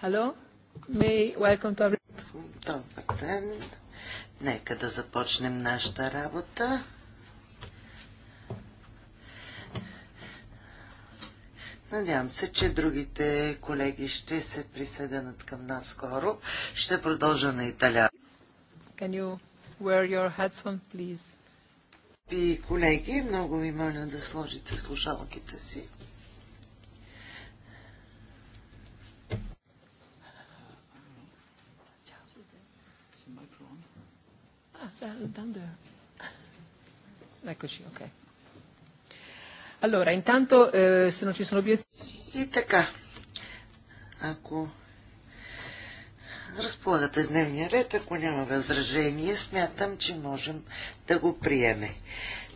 Hello? May welcome to Добър ден. Нека да започнем нашата работа. Надявам се, че другите колеги ще се присъединят към нас скоро. Ще продължа на Италия. Can you wear your headphone, please? И колеги, много ви моля да сложите слушалките си. Intanto... Eccoci, ok. Allora, intanto, eh, se non ci sono obiezioni... И така, Разполагате с дневния ред. Ако няма възражение, смятам, че можем да го приеме.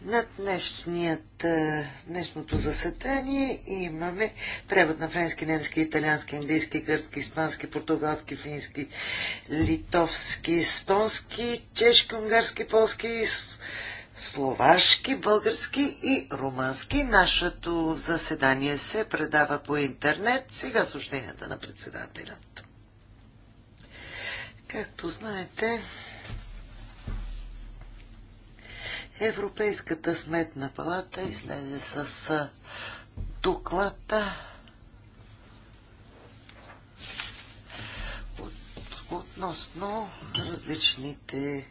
На днешният, е, днешното заседание имаме превод на френски, немски, италиански, английски, гърски, испански, португалски, фински, литовски, естонски, чешки, унгарски, полски, словашки, български и румански. Нашето заседание се предава по интернет. Сега съобщенията на председателя. Както знаете, Европейската сметна палата излезе с доклада от, относно различните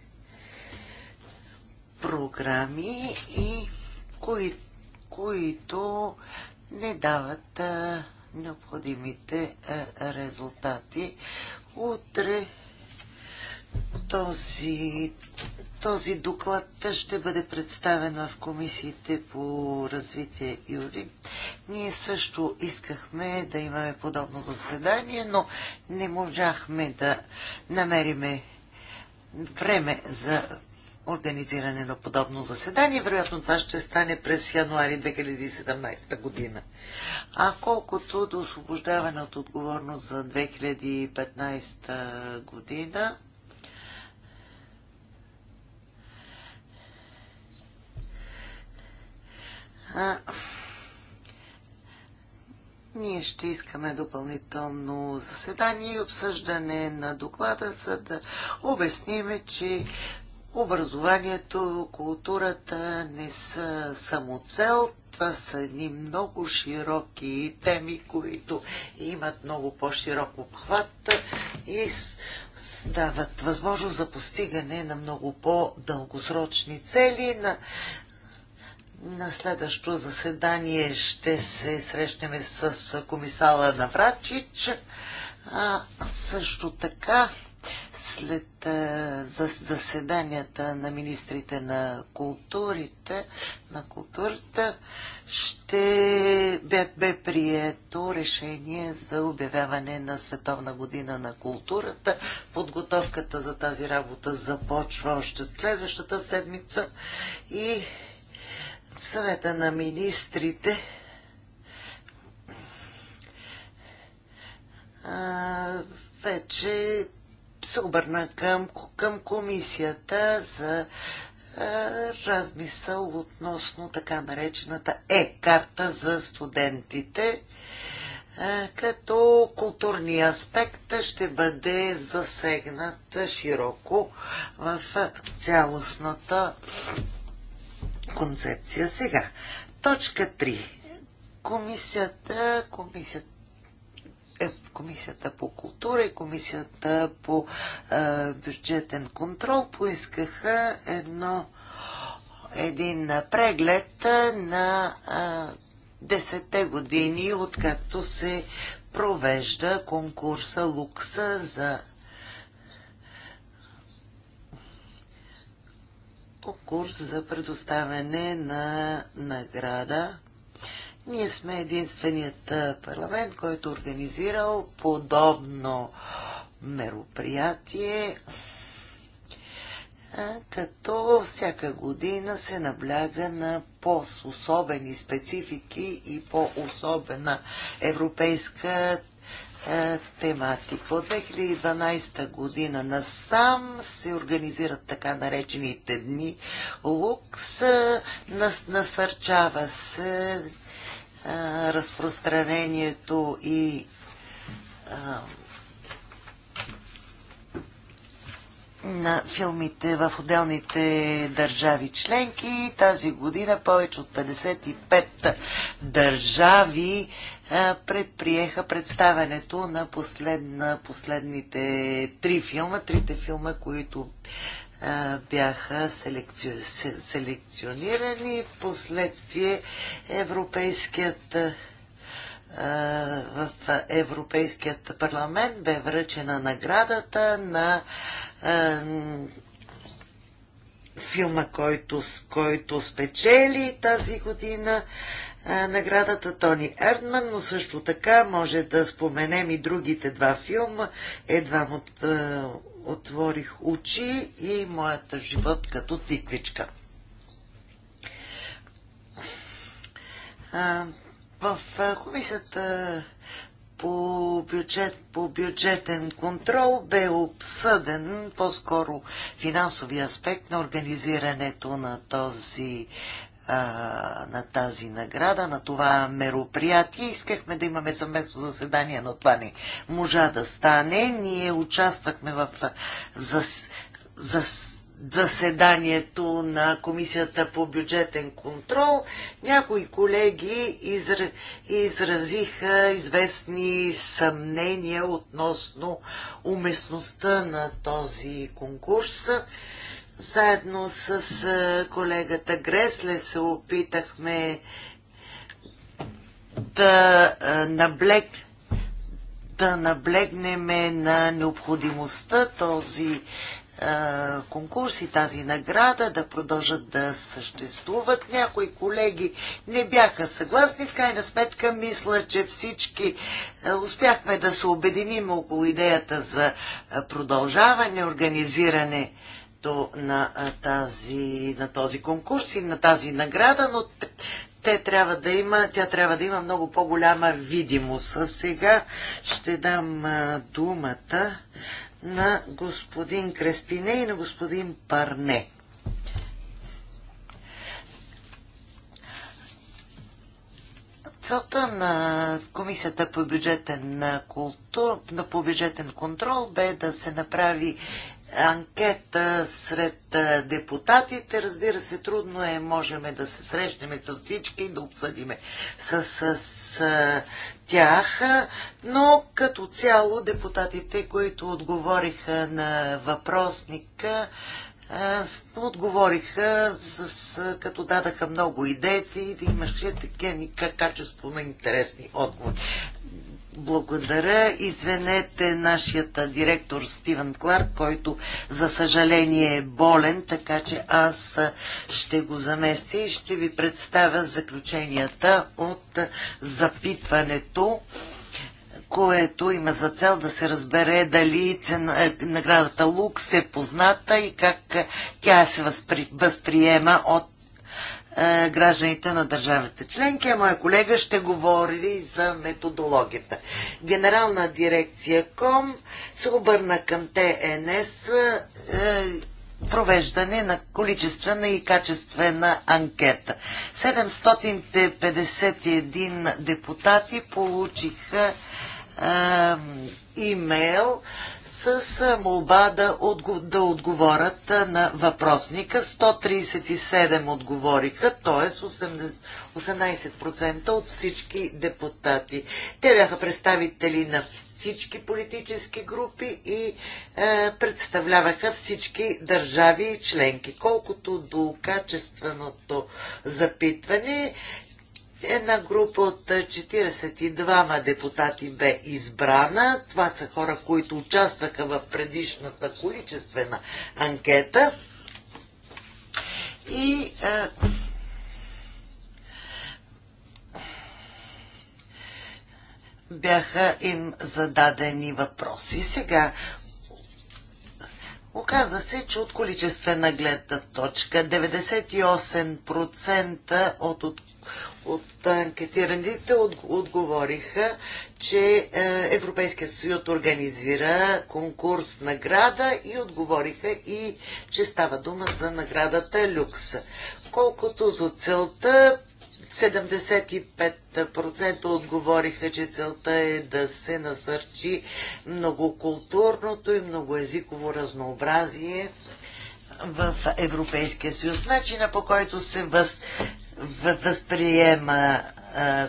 програми и кои, които не дават а, необходимите а, резултати. Утре този, този доклад ще бъде представен в комисиите по развитие Юри. Ние също искахме да имаме подобно заседание, но не можахме да намериме време за организиране на подобно заседание. Вероятно това ще стане през януари 2017 година. А колкото до освобождаване от отговорност за 2015 година, А, ние ще искаме допълнително заседание и обсъждане на доклада, за да обясниме, че образованието, културата не са само цел. Това са едни много широки теми, които имат много по-широк обхват и дават възможност за постигане на много по-дългосрочни цели, на на следващо заседание ще се срещнем с комисала Наврачич. А, също така, след заседанията на министрите на културите, на културата, ще бе, бе прието решение за обявяване на Световна година на културата. Подготовката за тази работа започва още следващата седмица и съвета на министрите а, вече се обърна към, към комисията за а, размисъл относно така наречената е-карта за студентите, а, като културния аспект ще бъде засегнат широко в цялостната концепция. Сега, точка 3. Комисията, комисията е, Комисията по култура и Комисията по е, бюджетен контрол поискаха едно, един преглед на е, 10-те години, откакто се провежда конкурса Лукса за конкурс за предоставяне на награда. Ние сме единственият парламент, който е организирал подобно мероприятие, като всяка година се набляга на по-особени специфики и по-особена европейска е, тематика. От 2012 година насам се организират така наречените дни Лукс, е, нас, насърчава се е, разпространението и е, на филмите в отделните държави членки. Тази година повече от 55 държави е, предприеха представенето на на последните три филма, трите филма, които е, бяха селекци... селекционирани. последствие Европейският в Европейският парламент бе връчена наградата на филма, който, който спечели тази година наградата Тони Ердман, но също така може да споменем и другите два филма. Едва от, отворих очи и моята живот като тиквичка. В комисията по, бюджет, по бюджетен контрол бе обсъден по-скоро финансови аспект на организирането на този на тази награда, на това мероприятие. Искахме да имаме съвместно заседание, но това не можа да стане. Ние участвахме в зас, зас, заседанието на Комисията по бюджетен контрол. Някои колеги изр... изразиха известни съмнения относно уместността на този конкурс. Заедно с е, колегата Гресле се опитахме да е, наблек да наблегнеме на необходимостта този конкурс и тази награда да продължат да съществуват. Някои колеги не бяха съгласни. В крайна сметка мисля, че всички успяхме да се обединим около идеята за продължаване, организиране на, тази, на този конкурс и на тази награда, но те трябва да има, тя трябва да има много по-голяма видимост. А сега ще дам думата на господин Креспине и на господин Парне. Целта на Комисията по бюджетен, култур, на по бюджетен контрол бе да се направи анкета сред депутатите. Разбира се, трудно е, можем да се срещнем с всички и да обсъдиме с, с, с тях, но като цяло депутатите, които отговориха на въпросника, отговориха с, като дадаха много идеи и да имаше така качество на интересни отговори. Благодаря. Извинете нашият директор Стивен Кларк, който за съжаление е болен, така че аз ще го заместя и ще ви представя заключенията от запитването което има за цел да се разбере дали цена, е, наградата Лукс е позната и как тя се възприема от е, гражданите на държавите членки, а моя колега ще говори за методологията. Генерална дирекция КОМ се обърна към ТНС е, провеждане на количествена и качествена анкета. 751 депутати получиха е, имейл с молба да, отго, да отговорят на въпросника. 137 отговориха, т.е. 18% от всички депутати. Те бяха представители на всички политически групи и е, представляваха всички държави и членки. Колкото до качественото запитване, Една група от 42 депутати бе избрана. Това са хора, които участваха в предишната количествена анкета. И а, бяха им зададени въпроси. Сега Оказва се, че от количествена гледна точка 98% от, от от анкетираните отговориха, че е, Европейския съюз организира конкурс награда и отговориха и, че става дума за наградата Люкс. Колкото за целта, 75% отговориха, че целта е да се насърчи многокултурното и многоязиково разнообразие в Европейския съюз. Начина по който се въз, възприема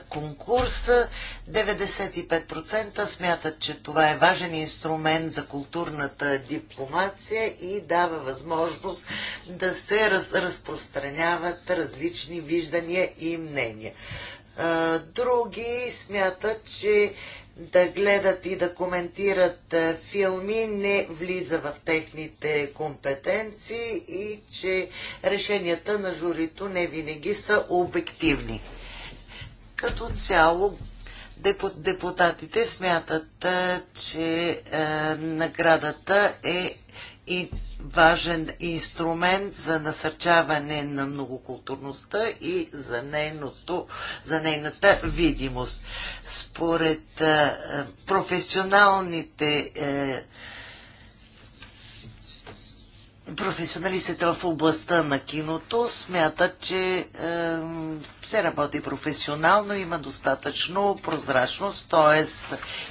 конкурса. 95% смятат, че това е важен инструмент за културната дипломация и дава възможност да се раз, разпространяват различни виждания и мнения. Други смятат, че да гледат и да коментират е, филми не влиза в техните компетенции и че решенията на журито не винаги са обективни. Като цяло депутатите смятат, е, че е, наградата е и важен инструмент за насърчаване на многокултурността и за, нейното, за нейната видимост. Според а, е, професионалните а, е, професионалистите в областта на киното смятат, че а, е, се работи професионално, има достатъчно прозрачност, т.е.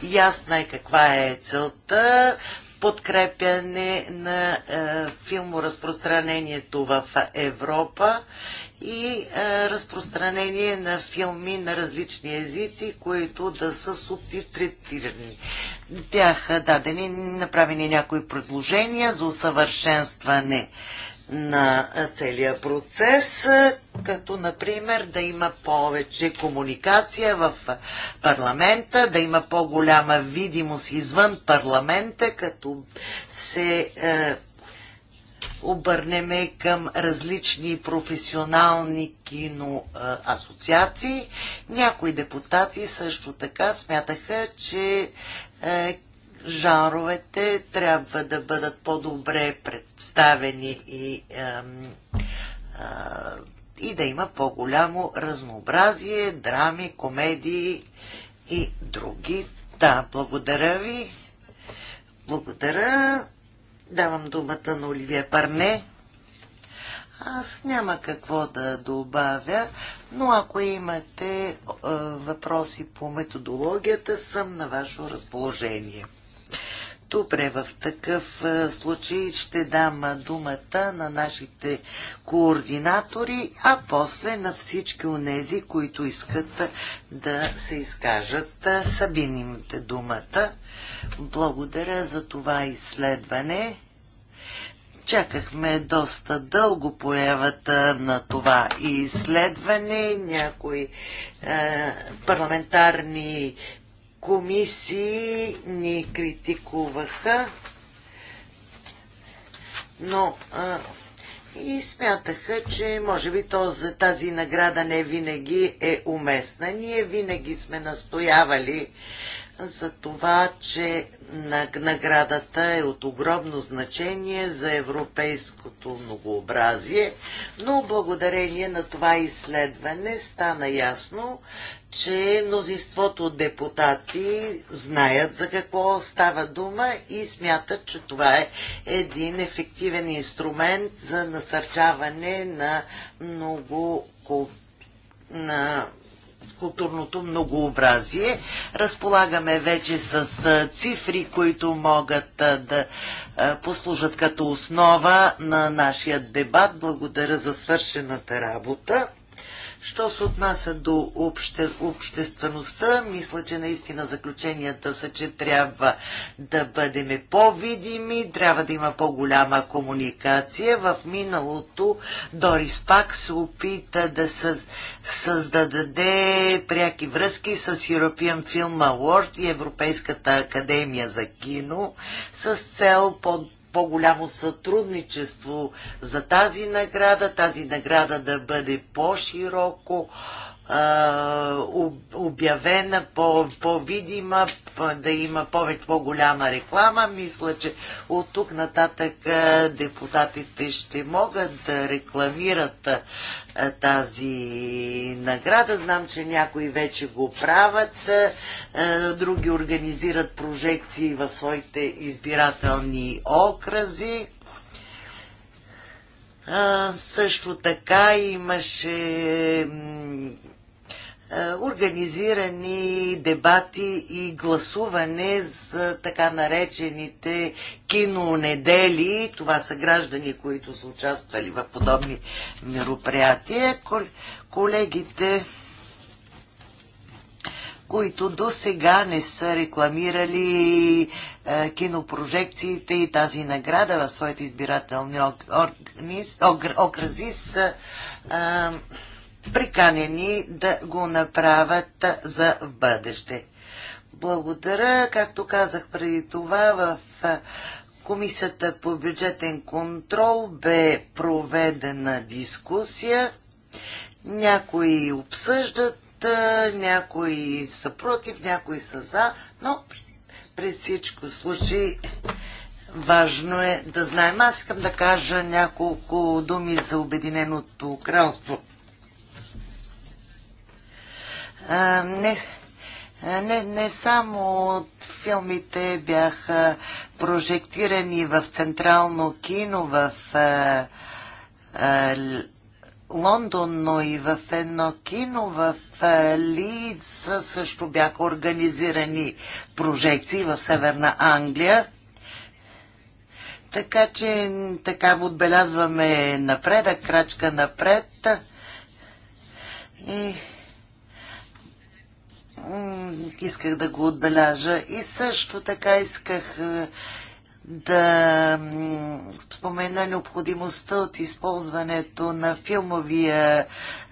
ясна е каква е целта, подкрепяне на е, филморазпространението в Европа и е, разпространение на филми на различни езици, които да са субтитрирани. Бяха дадени, направени някои предложения за усъвършенстване на целия процес, като например да има повече комуникация в парламента, да има по-голяма видимост извън парламента, като се е, обърнеме към различни професионални киноасоциации. Някои депутати също така смятаха, че е, жаровете трябва да бъдат по-добре представени и, и да има по-голямо разнообразие, драми, комедии и други. Да, благодаря ви. Благодаря. Давам думата на Оливия Парне. Аз няма какво да добавя, но ако имате е, въпроси по методологията, съм на ваше разположение. Добре, в такъв случай ще дам думата на нашите координатори, а после на всички онези, които искат да се изкажат. Сабин имате думата. Благодаря за това изследване. Чакахме доста дълго появата на това изследване. Някои е, парламентарни комисии ни критикуваха, но а, и смятаха, че може би този, тази награда не винаги е уместна. Ние винаги сме настоявали за това, че наградата е от огромно значение за европейското многообразие, но благодарение на това изследване стана ясно, че мнозинството депутати знаят за какво става дума и смятат, че това е един ефективен инструмент за насърчаване на много кул... на културното многообразие. Разполагаме вече с цифри, които могат да послужат като основа на нашия дебат. Благодаря за свършената работа. Що се отнася до обще, обществеността, мисля, че наистина заключенията са, че трябва да бъдем по-видими, трябва да има по-голяма комуникация. В миналото Дорис Пак се опита да създаде пряки връзки с European Film Award и Европейската академия за кино с цел под по-голямо сътрудничество за тази награда, тази награда да бъде по-широко обявена, по-видима, да има повече по-голяма реклама. Мисля, че от тук нататък депутатите ще могат да рекламират тази награда. Знам, че някои вече го правят, други организират прожекции в своите избирателни окрази. А, също така имаше е, организирани дебати и гласуване за така наречените кинонедели. Това са граждани, които са участвали в подобни мероприятия. Колегите които до сега не са рекламирали е, кинопрожекциите и тази награда в своите избирателни окрази, са е, приканени да го направят за в бъдеще. Благодаря, както казах преди това, в Комисията по бюджетен контрол бе проведена дискусия. Някои обсъждат, някои са против, някои са за, но при всичко случай важно е да знаем. Аз искам да кажа няколко думи за Обединеното кралство не, не, не само филмите бяха прожектирани в Централно кино, в а, а, Лондон, но и в едно кино в Лидс също бяха организирани прожекции в Северна Англия. Така че така отбелязваме напредък, крачка напред. И исках да го отбележа. И също така исках е, да спомена необходимостта от използването на филмовия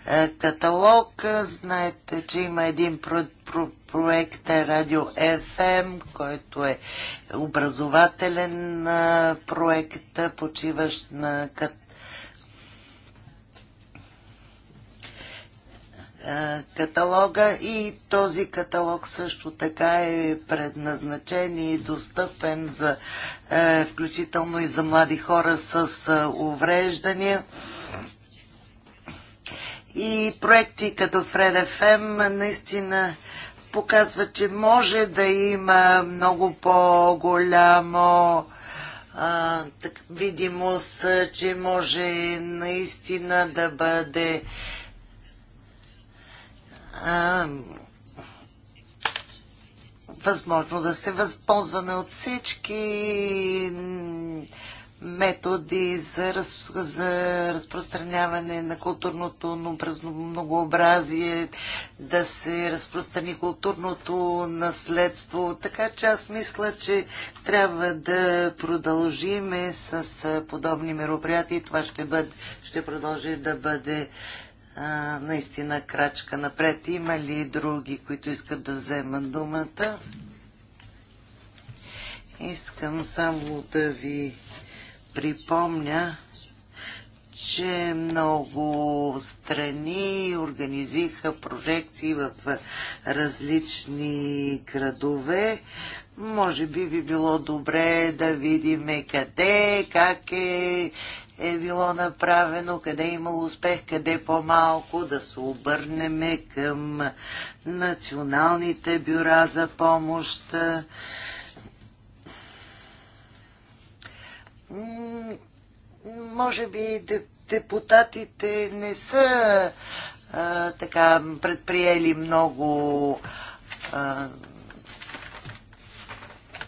е, каталог. Знаете, че има един про- про- проект е, Радио FM, който е образователен проект, почиващ на кат- Е, каталога и този каталог също така е предназначен и достъпен за е, включително и за млади хора с е, увреждания. И проекти като Фред ФМ наистина показва, че може да има много по-голямо видимост, че може наистина да бъде възможно да се възползваме от всички методи за, раз, за разпространяване на културното многообразие, да се разпространи културното наследство. Така че аз мисля, че трябва да продължиме с подобни мероприятия и това ще, бъде, ще продължи да бъде а, наистина крачка напред. Има ли други, които искат да вземат думата? Искам само да ви припомня, че много страни организиха проекции в различни градове. Може би би било добре да видим къде, как е е било направено, къде е имало успех, къде е по-малко, да се обърнеме към националните бюра за помощ. Може би депутатите не са а, така предприели много а,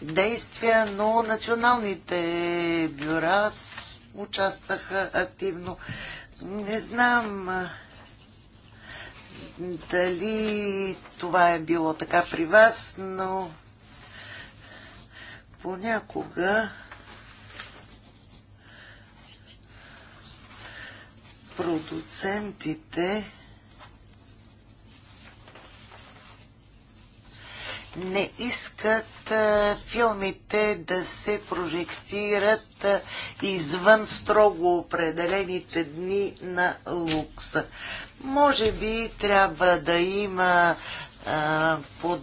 действия, но националните бюра са участваха активно. Не знам дали това е било така при вас, но понякога продуцентите не искат а, филмите да се прожектират а, извън строго определените дни на лукса. Може би трябва да има а, под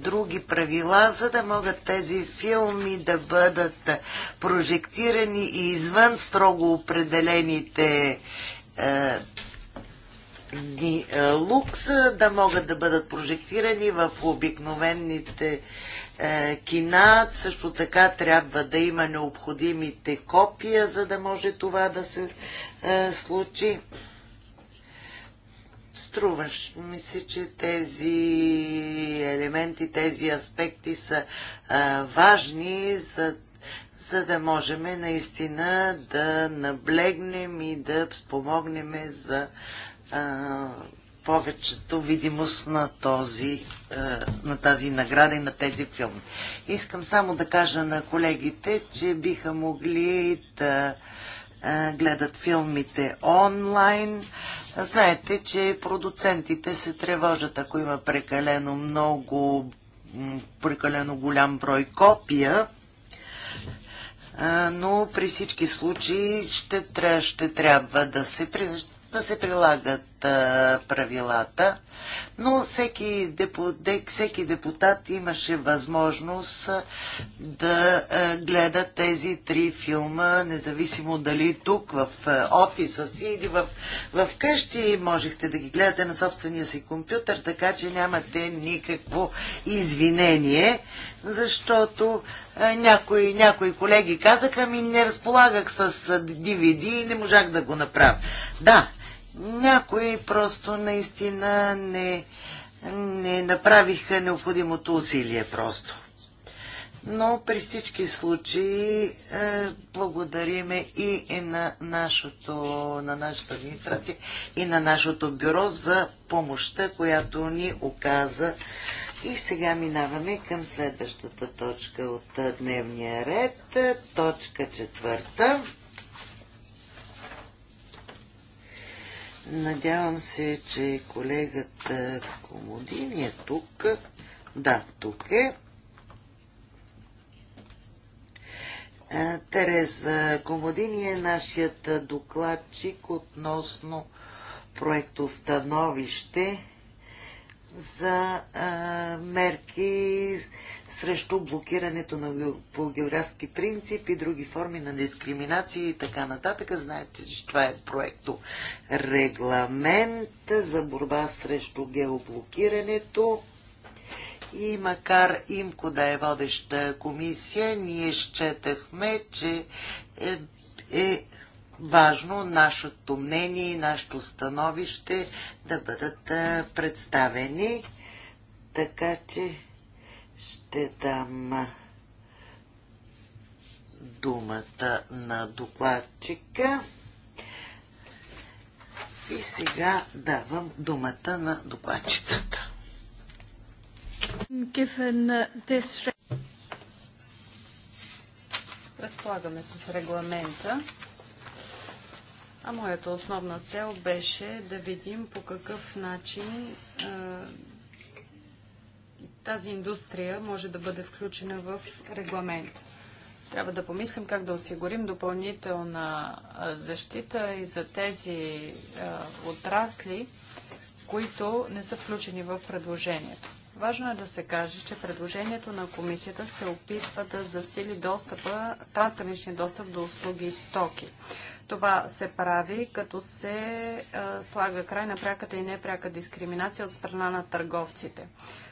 други правила, за да могат тези филми да бъдат прожектирани и извън строго определените ди е, лукс е, да могат да бъдат прожектирани в обикновените е, кина. Също така трябва да има необходимите копия, за да може това да се е, случи. Струваш ми се, че тези елементи, тези аспекти са а, важни, за, за да можем наистина да наблегнем и да спомогнем за повечето видимост на, този, на тази награда и на тези филми. Искам само да кажа на колегите, че биха могли да гледат филмите онлайн. Знаете, че продуцентите се тревожат, ако има прекалено много, прекалено голям брой копия но при всички случаи ще, тря, ще трябва да се да се прилагат а, правилата, но всеки, депутат, всеки депутат имаше възможност да а, гледа тези три филма, независимо дали тук, в а, офиса си или в, в къщи, можехте да ги гледате на собствения си компютър, така че нямате никакво извинение, защото някои, някои колеги казаха ми, не разполагах с DVD и не можах да го направя. Да, някои просто наистина не, не направиха необходимото усилие просто. Но при всички случаи е, благодариме и на, нашото, на нашата администрация и на нашето бюро за помощта, която ни оказа. И сега минаваме към следващата точка от дневния ред, точка четвърта. Надявам се, че колегата Комодин е тук. Да, тук е. Тереза Комодини е нашият докладчик относно Становище за мерки срещу блокирането на, по географски принцип и други форми на дискриминация и така нататък. Знаете, че това е проекто регламент за борба срещу геоблокирането. И макар имко да е водеща комисия, ние счетахме, че е, е важно нашето мнение и нашето становище да бъдат представени. Така че ще дам думата на докладчика. И сега давам думата на докладчицата. This... Разполагаме с регламента, а моята основна цел беше да видим по какъв начин тази индустрия може да бъде включена в регламент. Трябва да помислим как да осигурим допълнителна защита и за тези а, отрасли, които не са включени в предложението. Важно е да се каже, че предложението на комисията се опитва да засили достъпа, трансграничен достъп до услуги и стоки. Това се прави, като се а, слага край на пряката и непряка дискриминация от страна на търговците.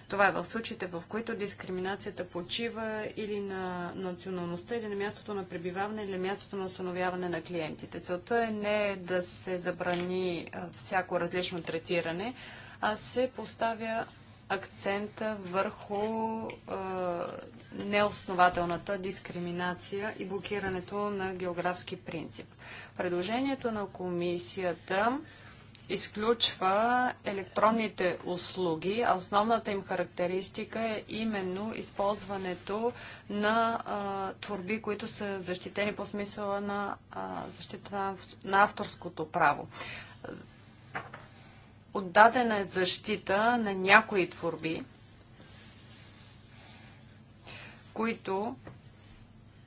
Това е в случаите, в които дискриминацията почива или на националността, или на мястото на пребиваване, или на мястото на установяване на клиентите. Целта е не да се забрани всяко различно третиране, а се поставя акцента върху е, неоснователната дискриминация и блокирането на географски принцип. Предложението на комисията изключва електронните услуги, а основната им характеристика е именно използването на а, творби, които са защитени по смисъла на а, защита на, на авторското право. Отдадена е защита на някои творби, които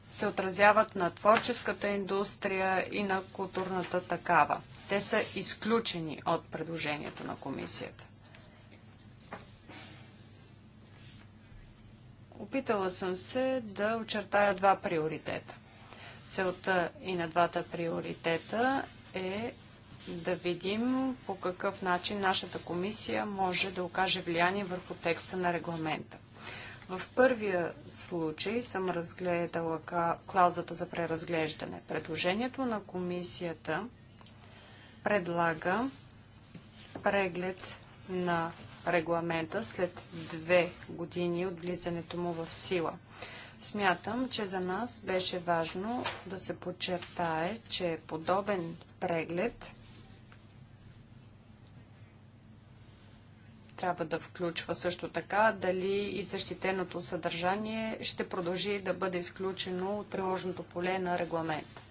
се отразяват на творческата индустрия и на културната такава. Те са изключени от предложението на комисията. Опитала съм се да очертая два приоритета. Целта и на двата приоритета е да видим по какъв начин нашата комисия може да окаже влияние върху текста на регламента. В първия случай съм разгледала клаузата за преразглеждане. Предложението на комисията предлага преглед на регламента след две години от влизането му в сила. Смятам, че за нас беше важно да се подчертае, че подобен преглед трябва да включва също така дали и защитеното съдържание ще продължи да бъде изключено от приложното поле на регламента.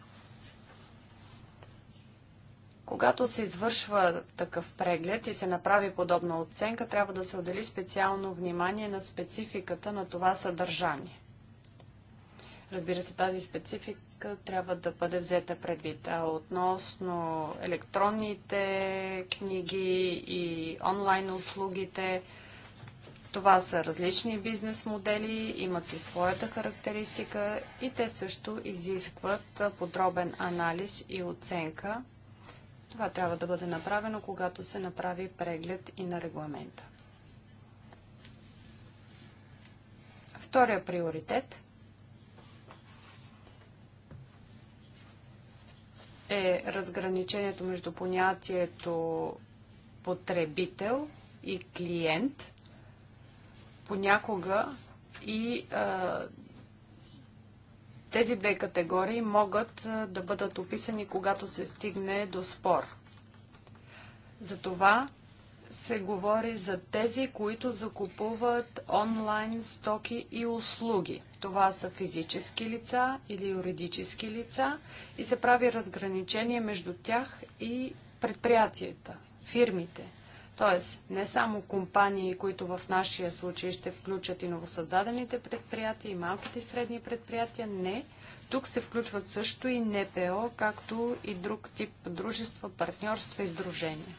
Когато се извършва такъв преглед и се направи подобна оценка, трябва да се отдели специално внимание на спецификата на това съдържание. Разбира се, тази специфика трябва да бъде взета предвид. А относно електронните книги и онлайн услугите, това са различни бизнес модели, имат си своята характеристика и те също изискват подробен анализ и оценка това трябва да бъде направено, когато се направи преглед и на регламента. Втория приоритет е разграничението между понятието потребител и клиент. Понякога и а, тези две категории могат да бъдат описани, когато се стигне до спор. Затова се говори за тези, които закупуват онлайн стоки и услуги. Това са физически лица или юридически лица и се прави разграничение между тях и предприятията, фирмите – Тоест, не само компании, които в нашия случай ще включат и новосъздадените предприятия, и малките и средни предприятия, не. Тук се включват също и НПО, както и друг тип дружества, партньорства и сдружения.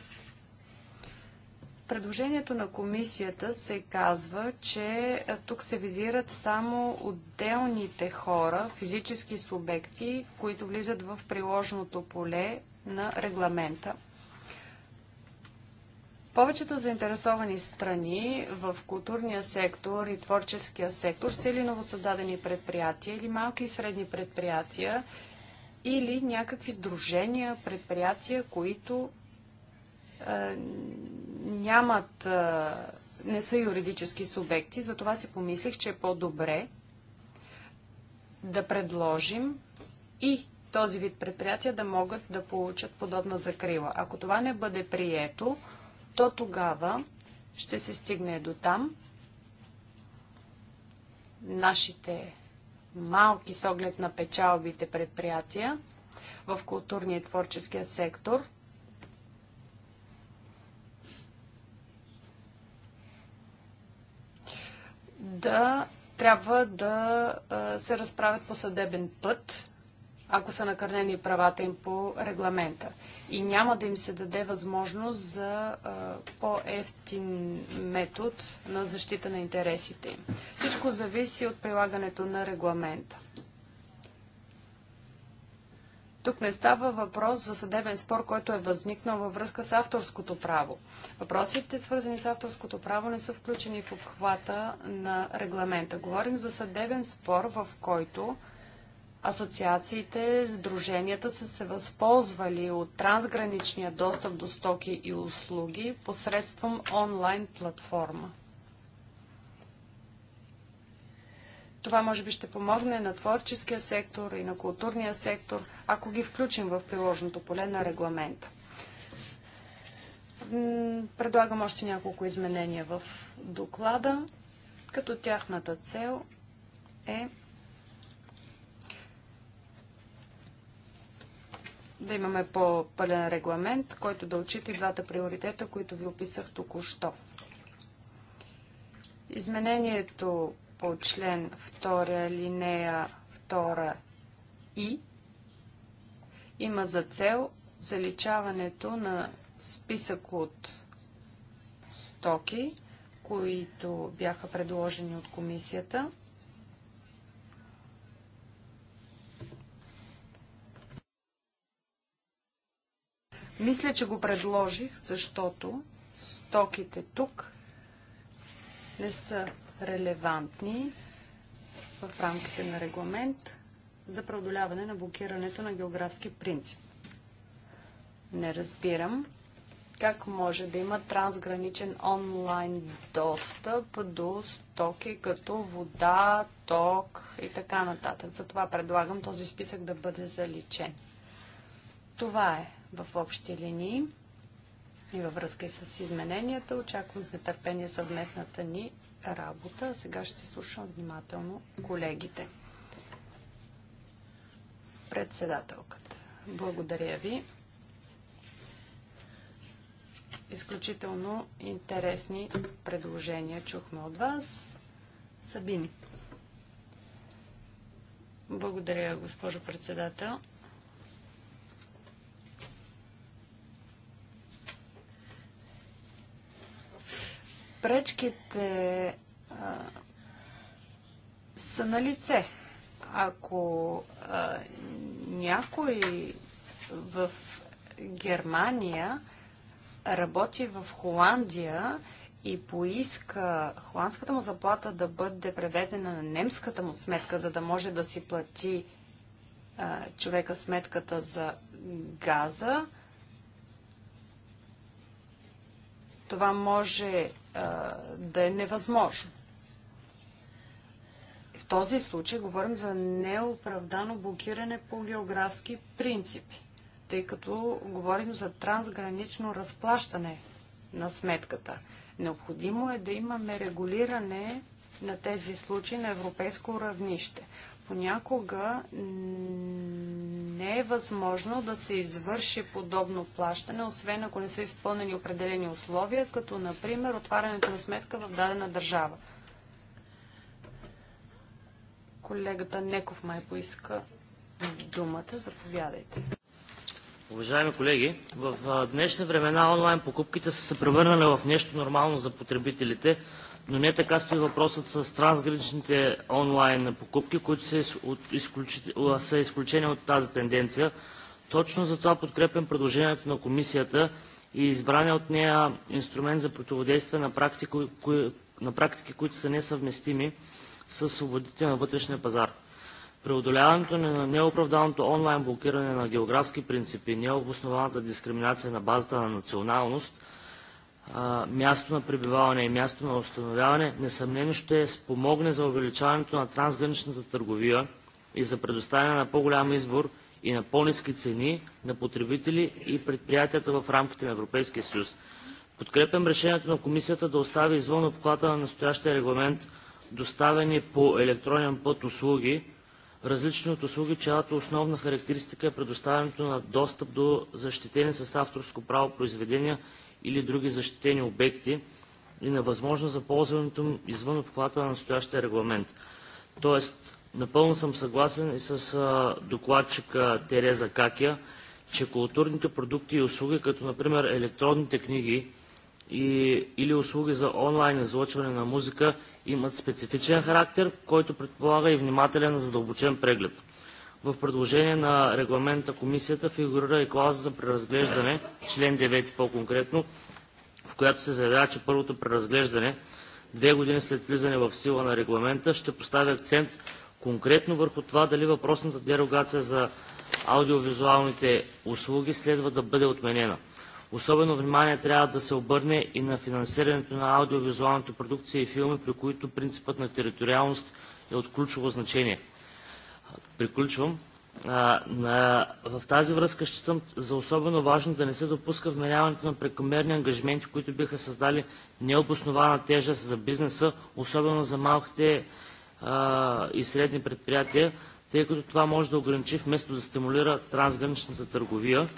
Предложението на комисията се казва, че тук се визират само отделните хора, физически субекти, които влизат в приложното поле на регламента – повечето заинтересовани страни в културния сектор и творческия сектор са или новосъздадени предприятия, или малки и средни предприятия, или някакви сдружения, предприятия, които е, нямат, е, не са юридически субекти. Затова си помислих, че е по-добре да предложим и този вид предприятия да могат да получат подобна закрила. Ако това не бъде прието, то тогава ще се стигне до там. Нашите малки с оглед на печалбите предприятия в културния и творческия сектор – да трябва да се разправят по съдебен път ако са накърнени правата им по регламента. И няма да им се даде възможност за по-ефтин метод на защита на интересите им. Всичко зависи от прилагането на регламента. Тук не става въпрос за съдебен спор, който е възникнал във връзка с авторското право. Въпросите, свързани с авторското право, не са включени в обхвата на регламента. Говорим за съдебен спор, в който асоциациите, сдруженията са се възползвали от трансграничния достъп до стоки и услуги посредством онлайн платформа. Това може би ще помогне на творческия сектор и на културния сектор, ако ги включим в приложното поле на регламента. Предлагам още няколко изменения в доклада, като тяхната цел е да имаме по-пълен регламент, който да отчита и двата приоритета, които ви описах току-що. Изменението по член 2 линея 2 и има за цел заличаването на списък от стоки, които бяха предложени от комисията – Мисля, че го предложих, защото стоките тук не са релевантни в рамките на регламент за преодоляване на блокирането на географски принцип. Не разбирам как може да има трансграничен онлайн достъп до стоки като вода, ток и така нататък. Затова предлагам този списък да бъде заличен. Това е в общи линии и във връзка и с измененията. Очаквам с нетърпение съвместната ни работа. Сега ще слушам внимателно колегите. Председателката. Благодаря ви. Изключително интересни предложения чухме от вас. Сабин. Благодаря, госпожо председател. пречките а, са на лице. Ако а, някой в Германия работи в Холандия и поиска холандската му заплата да бъде преведена на немската му сметка, за да може да си плати а, човека сметката за газа, това може а, да е невъзможно. В този случай говорим за неоправдано блокиране по географски принципи, тъй като говорим за трансгранично разплащане на сметката. Необходимо е да имаме регулиране на тези случаи на европейско равнище понякога не е възможно да се извърши подобно плащане, освен ако не са изпълнени определени условия, като например отварянето на сметка в дадена държава. Колегата Неков май поиска думата. Заповядайте. Уважаеми колеги, в днешни времена онлайн покупките са се превърнали в нещо нормално за потребителите, но не така стои въпросът с трансграничните онлайн покупки, които са, са изключени от тази тенденция. Точно за това подкрепям предложението на комисията и избране от нея инструмент за противодействие на практики, кои... на практики които са несъвместими с свободите на вътрешния пазар. Преодоляването на неоправданото онлайн блокиране на географски принципи, необоснованата дискриминация на базата на националност – място на пребиваване и място на установяване, несъмнено ще спомогне за увеличаването на трансграничната търговия и за предоставяне на по-голям избор и на по-низки цени на потребители и предприятията в рамките на Европейския съюз. Подкрепям решението на комисията да остави извън обхвата на настоящия регламент доставени по електронен път услуги, различни от услуги, чиято основна характеристика е предоставянето на достъп до защитени с авторско право произведения или други защитени обекти и на възможност за ползването им извън обхвата на настоящия регламент. Тоест, напълно съм съгласен и с докладчика Тереза Какия, че културните продукти и услуги, като например електронните книги и, или услуги за онлайн излъчване на музика, имат специфичен характер, който предполага и внимателен задълбочен преглед. В предложение на регламента комисията фигурира и клауза за преразглеждане, член 9 по-конкретно, в която се заявява, че първото преразглеждане две години след влизане в сила на регламента ще постави акцент конкретно върху това дали въпросната дерогация за аудиовизуалните услуги следва да бъде отменена. Особено внимание трябва да се обърне и на финансирането на аудиовизуалните продукции и филми, при които принципът на териториалност е от ключово значение. Приключвам. А, на, в тази връзка считам за особено важно да не се допуска вменяването на прекомерни ангажименти, които биха създали необоснована тежест за бизнеса, особено за малките а, и средни предприятия, тъй като това може да ограничи вместо да стимулира трансграничната търговия.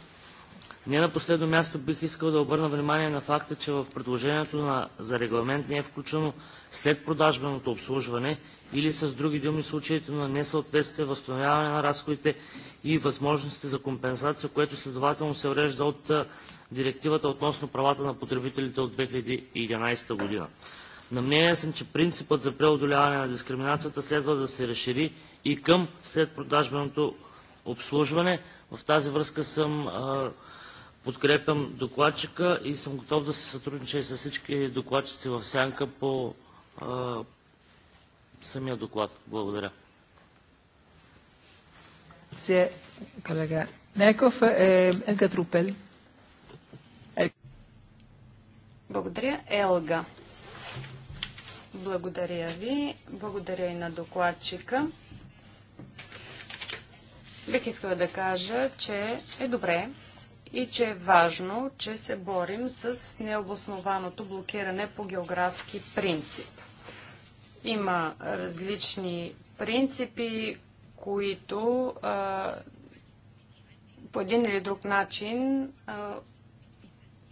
Не на последно място бих искал да обърна внимание на факта, че в предложението на, за регламент не е включено след продажбеното обслужване или с други думи в случаите на несъответствие, възстановяване на разходите и възможностите за компенсация, което следователно се урежда от Директивата относно правата на потребителите от 2011 година. На мнение съм, че принципът за преодоляване на дискриминацията следва да се разшири и към следпродажбеното обслужване. В тази връзка съм подкрепям докладчика и съм готов да се сътруднича и с всички докладчици в сянка по, а, самия доклад. Благодаря. Се, колега Неков, е, Елга Трупел. Е. Благодаря, е, Елга. Благодаря ви. Благодаря и на докладчика. Бих искала да кажа, че е добре и че е важно, че се борим с необоснованото блокиране по географски принцип. Има различни принципи, които а, по един или друг начин а,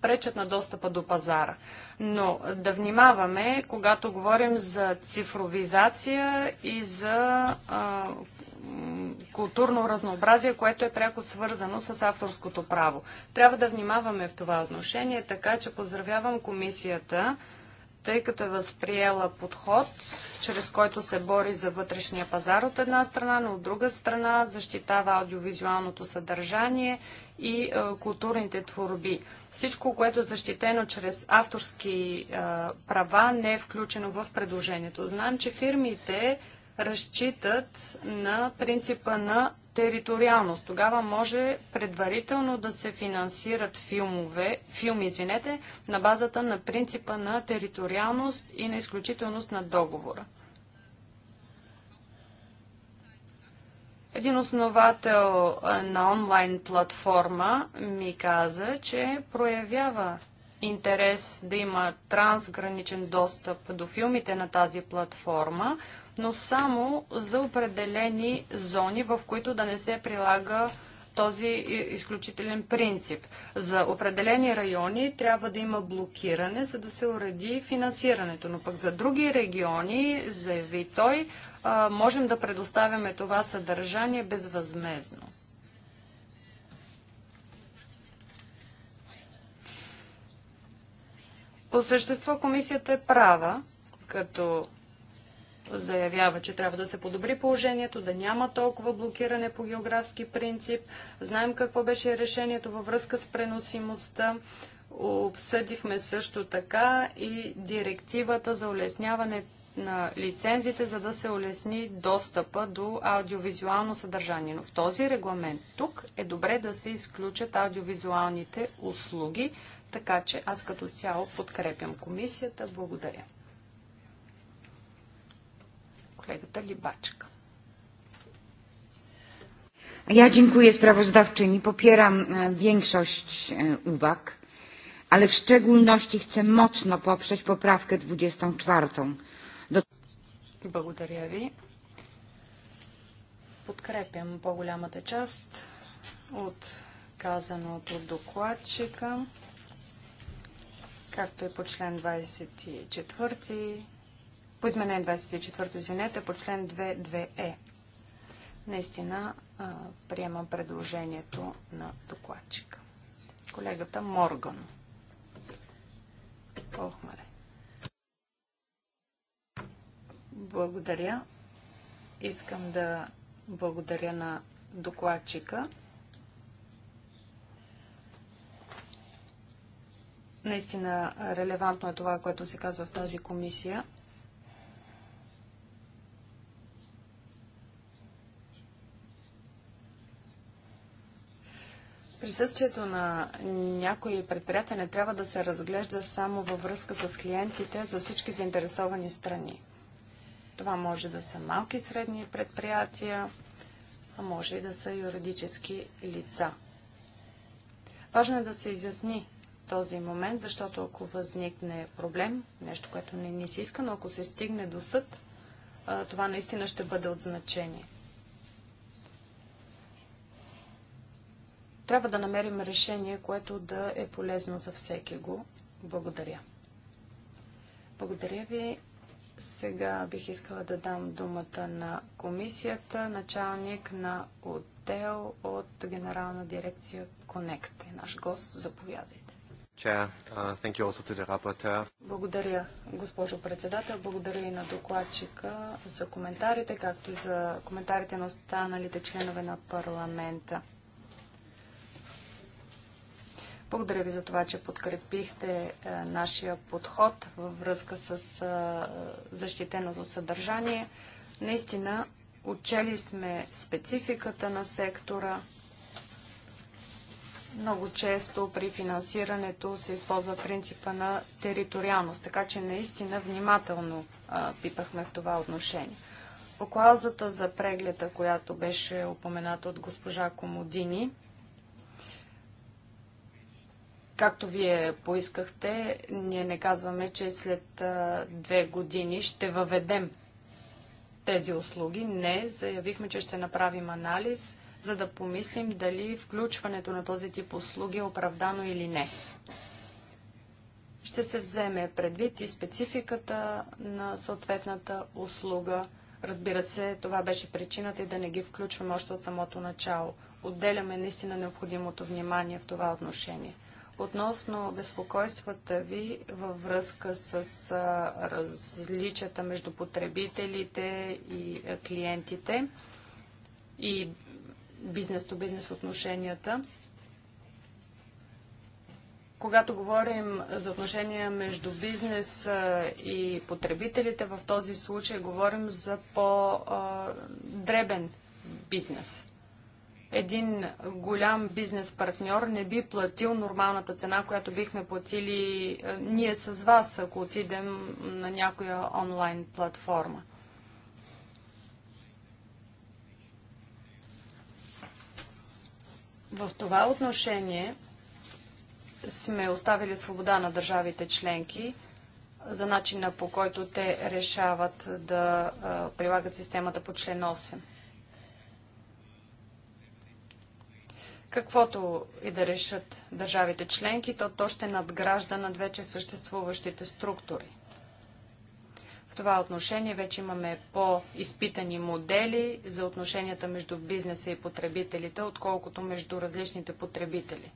пречат на достъпа до пазара. Но да внимаваме, когато говорим за цифровизация и за а, културно разнообразие, което е пряко свързано с авторското право. Трябва да внимаваме в това отношение, така че поздравявам комисията тъй като е възприела подход, чрез който се бори за вътрешния пазар от една страна, но от друга страна защитава аудиовизуалното съдържание и е, културните творби. Всичко, което е защитено чрез авторски е, права, не е включено в предложението. Знаем, че фирмите разчитат на принципа на териториалност. Тогава може предварително да се финансират филмове, филми извинете, на базата на принципа на териториалност и на изключителност на договора. Един основател на онлайн платформа ми каза, че проявява интерес да има трансграничен достъп до филмите на тази платформа, но само за определени зони, в които да не се прилага този изключителен принцип. За определени райони трябва да има блокиране, за да се уреди финансирането, но пък за други региони, заяви той, можем да предоставяме това съдържание безвъзмезно. По същество комисията е права, като заявява, че трябва да се подобри положението, да няма толкова блокиране по географски принцип. Знаем какво беше решението във връзка с преносимостта. Обсъдихме също така и директивата за улесняване на лицензите, за да се улесни достъпа до аудиовизуално съдържание. Но в този регламент тук е добре да се изключат аудиовизуалните услуги, така че аз като цяло подкрепям комисията. Благодаря колегата Либачка. Ja dziękuję sprawozdawczyni. Popieram większość uwag, ale w szczególności chcę mocno poprzeć poprawkę 24. Do... Благодаря ви. Подкрепям по-голямата част от казаното от докладчика, както и по член 24, по изменение 24, извинете, по член 2.2е. Е. Наистина приемам предложението на докладчика. Колегата Морган. Охмале. Благодаря. Искам да благодаря на докладчика. Наистина релевантно е това, което се казва в тази комисия – Присъствието на някои предприятия не трябва да се разглежда само във връзка с клиентите за всички заинтересовани страни. Това може да са малки и средни предприятия, а може и да са юридически лица. Важно е да се изясни този момент, защото ако възникне проблем, нещо, което не ни се иска, но ако се стигне до съд, това наистина ще бъде от значение. Трябва да намерим решение, което да е полезно за всеки го. Благодаря. Благодаря ви. Сега бих искала да дам думата на комисията, началник на отдел от Генерална дирекция Connect. Наш гост, заповядайте. Uh, Благодаря, госпожо председател. Благодаря и на докладчика за коментарите, както и за коментарите на останалите членове на парламента. Благодаря ви за това, че подкрепихте е, нашия подход във връзка с е, защитеното съдържание. Наистина, учели сме спецификата на сектора. Много често при финансирането се използва принципа на териториалност, така че наистина внимателно е, пипахме в това отношение. По за прегледа, която беше упомената от госпожа Комодини, Както вие поискахте, ние не казваме, че след две години ще въведем тези услуги. Не, заявихме, че ще направим анализ, за да помислим дали включването на този тип услуги е оправдано или не. Ще се вземе предвид и спецификата на съответната услуга. Разбира се, това беше причината и да не ги включваме още от самото начало. Отделяме наистина необходимото внимание в това отношение – относно безпокойствата ви във връзка с различията между потребителите и клиентите и бизнес-то-бизнес -бизнес отношенията. Когато говорим за отношения между бизнес и потребителите, в този случай говорим за по-дребен бизнес един голям бизнес партньор не би платил нормалната цена, която бихме платили е, ние с вас, ако отидем на някоя онлайн платформа. В това отношение сме оставили свобода на държавите членки за начина по който те решават да е, прилагат системата по член 8. каквото и да решат държавите членки, то то ще надгражда над вече съществуващите структури. В това отношение вече имаме по-изпитани модели за отношенията между бизнеса и потребителите, отколкото между различните потребители.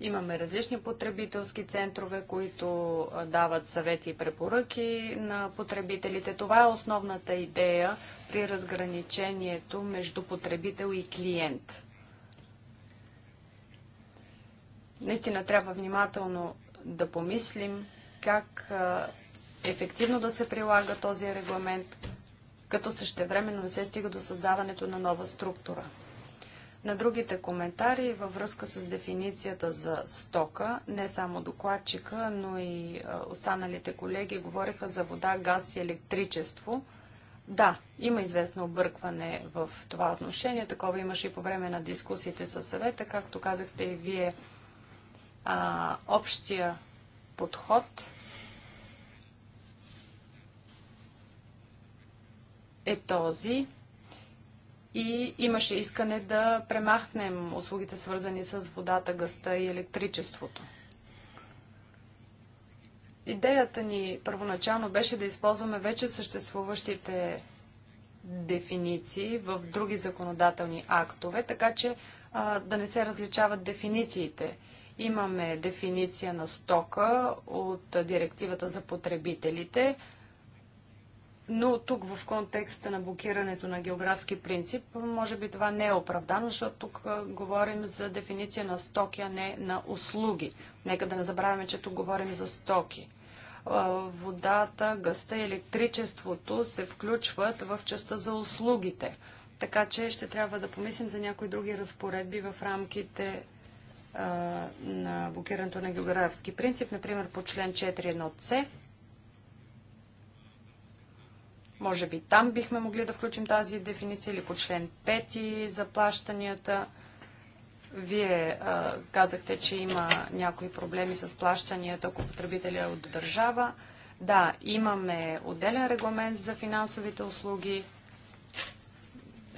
Имаме различни потребителски центрове, които дават съвети и препоръки на потребителите. Това е основната идея при разграничението между потребител и клиент. Наистина трябва внимателно да помислим как ефективно да се прилага този регламент, като същевременно не се стига до създаването на нова структура. На другите коментари във връзка с дефиницията за стока, не само докладчика, но и останалите колеги говориха за вода, газ и електричество. Да, има известно объркване в това отношение. Такова имаше и по време на дискусиите със съвета. Както казахте и вие, а, общия подход е този. И имаше искане да премахнем услугите, свързани с водата, гъста и електричеството. Идеята ни първоначално беше да използваме вече съществуващите дефиниции в други законодателни актове, така че а, да не се различават дефинициите. Имаме дефиниция на стока от директивата за потребителите, но тук в контекста на блокирането на географски принцип, може би това не е оправдано, защото тук говорим за дефиниция на стоки, а не на услуги. Нека да не забравяме, че тук говорим за стоки водата, гъста и електричеството се включват в частта за услугите. Така че ще трябва да помислим за някои други разпоредби в рамките на блокирането на географски принцип, например по член 4.1c. Може би там бихме могли да включим тази дефиниция или по член 5 за плащанията. Вие а, казахте, че има някои проблеми с плащанията, ако потребителя е от държава. Да, имаме отделен регламент за финансовите услуги.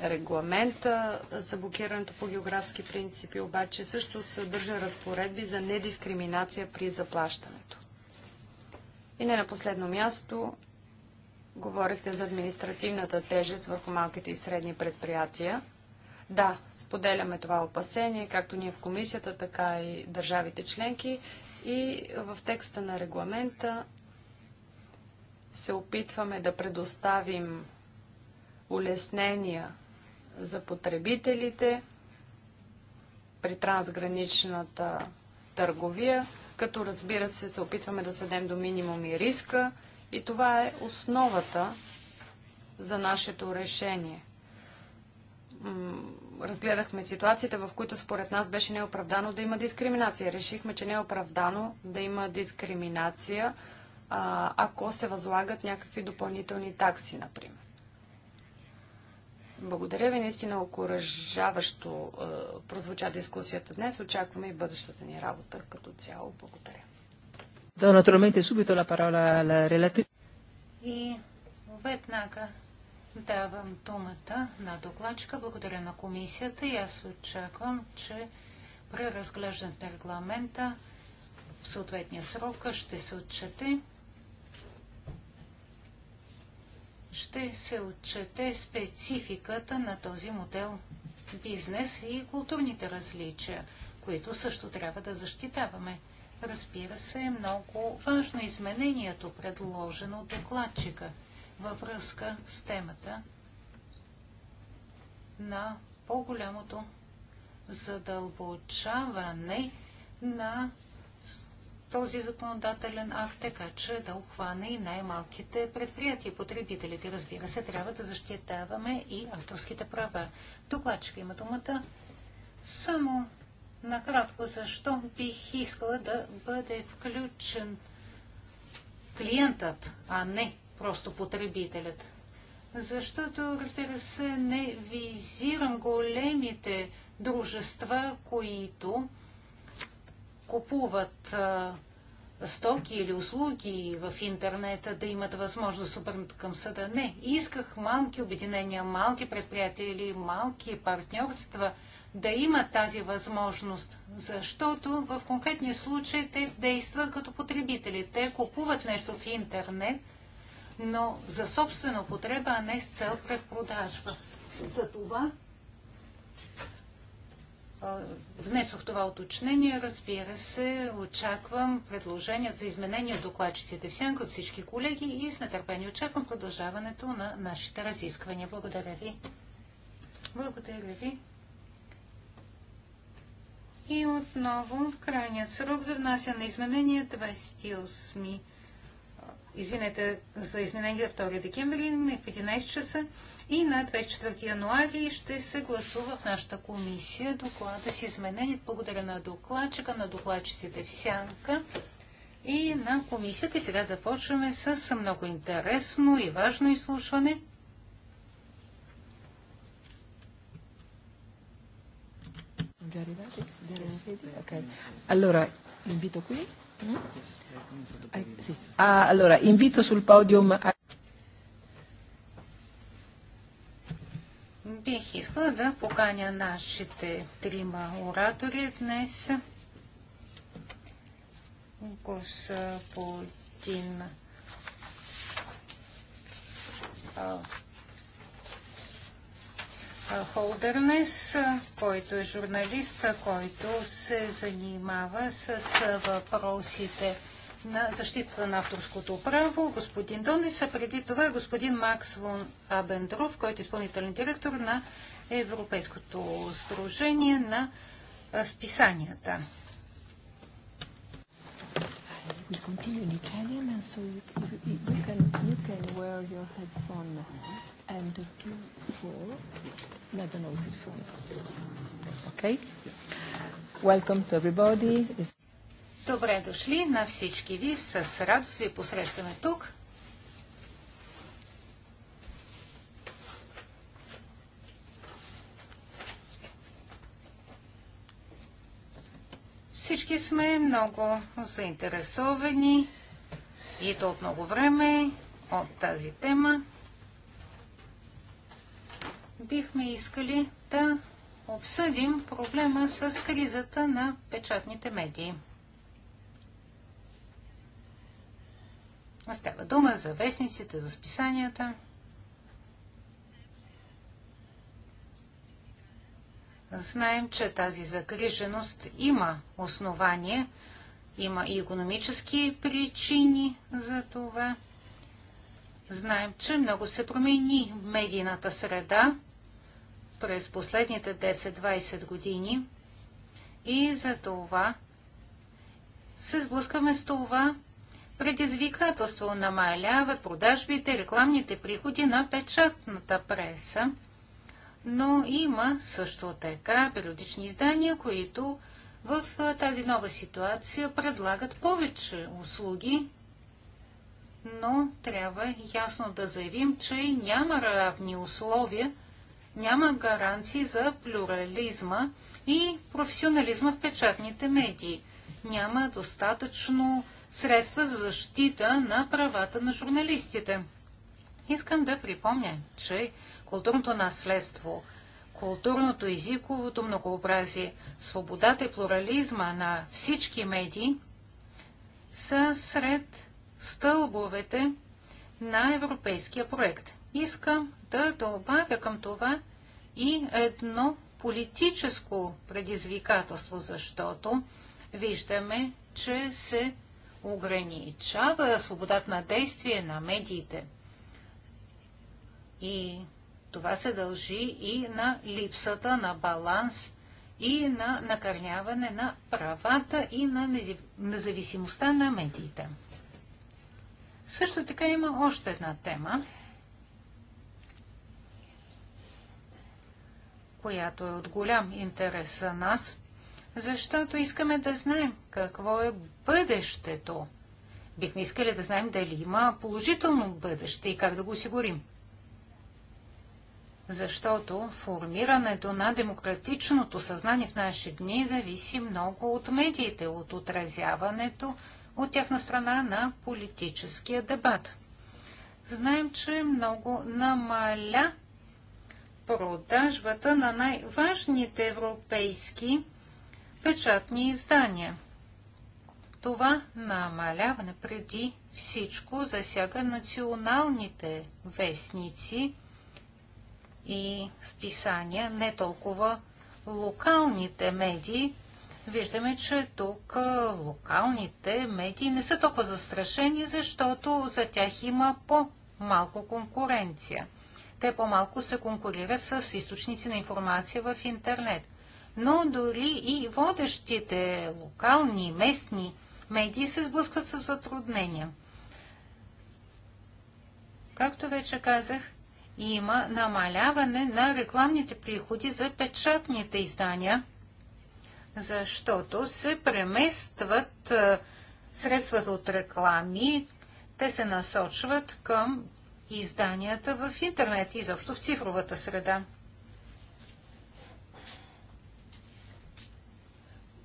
Регламента за блокирането по географски принципи обаче също съдържа разпоредби за недискриминация при заплащането. И не на последно място, говорихте за административната тежест върху малките и средни предприятия. Да, споделяме това опасение, както ние в комисията, така и държавите членки. И в текста на регламента се опитваме да предоставим улеснения за потребителите при трансграничната търговия, като разбира се се опитваме да съдем до минимум и риска и това е основата за нашето решение. Разгледахме ситуациите, в които според нас беше неоправдано да има дискриминация. Решихме, че не е оправдано да има дискриминация, ако се възлагат някакви допълнителни такси, например. Благодаря ви, наистина окоръжаващо е, прозвуча дискусията днес. Очакваме и бъдещата ни работа като цяло. Благодаря. Да, натуралmente субито la парола alla релатив. И веднага давам думата на докладчика. Благодаря на комисията и аз очаквам, че преразглеждането на регламента в съответния срок ще се отчете. ще се отчете спецификата на този модел бизнес и културните различия, които също трябва да защитаваме. Разбира се, е много важно изменението, предложено от докладчика във връзка с темата на по-голямото задълбочаване на този законодателен акт, така че да обхване и най-малките предприятия потребителите. Разбира се, трябва да защитаваме и авторските права. Докладчика има думата. Само накратко, защо бих искала да бъде включен клиентът, а не просто потребителят. Защото, разбира се, не визирам големите дружества, които купуват а, стоки или услуги в интернета, да имат възможност да се обърнат към съда. Не, исках малки обединения, малки предприятия или малки партньорства да имат тази възможност, защото в конкретния случаи те действат като потребители. Те купуват нещо в интернет, но за собствена употреба, а не с цел предпродажба. За това внесох това уточнение. Разбира се, очаквам предложения за изменения в докладчиците в сянка от всички колеги и с нетърпение очаквам продължаването на нашите разисквания. Благодаря ви. Благодаря ви. И отново крайният срок за внася на изменения 28. Е извинете за изменения 2 декември в 11 часа. И на 24 януари ще се гласува в нашата комисия доклада с изменени. Благодаря на докладчика, на докладчиците в Сянка и на комисията. И сега започваме с много интересно и важно изслушване. Allora, invito qui. Mm? Ah, allora, invito sul podium. Бих искала да поканя нашите трима оратори днес. Господин Холдернес, който е журналист, който се занимава с въпросите на защита на авторското право, господин Донес, а преди това господин Макс Вон Абендров, който е изпълнителен директор на Европейското сдружение на списанията. We Welcome to everybody. Добре дошли на всички ви. С радост ви посрещаме тук. Всички сме много заинтересовани и то от много време от тази тема. Бихме искали да обсъдим проблема с кризата на печатните медии. Става дума за вестниците, за списанията. Знаем, че тази загриженост има основание, има и економически причини за това. Знаем, че много се промени медийната среда през последните 10-20 години и за това се сблъскваме с това, предизвикателство намаляват продажбите, рекламните приходи на печатната преса, но има също така периодични издания, които в тази нова ситуация предлагат повече услуги, но трябва ясно да заявим, че няма равни условия, няма гаранции за плюрализма и професионализма в печатните медии. Няма достатъчно средства за защита на правата на журналистите. Искам да припомня, че културното наследство, културното езиковото многообразие, свободата и плурализма на всички медии са сред стълбовете на европейския проект. Искам да добавя към това и едно политическо предизвикателство, защото виждаме, че се ограничава свободата на действие на медиите. И това се дължи и на липсата на баланс и на накърняване на правата и на независимостта на медиите. Също така има още една тема, която е от голям интерес за нас защото искаме да знаем какво е бъдещето. Бихме искали да знаем дали има положително бъдеще и как да го осигурим. Защото формирането на демократичното съзнание в наши дни зависи много от медиите, от отразяването от тяхна страна на политическия дебат. Знаем, че много намаля продажбата на най-важните европейски печатни издания. Това намаляване преди всичко засяга националните вестници и списания, не толкова локалните медии. Виждаме, че тук локалните медии не са толкова застрашени, защото за тях има по-малко конкуренция. Те по-малко се конкурират с източници на информация в интернет – но дори и водещите локални и местни медии се сблъскват с затруднения. Както вече казах, има намаляване на рекламните приходи за печатните издания, защото се преместват е, средствата от реклами, те се насочват към изданията в интернет и изобщо в цифровата среда.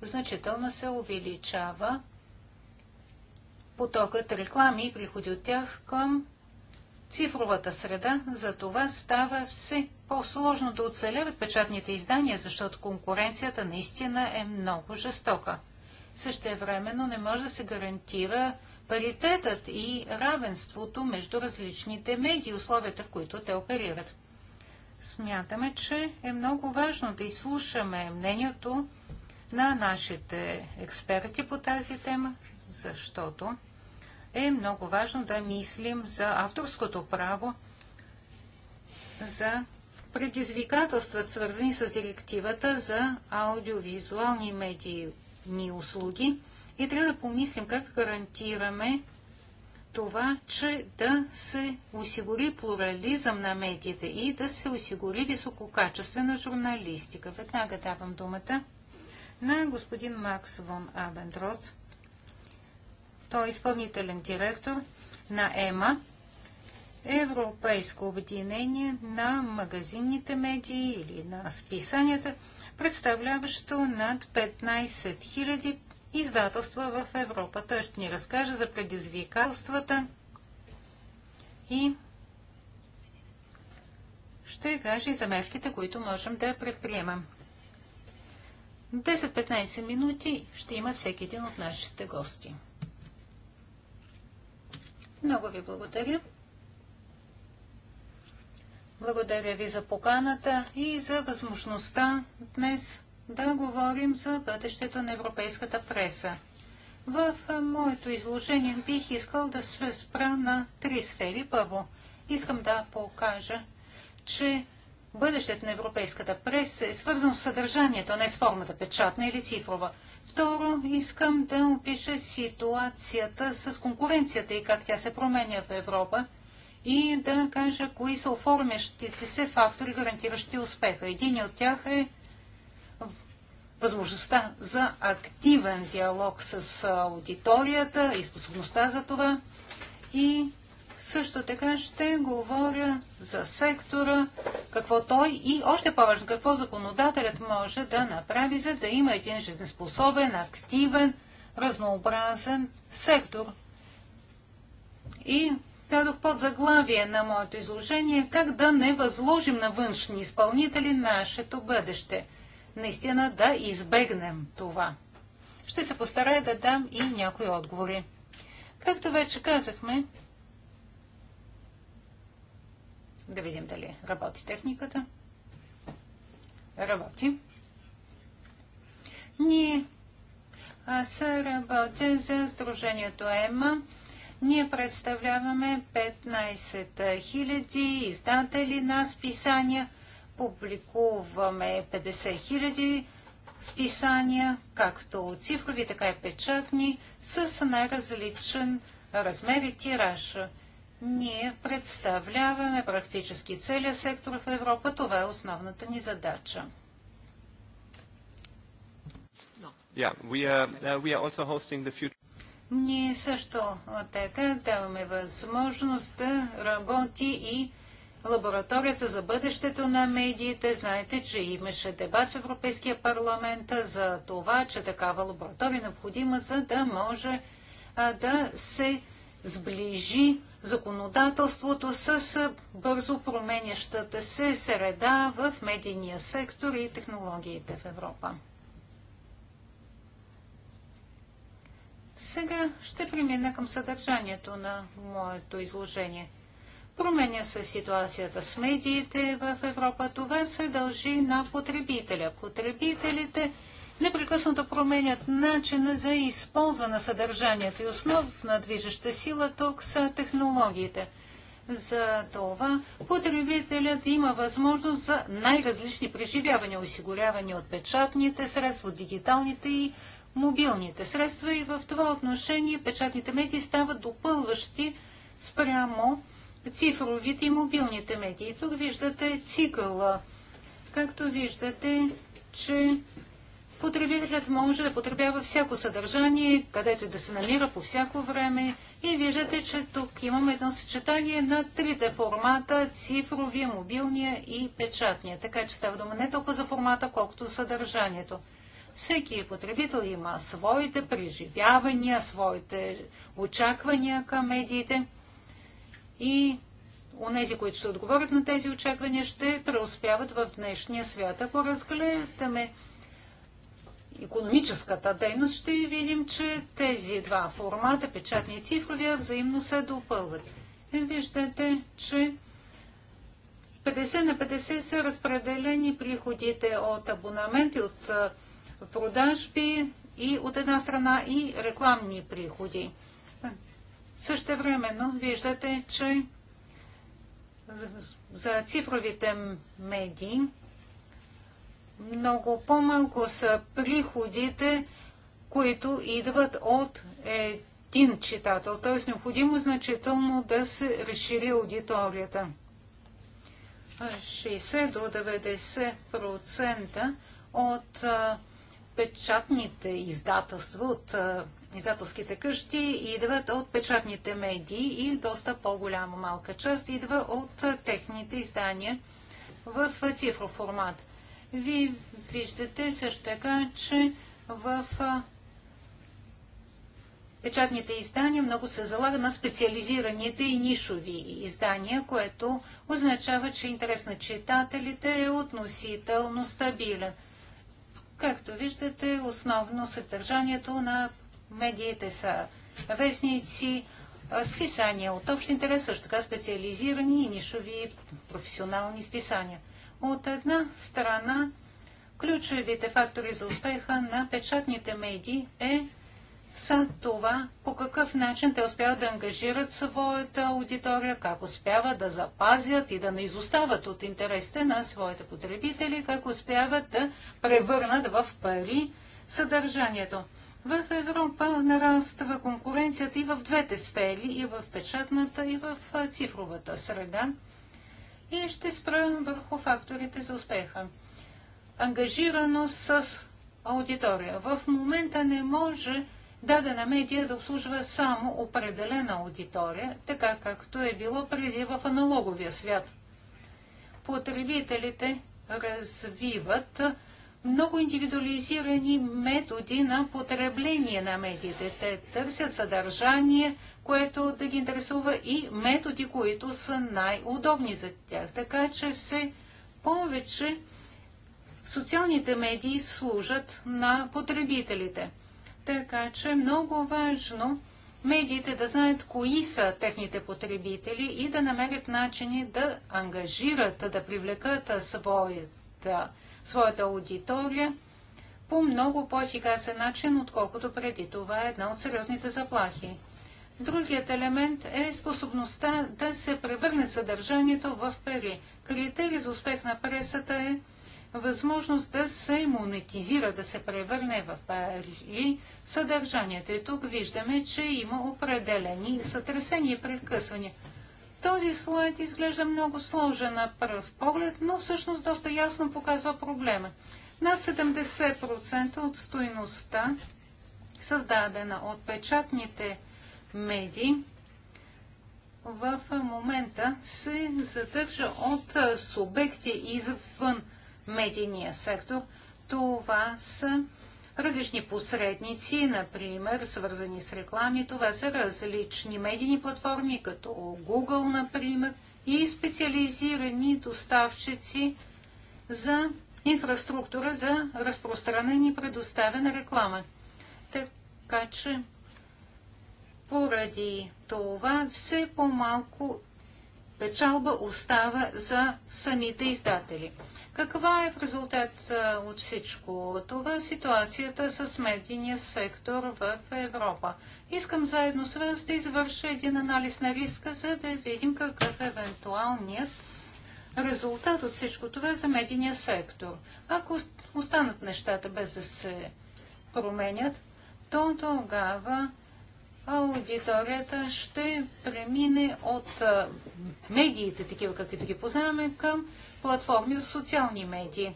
значително се увеличава потокът реклами и приходи от тях към цифровата среда. За това става все по-сложно да оцеляват печатните издания, защото конкуренцията наистина е много жестока. Същевременно не може да се гарантира паритетът и равенството между различните медии, условията в които те оперират. Смятаме, че е много важно да изслушаме мнението на нашите експерти по тази тема, защото е много важно да мислим за авторското право, за предизвикателствата, свързани с директивата за аудиовизуални медийни услуги и трябва да помислим как гарантираме това, че да се осигури плурализъм на медиите и да се осигури висококачествена журналистика. Веднага давам думата на господин Макс Вон Абендрос. Той е изпълнителен директор на ЕМА, Европейско обединение на магазинните медии или на списанията, представляващо над 15 000 издателства в Европа. Той ще ни разкаже за предизвикателствата и ще каже и за мерките, които можем да предприемам. 10-15 минути ще има всеки един от нашите гости. Много ви благодаря. Благодаря ви за поканата и за възможността днес да говорим за бъдещето на европейската преса. В моето изложение бих искал да се спра на три сфери. Първо, искам да покажа, че бъдещето на европейската преса е свързано с съдържанието, не с формата печатна или цифрова. Второ, искам да опиша ситуацията с конкуренцията и как тя се променя в Европа и да кажа кои са оформящите се фактори, гарантиращи успеха. Един от тях е възможността за активен диалог с аудиторията и способността за това. И също така ще говоря за сектора, какво той и още по-важно, какво законодателят може да направи, за да има един жизнеспособен, активен, разнообразен сектор. И дадох под заглавие на моето изложение как да не възложим на външни изпълнители нашето бъдеще. Наистина да избегнем това. Ще се постарая да дам и някои отговори. Както вече казахме, да видим дали работи техниката. Работи. Ние аз работя за Сдружението ЕМА. Ние представляваме 15 000 издатели на списания. Публикуваме 50 000 списания, както цифрови, така и печатни, с най-различен размер и тираж. Ние представляваме практически целия сектор в Европа. Това е основната ни задача. Uh, Ние също така даваме възможност да работи и лабораторията за бъдещето на медиите. Знаете, че имаше дебат в Европейския парламент за това, че такава лаборатория е необходима, за да може да се сближи законодателството с бързо променящата се среда в медийния сектор и технологиите в Европа. Сега ще премина към съдържанието на моето изложение. Променя се ситуацията с медиите в Европа. Това се дължи на потребителя. Потребителите – непрекъснато променят начина за използване на съдържанието и основ на движеща сила тук са технологиите. За това потребителят има възможност за най-различни преживявания, осигурявани от печатните средства, дигиталните и мобилните средства и в това отношение печатните медии стават допълващи спрямо цифровите и мобилните медии. Тук виждате цикъла. Както виждате, че Потребителят може да потребява всяко съдържание, където и да се намира по всяко време. И виждате, че тук имаме едно съчетание на трите формата – цифровия, мобилния и печатния. Така че става дума не толкова за формата, колкото за съдържанието. Всеки потребител има своите преживявания, своите очаквания към медиите. И Онези, които ще отговорят на тези очаквания, ще преуспяват в днешния свят. Ако разгледаме економическата дейност, ще видим, че тези два формата, печатни и цифровия, взаимно се допълват. Е, виждате, че 50 на 50 са разпределени приходите от абонаменти, от продажби и от една страна и рекламни приходи. Също времено виждате, че за цифровите медии много по-малко са приходите, които идват от един читател. Т.е. необходимо значително да се разшири аудиторията. 60 до 90% от печатните издателства, от издателските къщи идват от печатните медии и доста по-голяма малка част идва от техните издания в цифров формат. Вие виждате също така, че в печатните издания много се залага на специализираните и нишови издания, което означава, че интерес на читателите е относително стабилен. Както виждате, основно съдържанието на медиите са вестници, списания от общ интерес, също така специализирани и нишови професионални списания. От една страна, ключовите фактори за успеха на печатните медии е са това, по какъв начин те успяват да ангажират своята аудитория, как успяват да запазят и да не изостават от интересите на своите потребители, как успяват да превърнат в пари съдържанието. В Европа нараства конкуренцията и в двете сфери, и в печатната, и в цифровата среда и ще спра върху факторите за успеха. Ангажираност с аудитория. В момента не може дадена медия да обслужва само определена аудитория, така както е било преди в аналоговия свят. Потребителите развиват много индивидуализирани методи на потребление на медиите. Те търсят съдържание, което да ги интересува и методи, които са най-удобни за тях. Така че все повече социалните медии служат на потребителите. Така че е много важно медиите да знаят кои са техните потребители и да намерят начини да ангажират, да привлекат своята, своята аудитория по много по-ефикасен начин, отколкото преди. Това е една от сериозните заплахи. Другият елемент е способността да се превърне съдържанието в пари. Критерий за успех на пресата е възможност да се монетизира, да се превърне в пари съдържанието. И тук виждаме, че има определени сътресения и прекъсвания. Този слайд изглежда много сложен на пръв поглед, но всъщност доста ясно показва проблема. Над 70% от стоиността, създадена от печатните медии, в момента се задържа от субекти извън медийния сектор. Това са различни посредници, например, свързани с реклами. Това са различни медийни платформи, като Google, например, и специализирани доставчици за инфраструктура за разпространение и предоставена реклама. Така че поради това все по-малко печалба остава за самите издатели. Каква е в резултат от всичко това ситуацията с медийния сектор в Европа? Искам заедно с вас да извърша един анализ на риска, за да видим какъв е евентуалният резултат от всичко това за медийния сектор. Ако останат нещата без да се променят, то тогава аудиторията ще премине от медиите, такива каквито ги познаваме, към платформи за социални медии.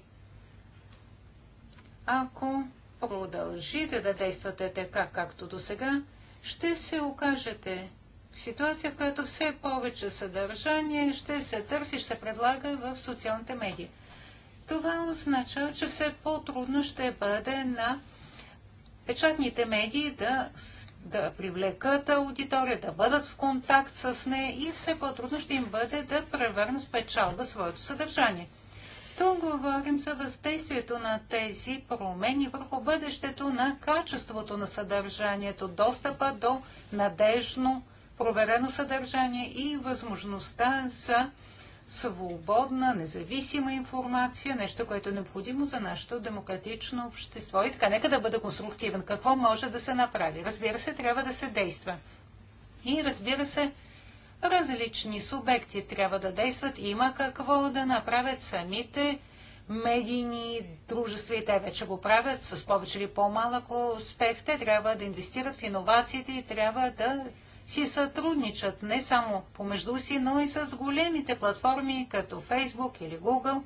Ако продължите да действате така, както до сега, ще се окажете в ситуация, в която все повече съдържание ще се търси, ще се предлага в социалните медии. Това означава, че все по-трудно ще бъде на печатните медии да да привлекат аудитория, да бъдат в контакт с нея и все по-трудно ще им бъде да превърнат в печалба своето съдържание. Тук говорим за въздействието на тези промени върху бъдещето на качеството на съдържанието, достъпа до надежно проверено съдържание и възможността за свободна, независима информация, нещо, което е необходимо за нашето демократично общество. И така, нека да бъда конструктивен. Какво може да се направи? Разбира се, трябва да се действа. И разбира се, различни субекти трябва да действат. Има какво да направят самите медийни дружества и те вече го правят с повече или по-малък успех. Те трябва да инвестират в иновациите и трябва да си сътрудничат не само помежду си, но и с големите платформи като Facebook или Google.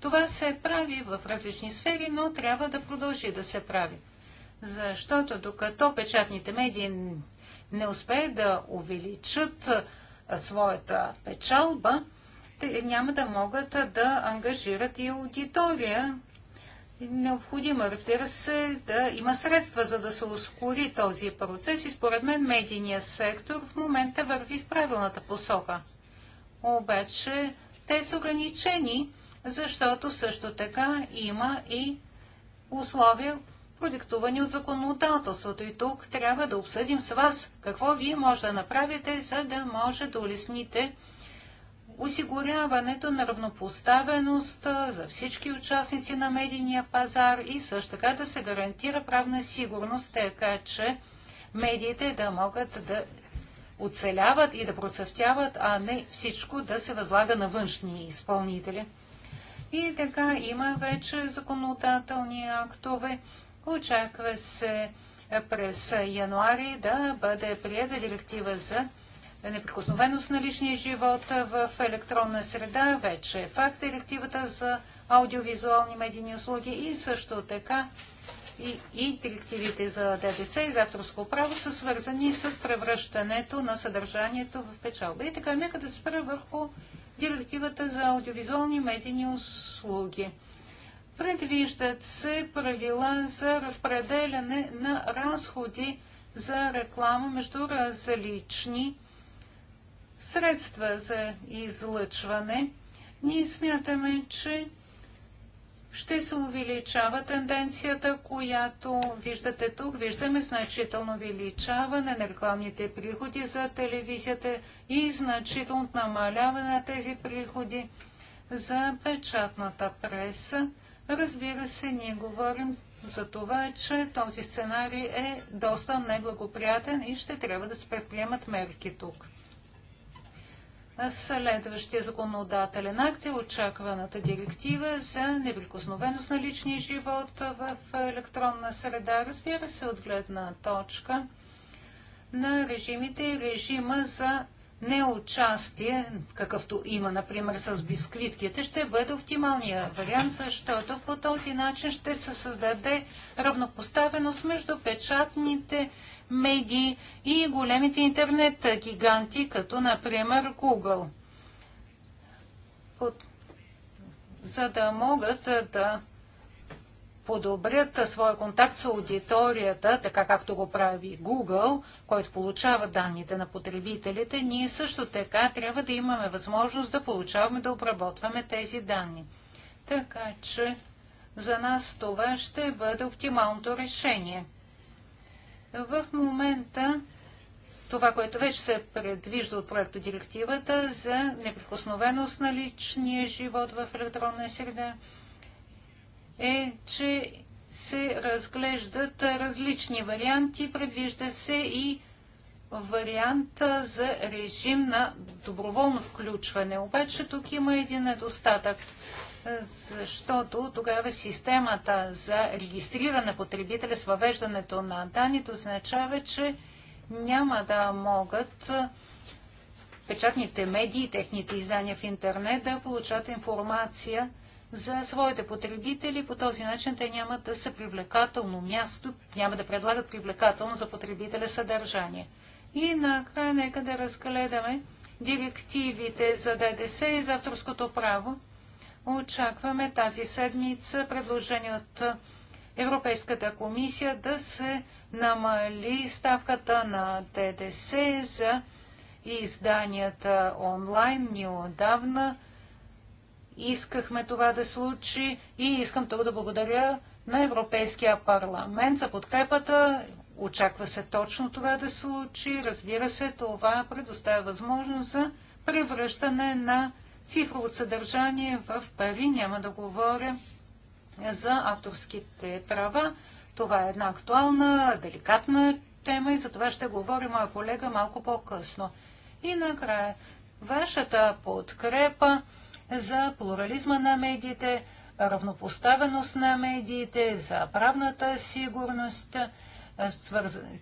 Това се прави в различни сфери, но трябва да продължи да се прави. Защото докато печатните медии не успеят да увеличат своята печалба, те няма да могат да ангажират и аудитория Необходимо, е, разбира се, да има средства, за да се ускори този процес и според мен медийният сектор в момента върви в правилната посока. Обаче те са ограничени, защото също така има и условия, продиктувани от законодателството. И тук трябва да обсъдим с вас какво вие може да направите, за да може да улесните осигуряването на равнопоставеност за всички участници на медийния пазар и също така да се гарантира правна сигурност, така че медиите да могат да оцеляват и да процъфтяват, а не всичко да се възлага на външни изпълнители. И така има вече законодателни актове. Очаква се през януари да бъде прията директива за неприкосновеност на личния живот в електронна среда. Вече е факт директивата за аудиовизуални медийни услуги и също така и, и директивите за ДДС и за авторско право са свързани с превръщането на съдържанието в печалба. И така, нека да спра върху директивата за аудиовизуални медийни услуги. Предвиждат се правила за разпределяне на разходи за реклама между различни средства за излъчване, ние смятаме, че ще се увеличава тенденцията, която виждате тук. Виждаме значително увеличаване на рекламните приходи за телевизията и значително намаляване на тези приходи за печатната преса. Разбира се, ние говорим за това, че този сценарий е доста неблагоприятен и ще трябва да се предприемат мерки тук. Следващия законодателен акт е очакваната директива за неприкосновеност на личния живот в електронна среда, разбира се, от гледна точка на режимите и режима за неучастие, какъвто има, например, с бисквитките, ще бъде оптималният вариант, защото по този начин ще се създаде равнопоставеност между печатните медии и големите интернет гиганти, като например Google. За да могат да подобрят своя контакт с аудиторията, така както го прави Google, който получава данните на потребителите, ние също така трябва да имаме възможност да получаваме, да обработваме тези данни. Така че за нас това ще бъде оптималното решение. В момента това, което вече се предвижда от проекта директивата за неприкосновеност на личния живот в електронна среда, е, че се разглеждат различни варианти, предвижда се и вариант за режим на доброволно включване. Обаче тук има един недостатък, защото тогава системата за регистриране на потребителя с въвеждането на данните означава, че няма да могат печатните медии, техните издания в интернет да получат информация за своите потребители. По този начин те няма да са привлекателно място, няма да предлагат привлекателно за потребителя съдържание. И накрая нека да разгледаме директивите за ДДС и за авторското право. Очакваме тази седмица предложение от Европейската комисия да се намали ставката на ДДС за изданията онлайн. Ние отдавна искахме това да случи и искам тук да благодаря на Европейския парламент за подкрепата Очаква се точно това да се случи. Разбира се, това предоставя възможност за превръщане на цифрово съдържание в пари. Няма да говоря за авторските права. Това е една актуална, деликатна тема и за това ще говори моя колега малко по-късно. И накрая, вашата подкрепа за плурализма на медиите, равнопоставеност на медиите, за правната сигурност –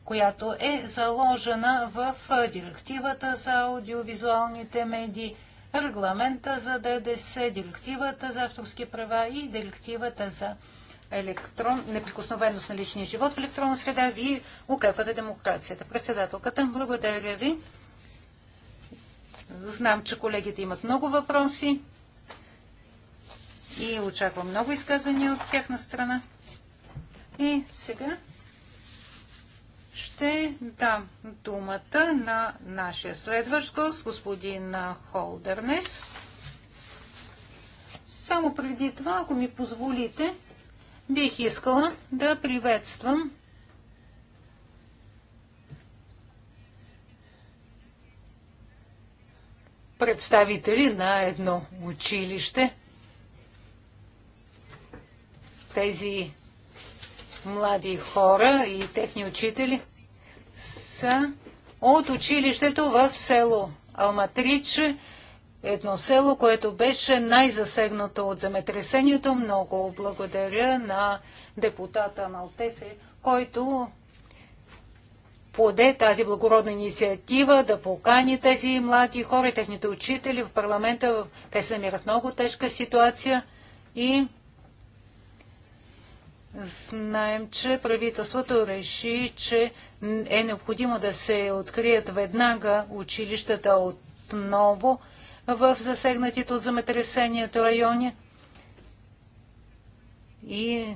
която е заложена в директивата за аудиовизуалните медии, регламента за ДДС, директивата за авторски права и директивата за електрон, неприкосновеност на личния живот в електронна среда. Вие укрепвате демокрацията. Председателката, благодаря ви. Знам, че колегите имат много въпроси и очаквам много изказвания от тяхна страна. И сега ще дам думата на нашия следващ гост, господин Холдернес. Само преди това, ако ми позволите, бих искала да приветствам представители на едно училище. Тези млади хора и техни учители са от училището в село Алматриче, едно село, което беше най-засегнато от земетресението. Много благодаря на депутата Малтесе, който поде тази благородна инициатива да покани тези млади хора, и техните учители в парламента. Те се намират много тежка ситуация и Знаем, че правителството реши, че е необходимо да се открият веднага училищата отново в засегнатите от земетресението райони. И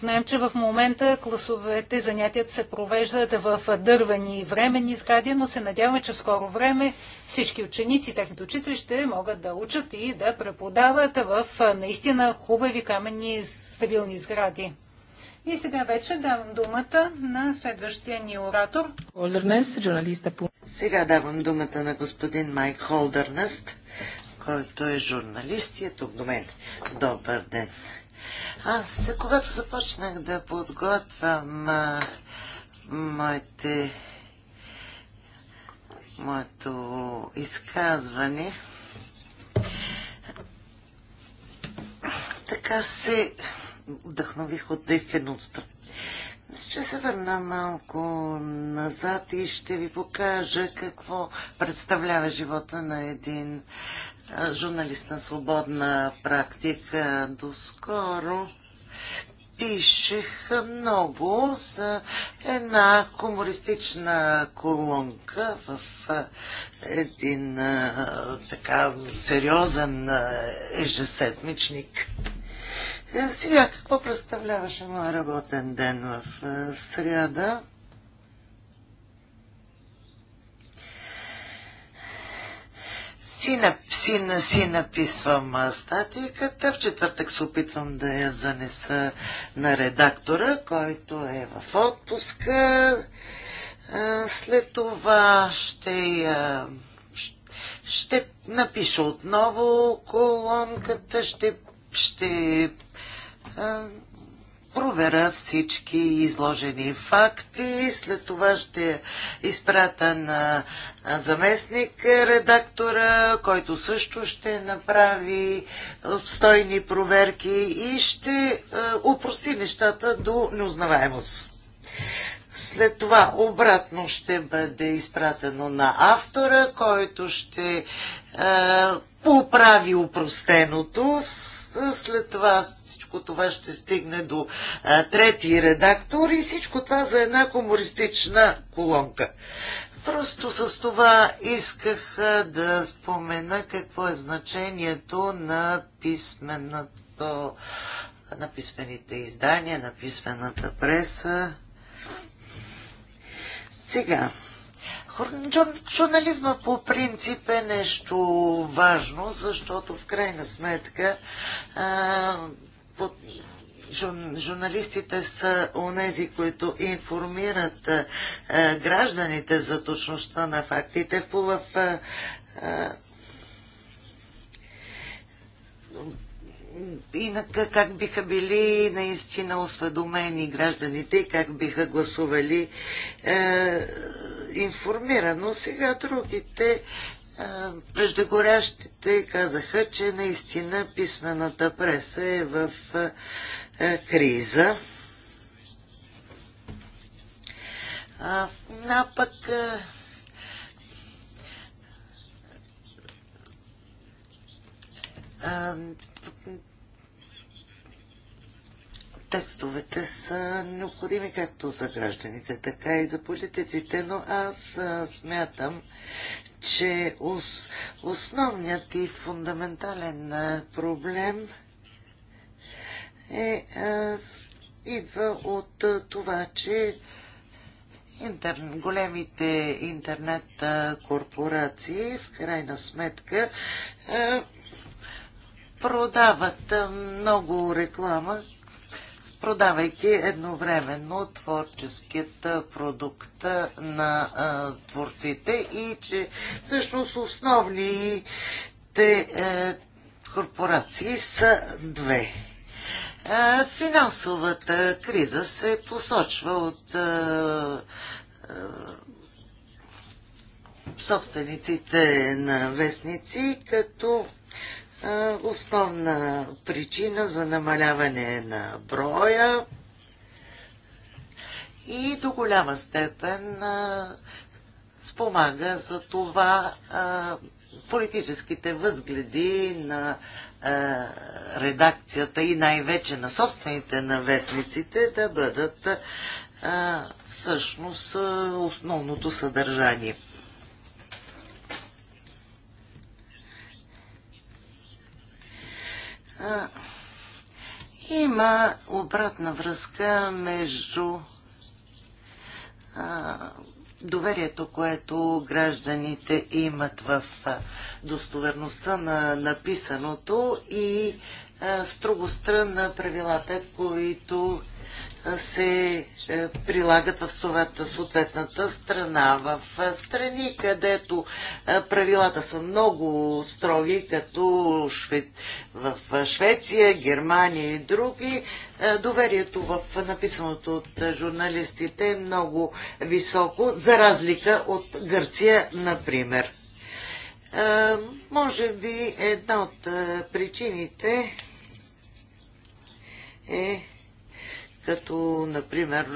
Знаем, че в момента класовете, занятията се провеждат в дървани и времени сгради, но се надяваме, че в скоро време всички ученици и техните учители ще могат да учат и да преподават в наистина хубави каменни стабилни сгради. И сега вече давам думата на следващия ни оратор. Холдърнест, журналиста по... Сега давам думата на господин Майк Холдърнест, който е журналист и е тук до мен. Добър ден. Аз, когато започнах да подготвям а, моите, моето изказване, така се вдъхнових от действеността. Ще се върна малко назад и ще ви покажа какво представлява живота на един журналист на свободна практика. Доскоро пишех много за една хумористична колонка в един така сериозен ежеседмичник. Е, сега какво представляваше моя работен ден в сряда? си, нап, си, на, си написвам статиката. В четвъртък се опитвам да я занеса на редактора, който е в отпуска. След това ще я ще напиша отново колонката, ще, ще проверя всички изложени факти. След това ще изпрата на заместник редактора, който също ще направи обстойни проверки и ще е, упрости нещата до неузнаваемост. След това обратно ще бъде изпратено на автора, който ще е, поправи упростеното. След това всичко това ще стигне до а, трети редактор и всичко това за една хумористична колонка. Просто с това исках да спомена какво е значението на писменото на писмените издания, на писмената преса. Сега, журнализма по принцип е нещо важно, защото в крайна сметка а, журналистите са онези, които информират е, гражданите за точността на фактите. В, Инака е, е, инак как биха били наистина осведомени гражданите и как биха гласували е, информирано. Сега другите преждегорящите казаха, че наистина писмената преса е в криза. А, пък текстовете са необходими както за гражданите, така и за политиците, но аз смятам, че основният и фундаментален проблем е, идва от това, че интер... големите интернет корпорации в крайна сметка продават много реклама, продавайки едновременно творческият продукт на а, творците и че всъщност основните е, корпорации са две. А, финансовата криза се посочва от а, собствениците на вестници като основна причина за намаляване на броя и до голяма степен спомага за това политическите възгледи на редакцията и най-вече на собствените на вестниците да бъдат всъщност основното съдържание. има обратна връзка между а, доверието, което гражданите имат в достоверността на написаното и строгостта на правилата, които се е, прилагат в съответната страна. В е, страни, където е, правилата са много строги, като в Швеция, Германия и други, доверието в написаното от журналистите е много високо, за разлика от Гърция, например. Може би една от причините е като, например,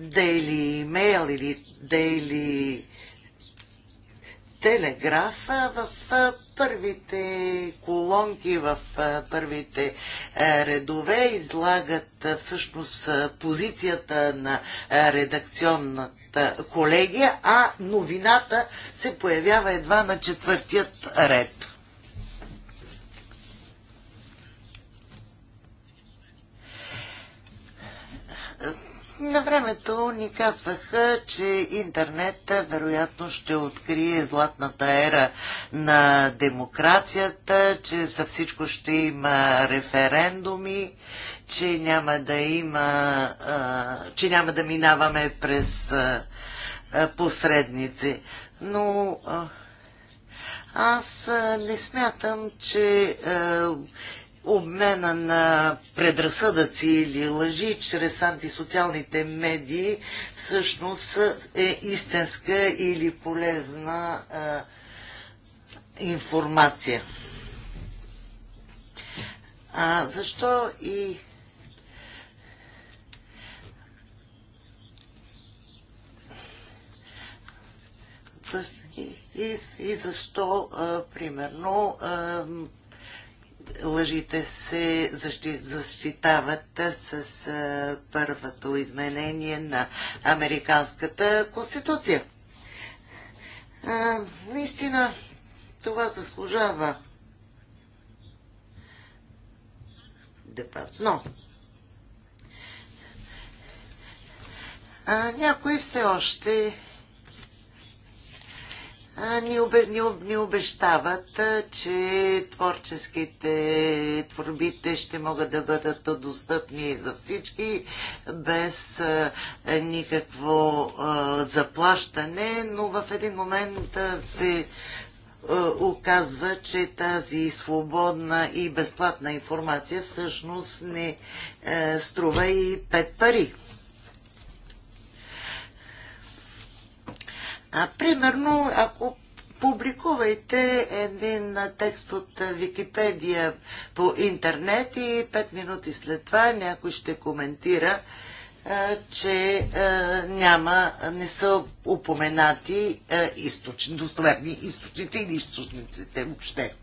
Daily Mail или Daily Telegraph в първите колонки, в първите редове излагат всъщност позицията на редакционната колегия, а новината се появява едва на четвъртият ред. На времето ни казваха, че интернет е, вероятно ще открие златната ера на демокрацията, че за всичко ще има референдуми, че няма да има, че няма да минаваме през посредници. Но аз не смятам, че обмена на предразсъдъци или лъжи чрез антисоциалните медии всъщност е истинска или полезна а, информация. А защо и и, и защо, а, примерно, а, лъжите се защитават с първото изменение на Американската конституция. А, наистина, това заслужава дебат. Но а, някои все още ни, обе, ни, ни обещават, че творческите творбите ще могат да бъдат достъпни за всички, без никакво заплащане, но в един момент се оказва, че тази свободна и безплатна информация всъщност не струва и пет пари. А, примерно, ако публикувайте един текст от Википедия по интернет и 5 минути след това някой ще коментира, че няма, не са упоменати източни, достоверни източници или източниците въобще.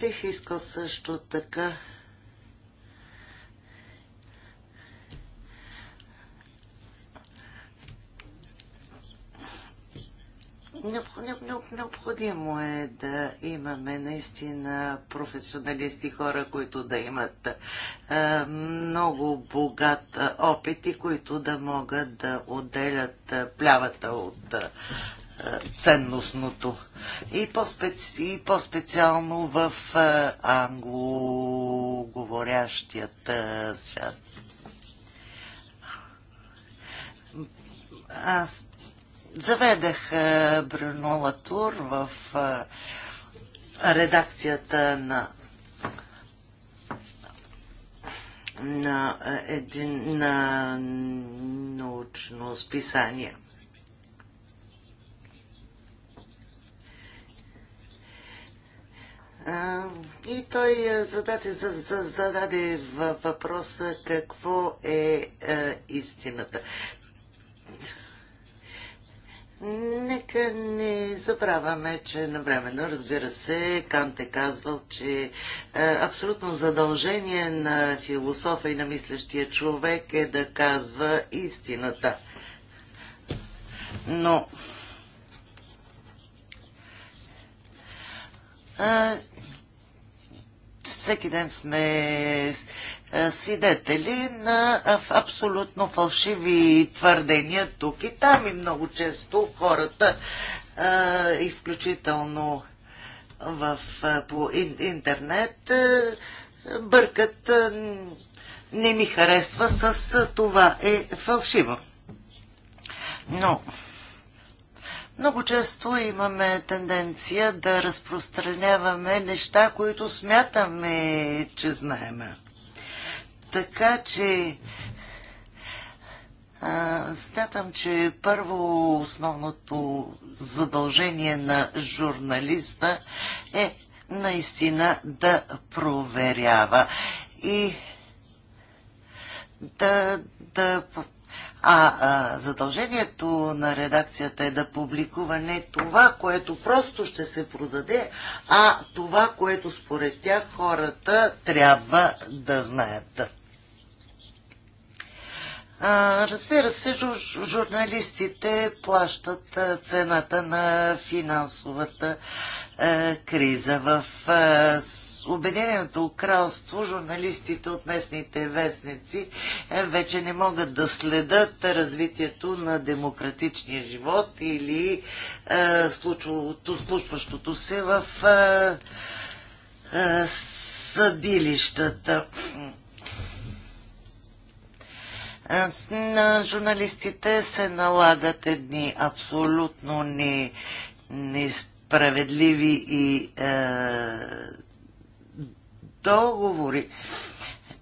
Бих искал също така Необходимо е да имаме наистина професионалисти, хора, които да имат много богат опит и които да могат да отделят плявата от е, ценностното. И, по-специ... и по-специално в е, англоговорящият е, свят. Аз заведах Брюно Латур в редакцията на на, един, на научно списание. и той е, зададе, зададе въпроса какво е, е истината. Нека не забравяме, че навременно, разбира се, Кант е казвал, че е, абсолютно задължение на философа и на мислещия човек е да казва истината. Но всеки ден сме е, свидетели на е, абсолютно фалшиви твърдения тук и там и много често хората е, и включително в, по интернет бъркат не ми харесва с това е фалшиво. Но много често имаме тенденция да разпространяваме неща, които смятаме, че знаеме. Така че а, смятам, че първо основното задължение на журналиста е наистина да проверява и да, да а, а задължението на редакцията е да публикува не това, което просто ще се продаде, а това, което според тях хората трябва да знаят. А, разбира се, журналистите плащат цената на финансовата а, криза. В Обединеното кралство журналистите от местните вестници а, е, вече не могат да следят развитието на демократичния живот или а, случващото се в а, а, съдилищата на журналистите се налагат едни абсолютно не, несправедливи и е, договори,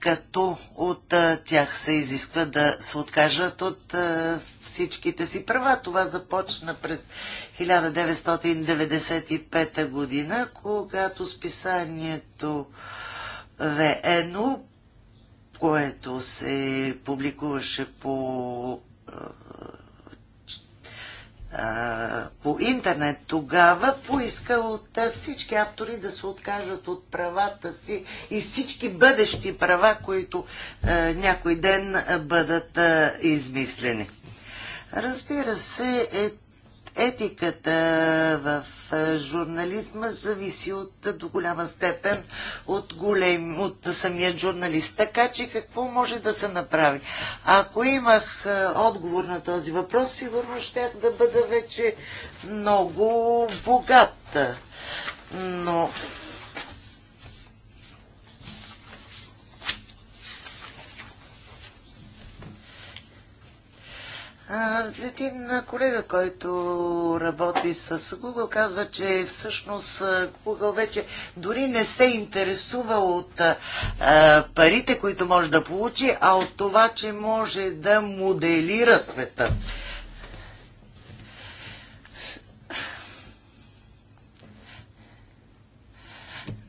като от е, тях се изисква да се откажат от е, всичките си права. Това започна през 1995 година, когато списанието ВНУ което се публикуваше по по интернет тогава поиска от всички автори да се откажат от правата си и всички бъдещи права, които някой ден бъдат измислени. Разбира се, е, Етиката в журнализма зависи от, до голяма степен от, голем, от самия журналист. Така че какво може да се направи? Ако имах отговор на този въпрос, сигурно щях да бъда вече много богат. Но Един колега, който работи с Google, казва, че всъщност Google вече дори не се интересува от парите, които може да получи, а от това, че може да моделира света.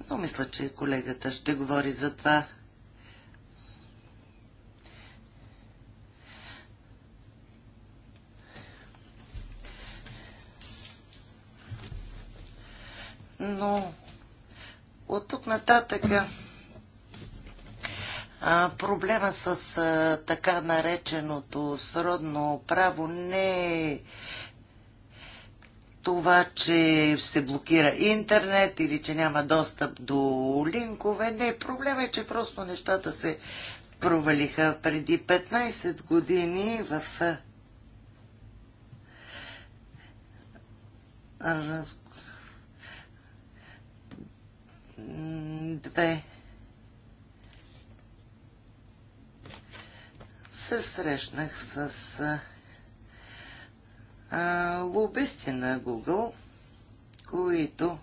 Но мисля, че колегата ще говори за това но от тук нататък проблема с а, така нареченото сродно право не е това, че се блокира интернет или че няма достъп до линкове. Не, проблема е, че просто нещата се провалиха преди 15 години в разговор две се срещнах с а, лобисти на Google, които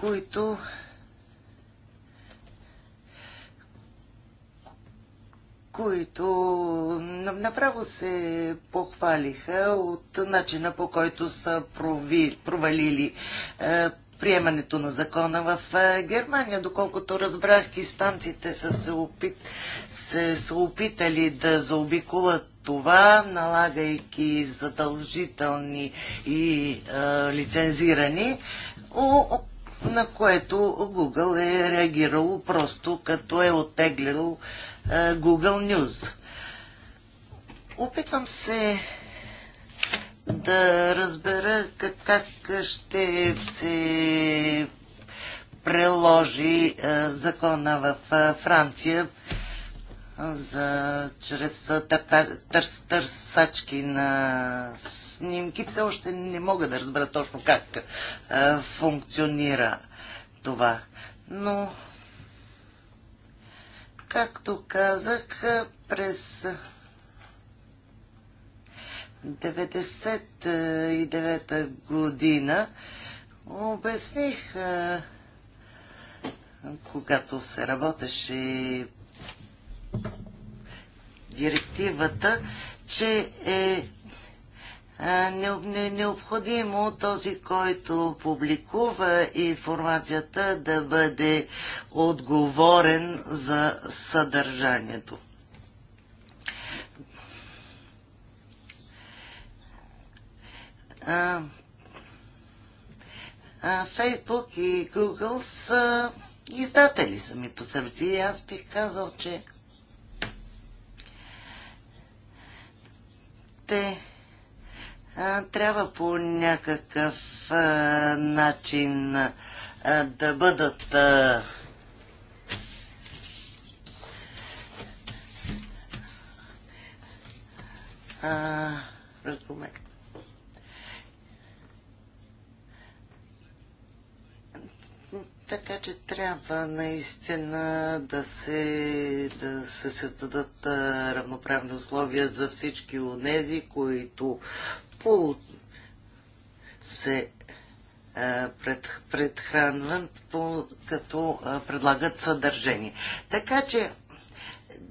които които направо се похвалиха от начина по който са провалили е, приемането на закона в е, Германия. Доколкото разбрах, испанците са се, опит, се, са опитали да заобиколат това, налагайки задължителни и е, лицензирани. О, на което Google е реагирало просто като е оттеглило е, Google News. Опитвам се да разбера как, ще се преложи е, закона в е, Франция за, чрез търсачки на снимки. Все още не мога да разбера точно как а, функционира това. Но, както казах, през 99-та година обясних, а, когато се работеше директивата, че е необходимо този, който публикува информацията, да бъде отговорен за съдържанието. Фейсбук и Google са издатели сами по себе си. Аз бих казал, че Те а, трябва по някакъв а, начин а, да бъдат а, а, разумени. Така че трябва наистина да се, да се създадат равноправни условия за всички тези, които пол се пред, предхранват, по, като предлагат съдържание. Така че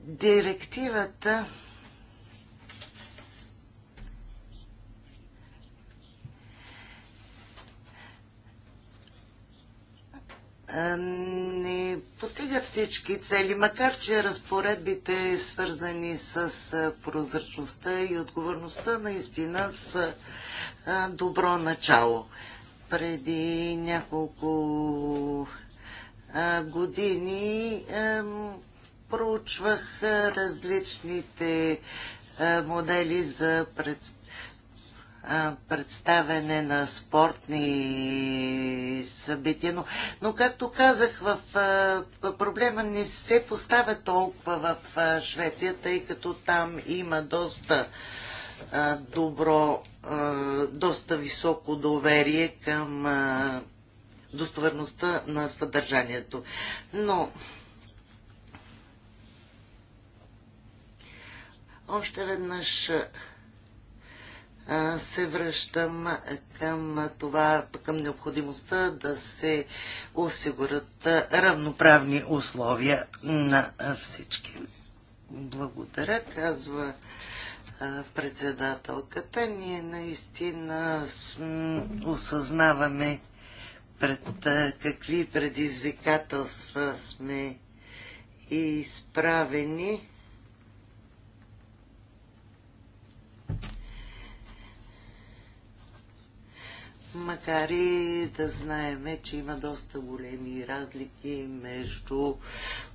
директивата не постига всички цели, макар че разпоредбите свързани с прозрачността и отговорността наистина са добро начало. Преди няколко години проучвах различните модели за представителите представене на спортни събития, но, но както казах, в, а, проблема не се поставя толкова в Швеция, тъй като там има доста добро, доста високо доверие към достоверността на съдържанието. Но още веднъж се връщам към това, към необходимостта да се осигурят равноправни условия на всички. Благодаря, казва председателката. Ние наистина осъзнаваме пред какви предизвикателства сме изправени макар и да знаеме, че има доста големи разлики между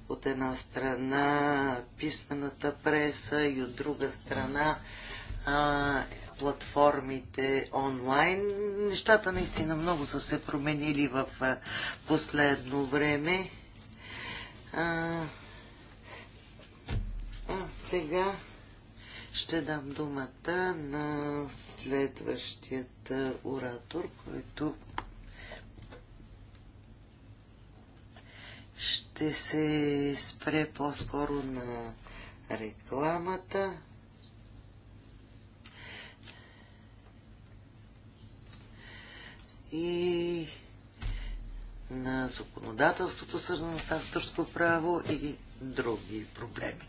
от една страна писмената преса и от друга страна а, платформите онлайн. Нещата наистина много са се променили в последно време. А, а сега ще дам думата на следващият оратор, който ще се спре по-скоро на рекламата. И на законодателството, свързано с авторско право и други проблеми.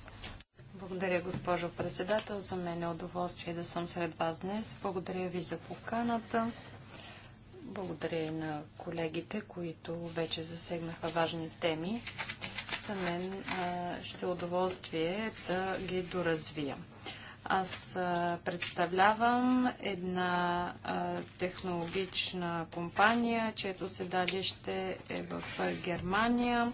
Благодаря, госпожо председател. За мен е удоволствие да съм сред вас днес. Благодаря ви за поканата. Благодаря и на колегите, които вече засегнаха важни теми. За мен а, ще е удоволствие да ги доразвия. Аз а, представлявам една а, технологична компания, чието седалище е в Германия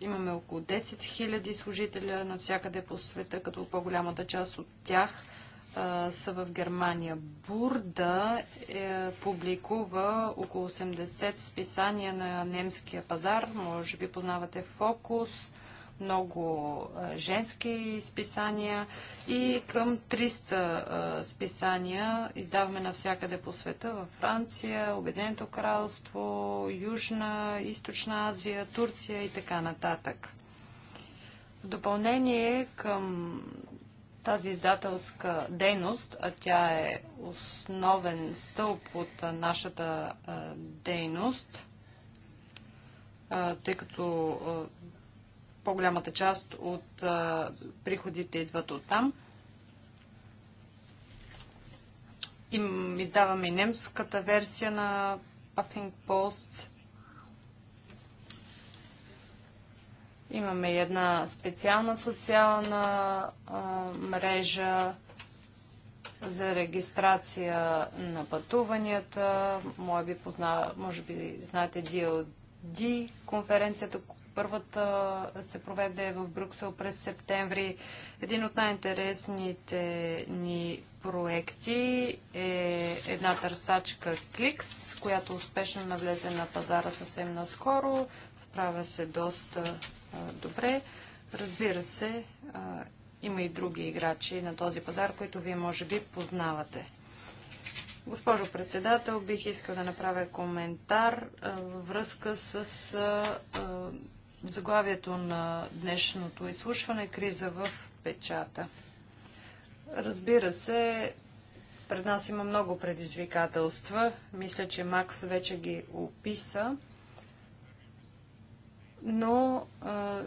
Имаме около 10 000 служителя навсякъде по света, като по-голямата част от тях а, са в Германия. Бурда е, публикува около 80 списания на немския пазар. Може би познавате Фокус, много женски списания и към 300 списания издаваме навсякъде по света, във Франция, Обединеното кралство, Южна, Източна Азия, Турция и така нататък. В допълнение към тази издателска дейност, а тя е основен стълб от нашата дейност, тъй като по-голямата част от а, приходите идват от там. Им издаваме и немската версия на Puffing Post. Имаме една специална социална а, мрежа за регистрация на пътуванията. Може би, позна, може би знаете DLD конференцията, Първата се проведе в Брюксел през септември. Един от най-интересните ни проекти е една търсачка Кликс, която успешно навлезе на пазара съвсем наскоро. Справя се доста а, добре. Разбира се, а, има и други играчи на този пазар, които вие може би познавате. Госпожо председател, бих искал да направя коментар а, във връзка с а, Заглавието на днешното изслушване е криза в печата. Разбира се, пред нас има много предизвикателства. Мисля, че Макс вече ги описа. Но а,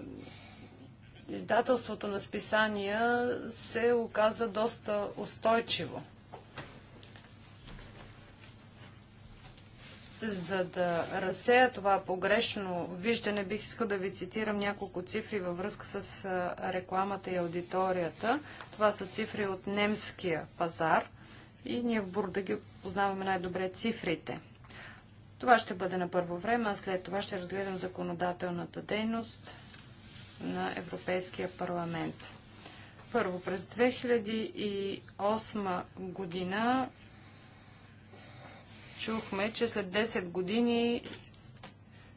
издателството на списания се оказа доста устойчиво. За да разсея това погрешно виждане, бих искал да ви цитирам няколко цифри във връзка с рекламата и аудиторията. Това са цифри от немския пазар и ние в Бурда ги познаваме най-добре цифрите. Това ще бъде на първо време, а след това ще разгледам законодателната дейност на Европейския парламент. Първо, през 2008 година чухме, че след 10 години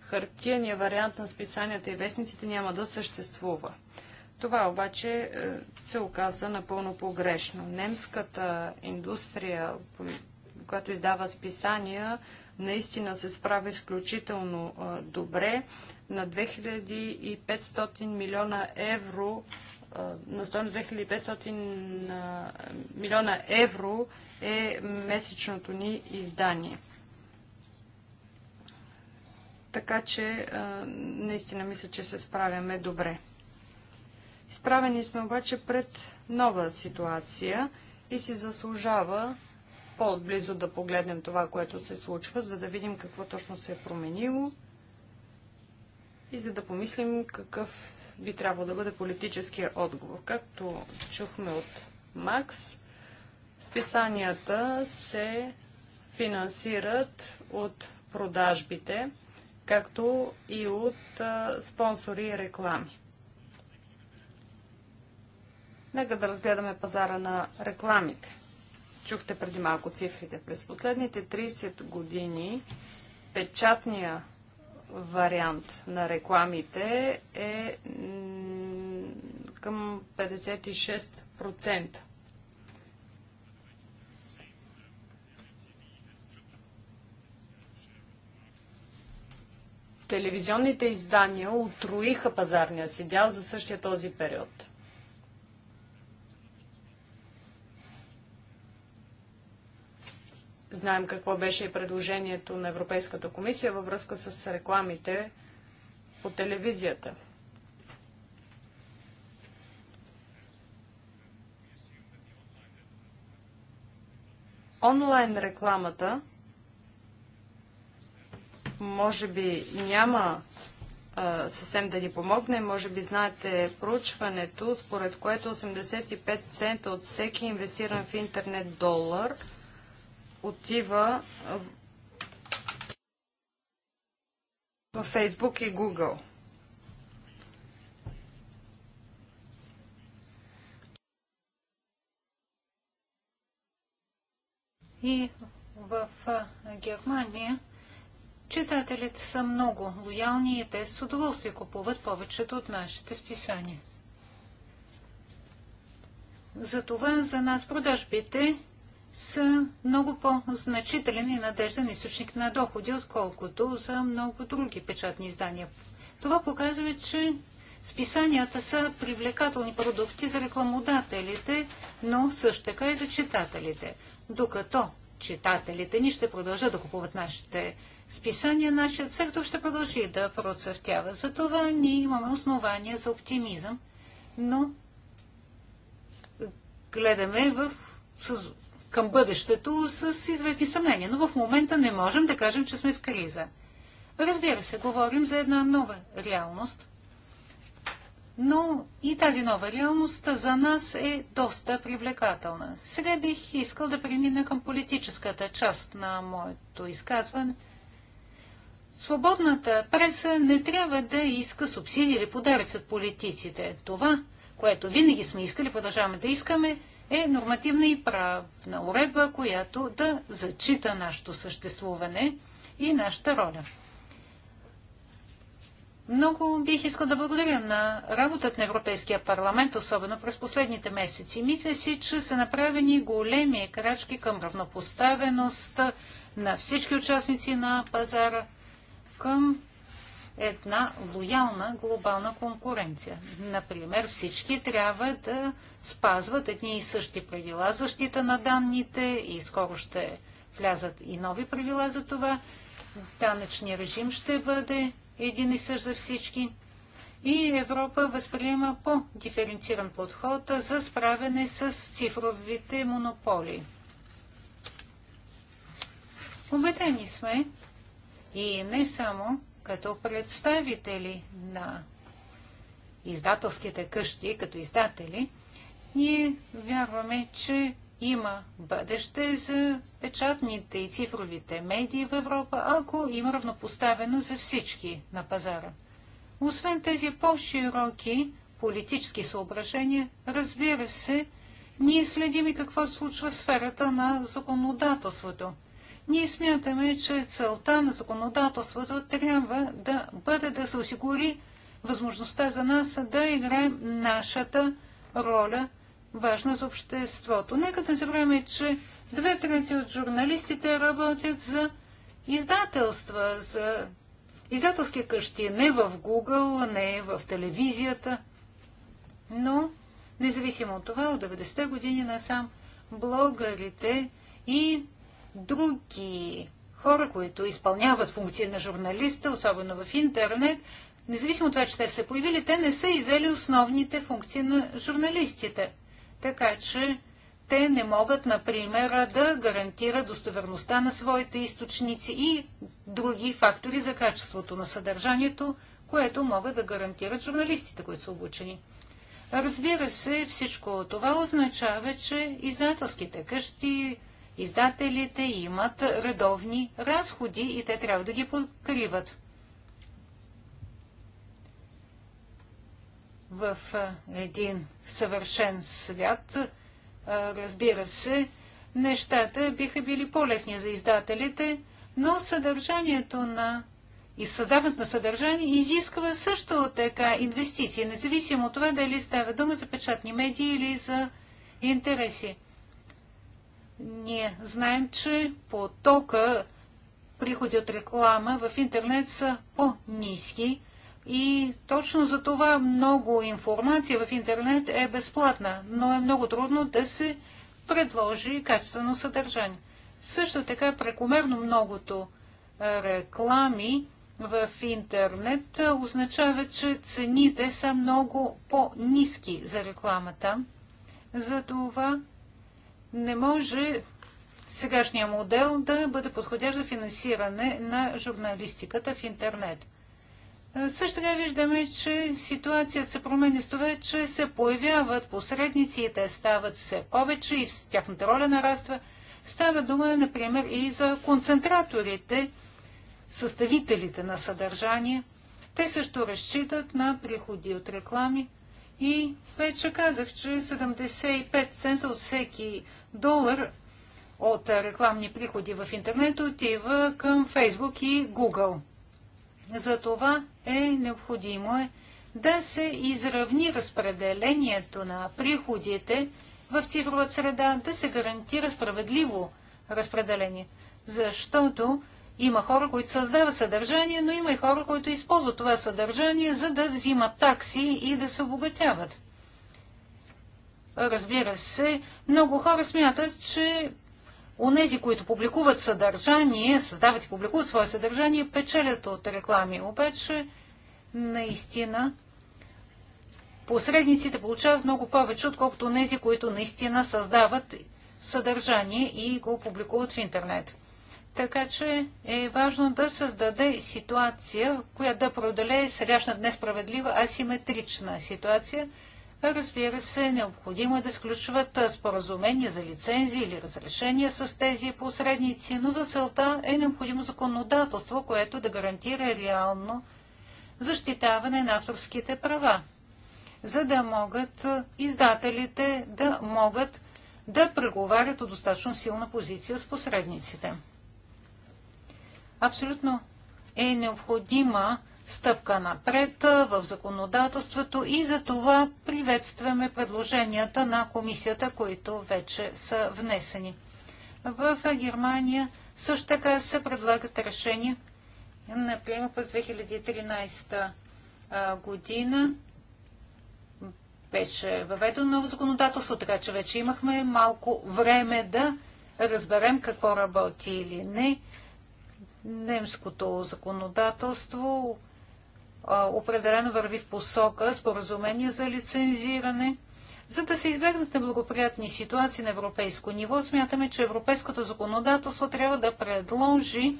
хартияния вариант на списанията и вестниците няма да съществува. Това обаче е, се оказа напълно погрешно. Немската индустрия, която издава списания, наистина се справи изключително е, добре. На 2500 милиона евро на стоеност 2500 милиона евро е месечното ни издание. Така че наистина мисля, че се справяме добре. Изправени сме обаче пред нова ситуация и си заслужава по-отблизо да погледнем това, което се случва, за да видим какво точно се е променило и за да помислим какъв би трябвало да бъде политическия отговор. Както чухме от Макс, списанията се финансират от продажбите, както и от спонсори и реклами. Нека да разгледаме пазара на рекламите. Чухте преди малко цифрите. През последните 30 години печатния вариант на рекламите е към 56%. Телевизионните издания отруиха пазарния си дял за същия този период. Знаем какво беше и предложението на Европейската комисия във връзка с рекламите по телевизията. Онлайн рекламата може би няма а, съвсем да ни помогне. Може би знаете проучването, според което 85 цента от всеки инвестиран в интернет долар – отива в Facebook и Google. И в Германия читателите са много лоялни и те с удоволствие купуват повечето от нашите списания. Затова за нас продажбите са много по-значителен и надежден източник на доходи, отколкото за много други печатни издания. Това показва, че списанията са привлекателни продукти за рекламодателите, но също така и за читателите. Докато читателите ни ще продължат да купуват нашите списания, нашият сектор ще продължи да процъфтява. Затова ние имаме основания за оптимизъм, но гледаме в, към бъдещето с известни съмнения, но в момента не можем да кажем, че сме в криза. Разбира се, говорим за една нова реалност, но и тази нова реалност за нас е доста привлекателна. Сега бих искал да премина към политическата част на моето изказване. Свободната преса не трябва да иска субсидии или подаръци от политиците. Това, което винаги сме искали, продължаваме да искаме, е нормативна и правна уредба, която да зачита нашето съществуване и нашата роля. Много бих искал да благодаря на работата на Европейския парламент, особено през последните месеци. Мисля си, че са направени големи крачки към равнопоставеност на всички участници на пазара, към една лоялна глобална конкуренция. Например, всички трябва да спазват едни и същи правила защита на данните и скоро ще влязат и нови правила за това. Данъчният режим ще бъде един и същ за всички. И Европа възприема по-диференциран подход за справяне с цифровите монополи. Убедени сме и не само като представители на издателските къщи, като издатели, ние вярваме, че има бъдеще за печатните и цифровите медии в Европа, ако има равнопоставено за всички на пазара. Освен тези по-широки политически съображения, разбира се, ние следим и какво случва в сферата на законодателството. Ние смятаме, че целта на законодателството трябва да бъде да се осигури възможността за нас да играем нашата роля, важна за обществото. Нека да забравяме, че две трети от журналистите работят за издателства, за издателски къщи, не в Google, не в телевизията, но независимо от това, от 90-те години насам блогърите и други хора, които изпълняват функции на журналиста, особено в интернет, независимо от това, че те са появили, те не са изели основните функции на журналистите. Така че те не могат, например, да гарантират достоверността на своите източници и други фактори за качеството на съдържанието, което могат да гарантират журналистите, които са обучени. Разбира се, всичко това означава, че издателските къщи, Издателите имат редовни разходи и те трябва да ги покриват. В един съвършен свят, разбира се, нещата биха били по-лесни за издателите, но съдържанието на и създаването на съдържание изисква също така инвестиции, независимо от това дали става дума за печатни медии или за интереси. Ние знаем, че потока приходи от реклама в интернет са по-низки и точно за това много информация в интернет е безплатна, но е много трудно да се предложи качествено съдържание. Също така прекомерно многото реклами в интернет означава, че цените са много по-низки за рекламата. За това не може сегашния модел да бъде подходящ за финансиране на журналистиката в интернет. Е, също така виждаме, че ситуацията се променя с това, че се появяват посредници и те стават все повече и тяхната роля нараства. Става дума, например, и за концентраторите, съставителите на съдържание. Те също разчитат на приходи от реклами. И вече казах, че 75 цента от всеки долар от рекламни приходи в интернет отива към Фейсбук и Google. Затова е необходимо да се изравни разпределението на приходите в цифрова среда, да се гарантира справедливо разпределение. Защото има хора, които създават съдържание, но има и хора, които използват това съдържание, за да взимат такси и да се обогатяват разбира се, много хора смятат, че Онези, които публикуват съдържание, създават и публикуват свое съдържание, печелят от реклами. Обаче, наистина, посредниците получават много повече, отколкото онези, които наистина създават съдържание и го публикуват в интернет. Така че е важно да създаде ситуация, която да преодолее сегашната несправедлива асиметрична ситуация – Разбира се, необходимо е да сключват споразумения за лицензии или разрешения с тези посредници, но за целта е необходимо законодателство, което да гарантира реално защитаване на авторските права, за да могат издателите да могат да преговарят от достатъчно силна позиция с посредниците. Абсолютно е необходима стъпка напред в законодателството и за това приветстваме предложенията на комисията, които вече са внесени. В Германия също така се предлагат решения. Например, през 2013 година беше въведено ново законодателство, така че вече имахме малко време да разберем какво работи или не. Немското законодателство определено върви в посока споразумение за лицензиране. За да се избегнат неблагоприятни ситуации на европейско ниво, смятаме, че европейското законодателство трябва да предложи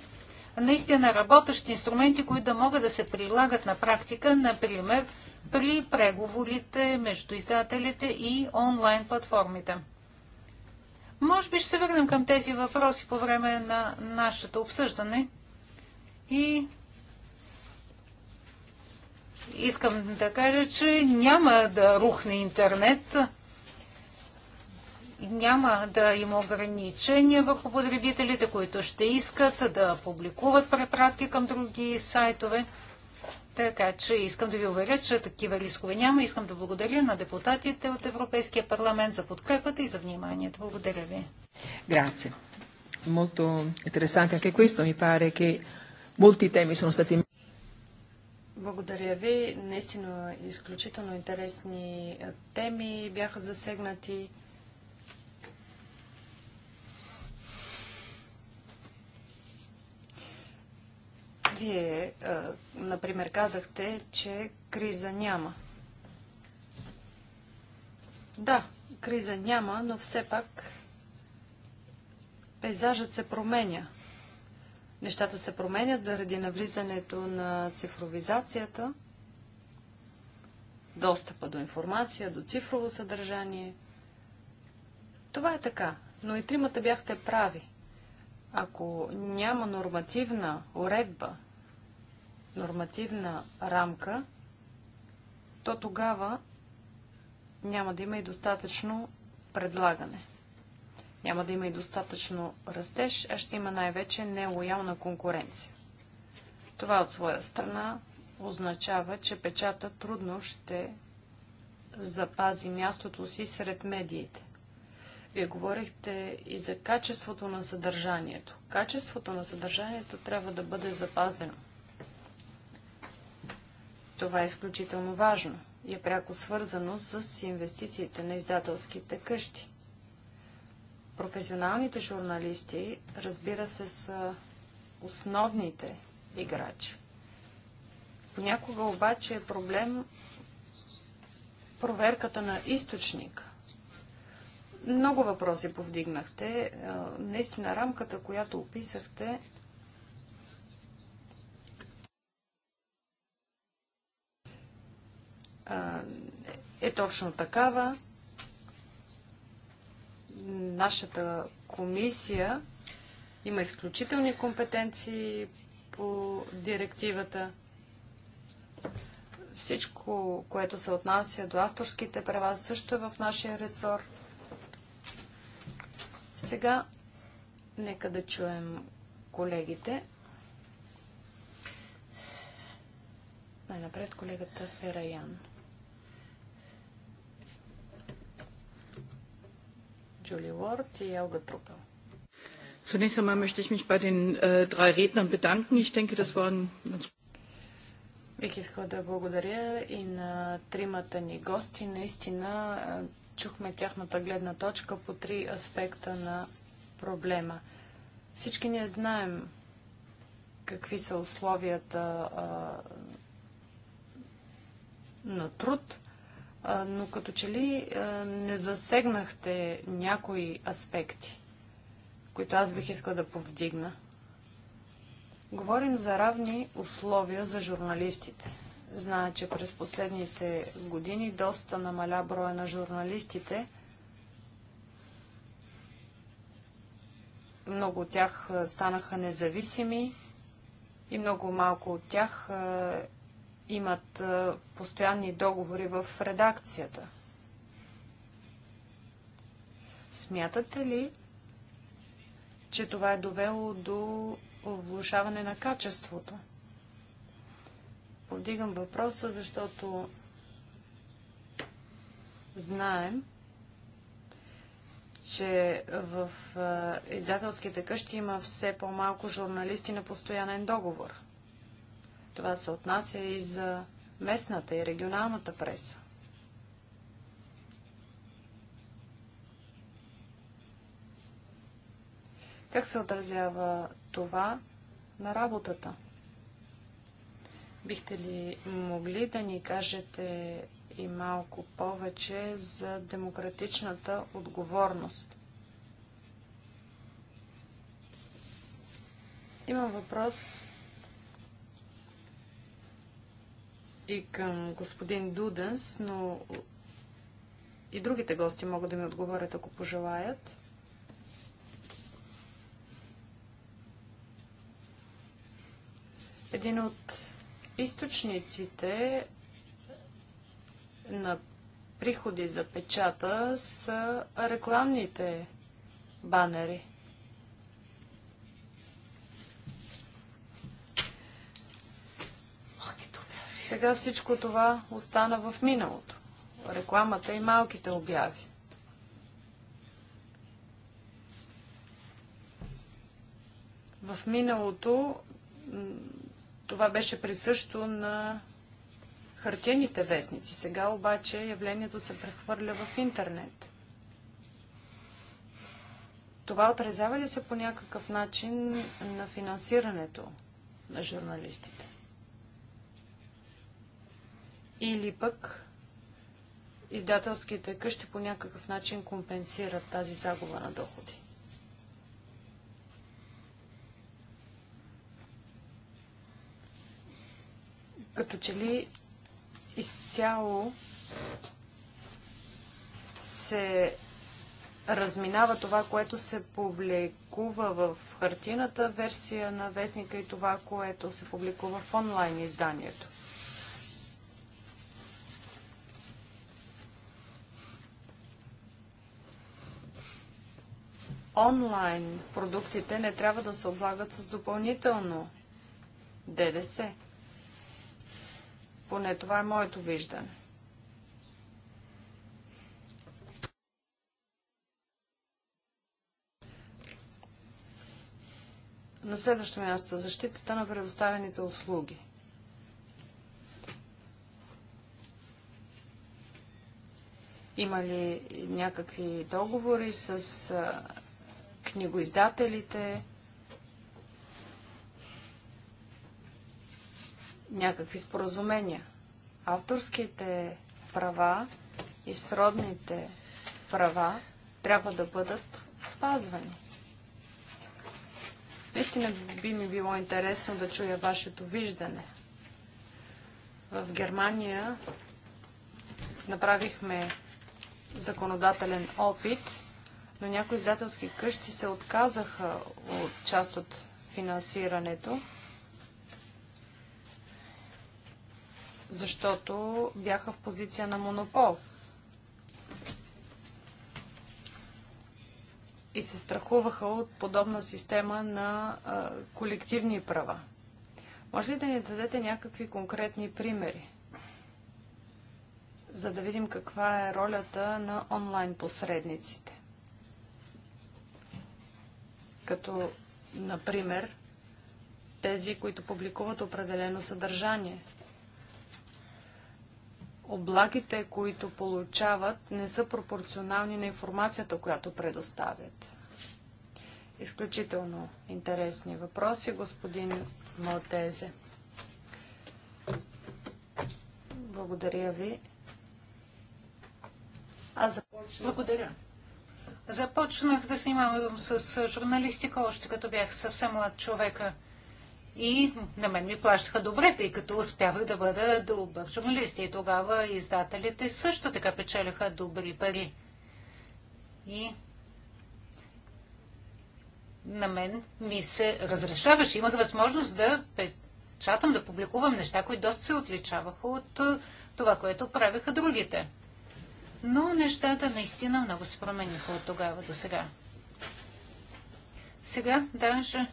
наистина работещи инструменти, които да могат да се прилагат на практика, например, при преговорите между издателите и онлайн платформите. Може би ще се върнем към тези въпроси по време на нашето обсъждане и искам да кажа, че няма да рухне интернет, няма да има ограничения върху потребителите, които ще искат да публикуват препратки към други сайтове. Така че искам да ви уверя, че такива рискове няма. Искам да благодаря на депутатите от Европейския парламент за подкрепата и за вниманието. Благодаря ви. Grazie. Molto interessante anche questo, mi pare che molti temi sono stati благодаря ви. Наистина изключително интересни е, теми бяха засегнати. Вие, е, например, казахте, че криза няма. Да, криза няма, но все пак пейзажът се променя. Нещата се променят заради навлизането на цифровизацията, достъпа до информация, до цифрово съдържание. Това е така, но и тримата бяхте прави. Ако няма нормативна уредба, нормативна рамка, то тогава няма да има и достатъчно предлагане. Няма да има и достатъчно растеж, а ще има най-вече нелоялна конкуренция. Това от своя страна означава, че печата трудно ще запази мястото си сред медиите. Вие говорихте и за качеството на съдържанието. Качеството на съдържанието трябва да бъде запазено. Това е изключително важно и е пряко свързано с инвестициите на издателските къщи професионалните журналисти, разбира се, са основните играчи. Понякога обаче е проблем проверката на източник. Много въпроси повдигнахте. Наистина рамката, която описахте, е точно такава нашата комисия има изключителни компетенции по директивата. Всичко, което се отнася до авторските права, също е в нашия ресор. Сега нека да чуем колегите. Най-напред колегата Фераян. Джули Уорд и Елга Трупел. Zunächst einmal möchte ich mich bei den äh, drei Rednern bedanken. Ich denke, das waren ganz Бих искала да благодаря и на тримата ни гости. Наистина е, чухме тяхната гледна точка по три аспекта на проблема. Всички ние знаем какви са условията а, на труд но като че ли не засегнахте някои аспекти, които аз бих искала да повдигна. Говорим за равни условия за журналистите. Зная, че през последните години доста намаля броя на журналистите. Много от тях станаха независими и много малко от тях имат постоянни договори в редакцията. Смятате ли, че това е довело до влушаване на качеството? Повдигам въпроса, защото знаем, че в издателските къщи има все по-малко журналисти на постоянен договор. Това се отнася и за местната и регионалната преса. Как се отразява това на работата? Бихте ли могли да ни кажете и малко повече за демократичната отговорност? Имам въпрос и към господин Дуденс, но и другите гости могат да ми отговорят, ако пожелаят. Един от източниците на приходи за печата са рекламните банери. Сега всичко това остана в миналото. Рекламата и малките обяви. В миналото това беше присъщо на хартияните вестници. Сега обаче явлението се прехвърля в интернет. Това отразява ли се по някакъв начин на финансирането на журналистите? или пък издателските къщи по някакъв начин компенсират тази загуба на доходи. Като че ли изцяло се разминава това, което се публикува в хартината версия на вестника и това, което се публикува в онлайн изданието. онлайн продуктите не трябва да се облагат с допълнително ДДС. Поне това е моето виждане. На следващо място защитата на предоставените услуги. Има ли някакви договори с книгоиздателите, някакви споразумения. Авторските права и сродните права трябва да бъдат спазвани. Наистина би ми било интересно да чуя вашето виждане. В Германия направихме законодателен опит но някои издателски къщи се отказаха от част от финансирането, защото бяха в позиция на монопол. И се страхуваха от подобна система на а, колективни права. Може ли да ни дадете някакви конкретни примери, за да видим каква е ролята на онлайн посредниците? като, например, тези, които публикуват определено съдържание. Облаките, които получават, не са пропорционални на информацията, която предоставят. Изключително интересни въпроси, господин Малтезе. Благодаря ви. Аз започвам. Благодаря. Започнах да снимавам занимавам с журналистика още като бях съвсем млад човека. И на мен ми плащаха добре, тъй като успявах да бъда добър журналист. И тогава издателите също така печеляха добри пари. И на мен ми се разрешаваше. Имах възможност да печатам, да публикувам неща, които доста се отличаваха от това, което правеха другите но нещата наистина много се промениха от тогава до сега. Сега даже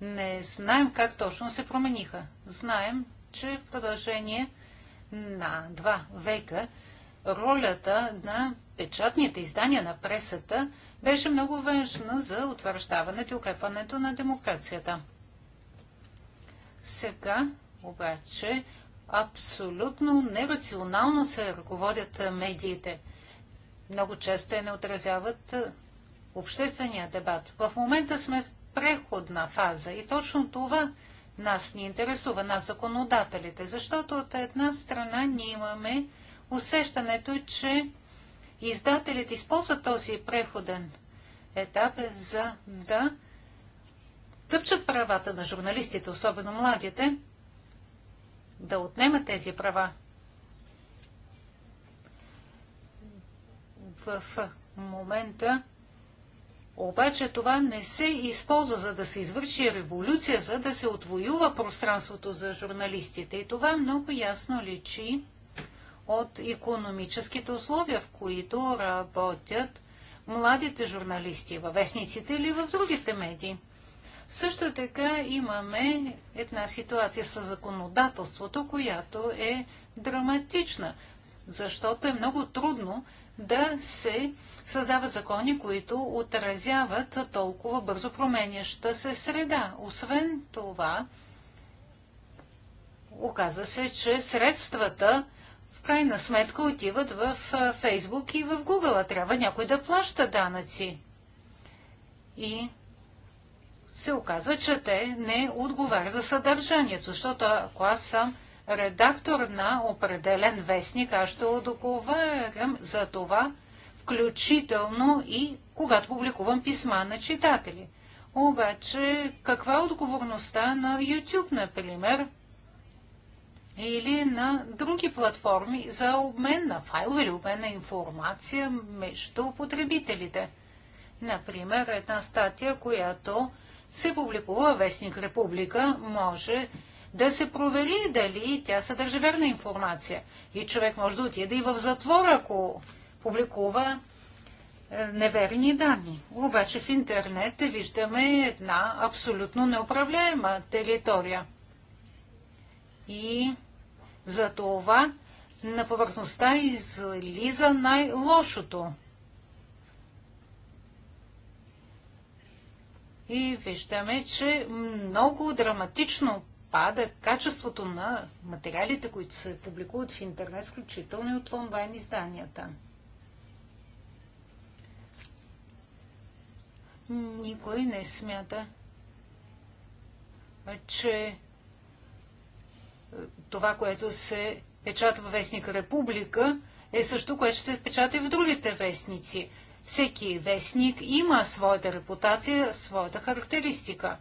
не знаем как точно се промениха. Знаем, че в продължение на два века ролята на печатните издания на пресата беше много важна за утвърждаването и укрепването на демокрацията. Сега обаче абсолютно нерационално се ръководят медиите. Много често те не отразяват обществения дебат. В момента сме в преходна фаза и точно това нас ни интересува, нас законодателите, защото от една страна ние имаме усещането, че издателите използват този преходен етап е, за да тъпчат правата на журналистите, особено младите, да отнема тези права. В момента обаче това не се използва, за да се извърши революция, за да се отвоюва пространството за журналистите. И това много ясно личи от економическите условия, в които работят младите журналисти във вестниците или в другите медии. Също така имаме една ситуация с законодателството, която е драматична, защото е много трудно да се създават закони, които отразяват толкова бързо променяща се среда. Освен това, оказва се, че средствата в крайна сметка отиват в Фейсбук и в Google, а трябва някой да плаща данъци. И се оказва, че те не отговарят за съдържанието, защото ако аз съм редактор на определен вестник, аз ще договарям за това, включително и когато публикувам писма на читатели. Обаче, каква е отговорността на YouTube, например, или на други платформи за обмен на файлове или обмен на информация между потребителите? Например, една статия, която се публикува вестник Република, може да се провери дали тя съдържа верна информация. И човек може да отиде и в затвор, ако публикува е, неверни данни. Обаче в интернет виждаме една абсолютно неуправляема територия. И за това на повърхността излиза най-лошото. и виждаме, че много драматично пада качеството на материалите, които се публикуват в интернет, включително и от онлайн изданията. Никой не смята, че е, това, което се печата във вестника Република, е също, което ще се печата и в другите вестници. Всеки вестник има своята репутация, своята характеристика.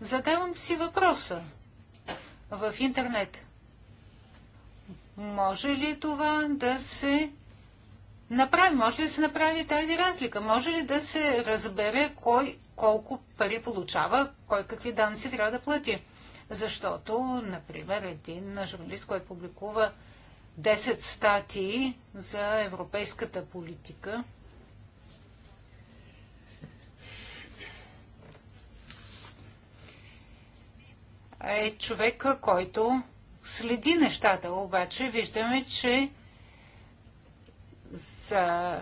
Задавам си въпроса. В интернет. Може ли това да се направи? Може ли да се направи тази разлика? Може ли да се разбере кой колко пари получава, кой какви данъци трябва да плати? Защото, например, един журналист, който публикува 10 статии за европейската политика, е човек, който следи нещата. Обаче виждаме, че за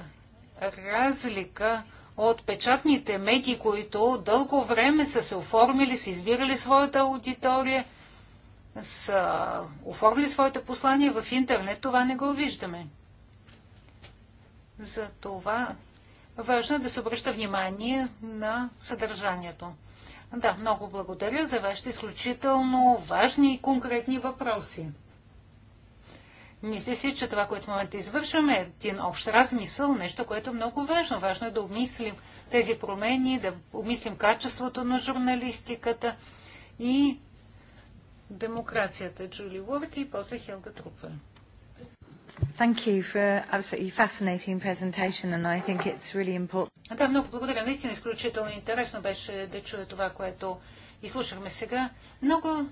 разлика от печатните медии, които дълго време са се оформили, са избирали своята аудитория, са оформили своите послания в интернет, това не го виждаме. Затова важно е да се обръща внимание на съдържанието. Да, много благодаря за вашите изключително важни и конкретни въпроси. Мисля си, че това, което в момента извършваме, е един общ размисъл, нещо, което е много важно. Важно е да обмислим тези промени, да обмислим качеството на журналистиката и демокрацията. Джули Уорти и после Хелга Трупа. Thank you for absolutely fascinating presentation and I think it's really important. Да, много благодаря. Наистина изключително интересно беше да чуя това, което изслушахме сега. Много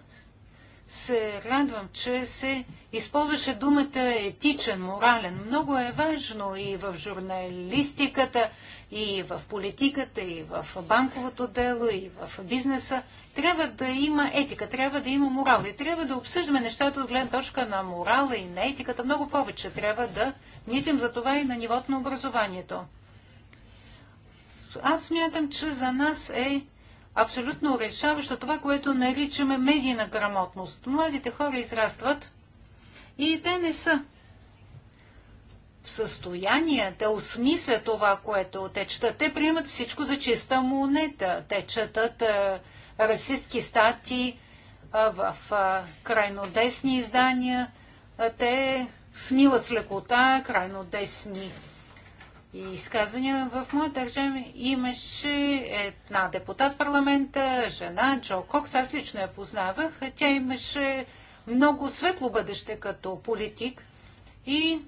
се радвам, че се използваше думата етичен, морален. Много е важно и в журналистиката – и в политиката, и в банковото дело, и в бизнеса. Трябва да има етика, трябва да има морал и трябва да обсъждаме нещата от гледна точка на морала и на етиката много повече. Трябва да мислим за това и на нивото на образованието. Аз смятам, че за нас е абсолютно решаващо това, което наричаме медийна грамотност. Младите хора израстват и те не са в състояние да осмисля това, което те четат. Те приемат всичко за чиста монета. Те четат а, е, расистски стати а, е, в а, е, крайно десни издания. А, те смилат с лекота крайно десни изказвания. В моята държава имаше една депутат в парламента, жена Джо Кокс. Аз лично я познавах. Тя имаше много светло бъдеще като политик и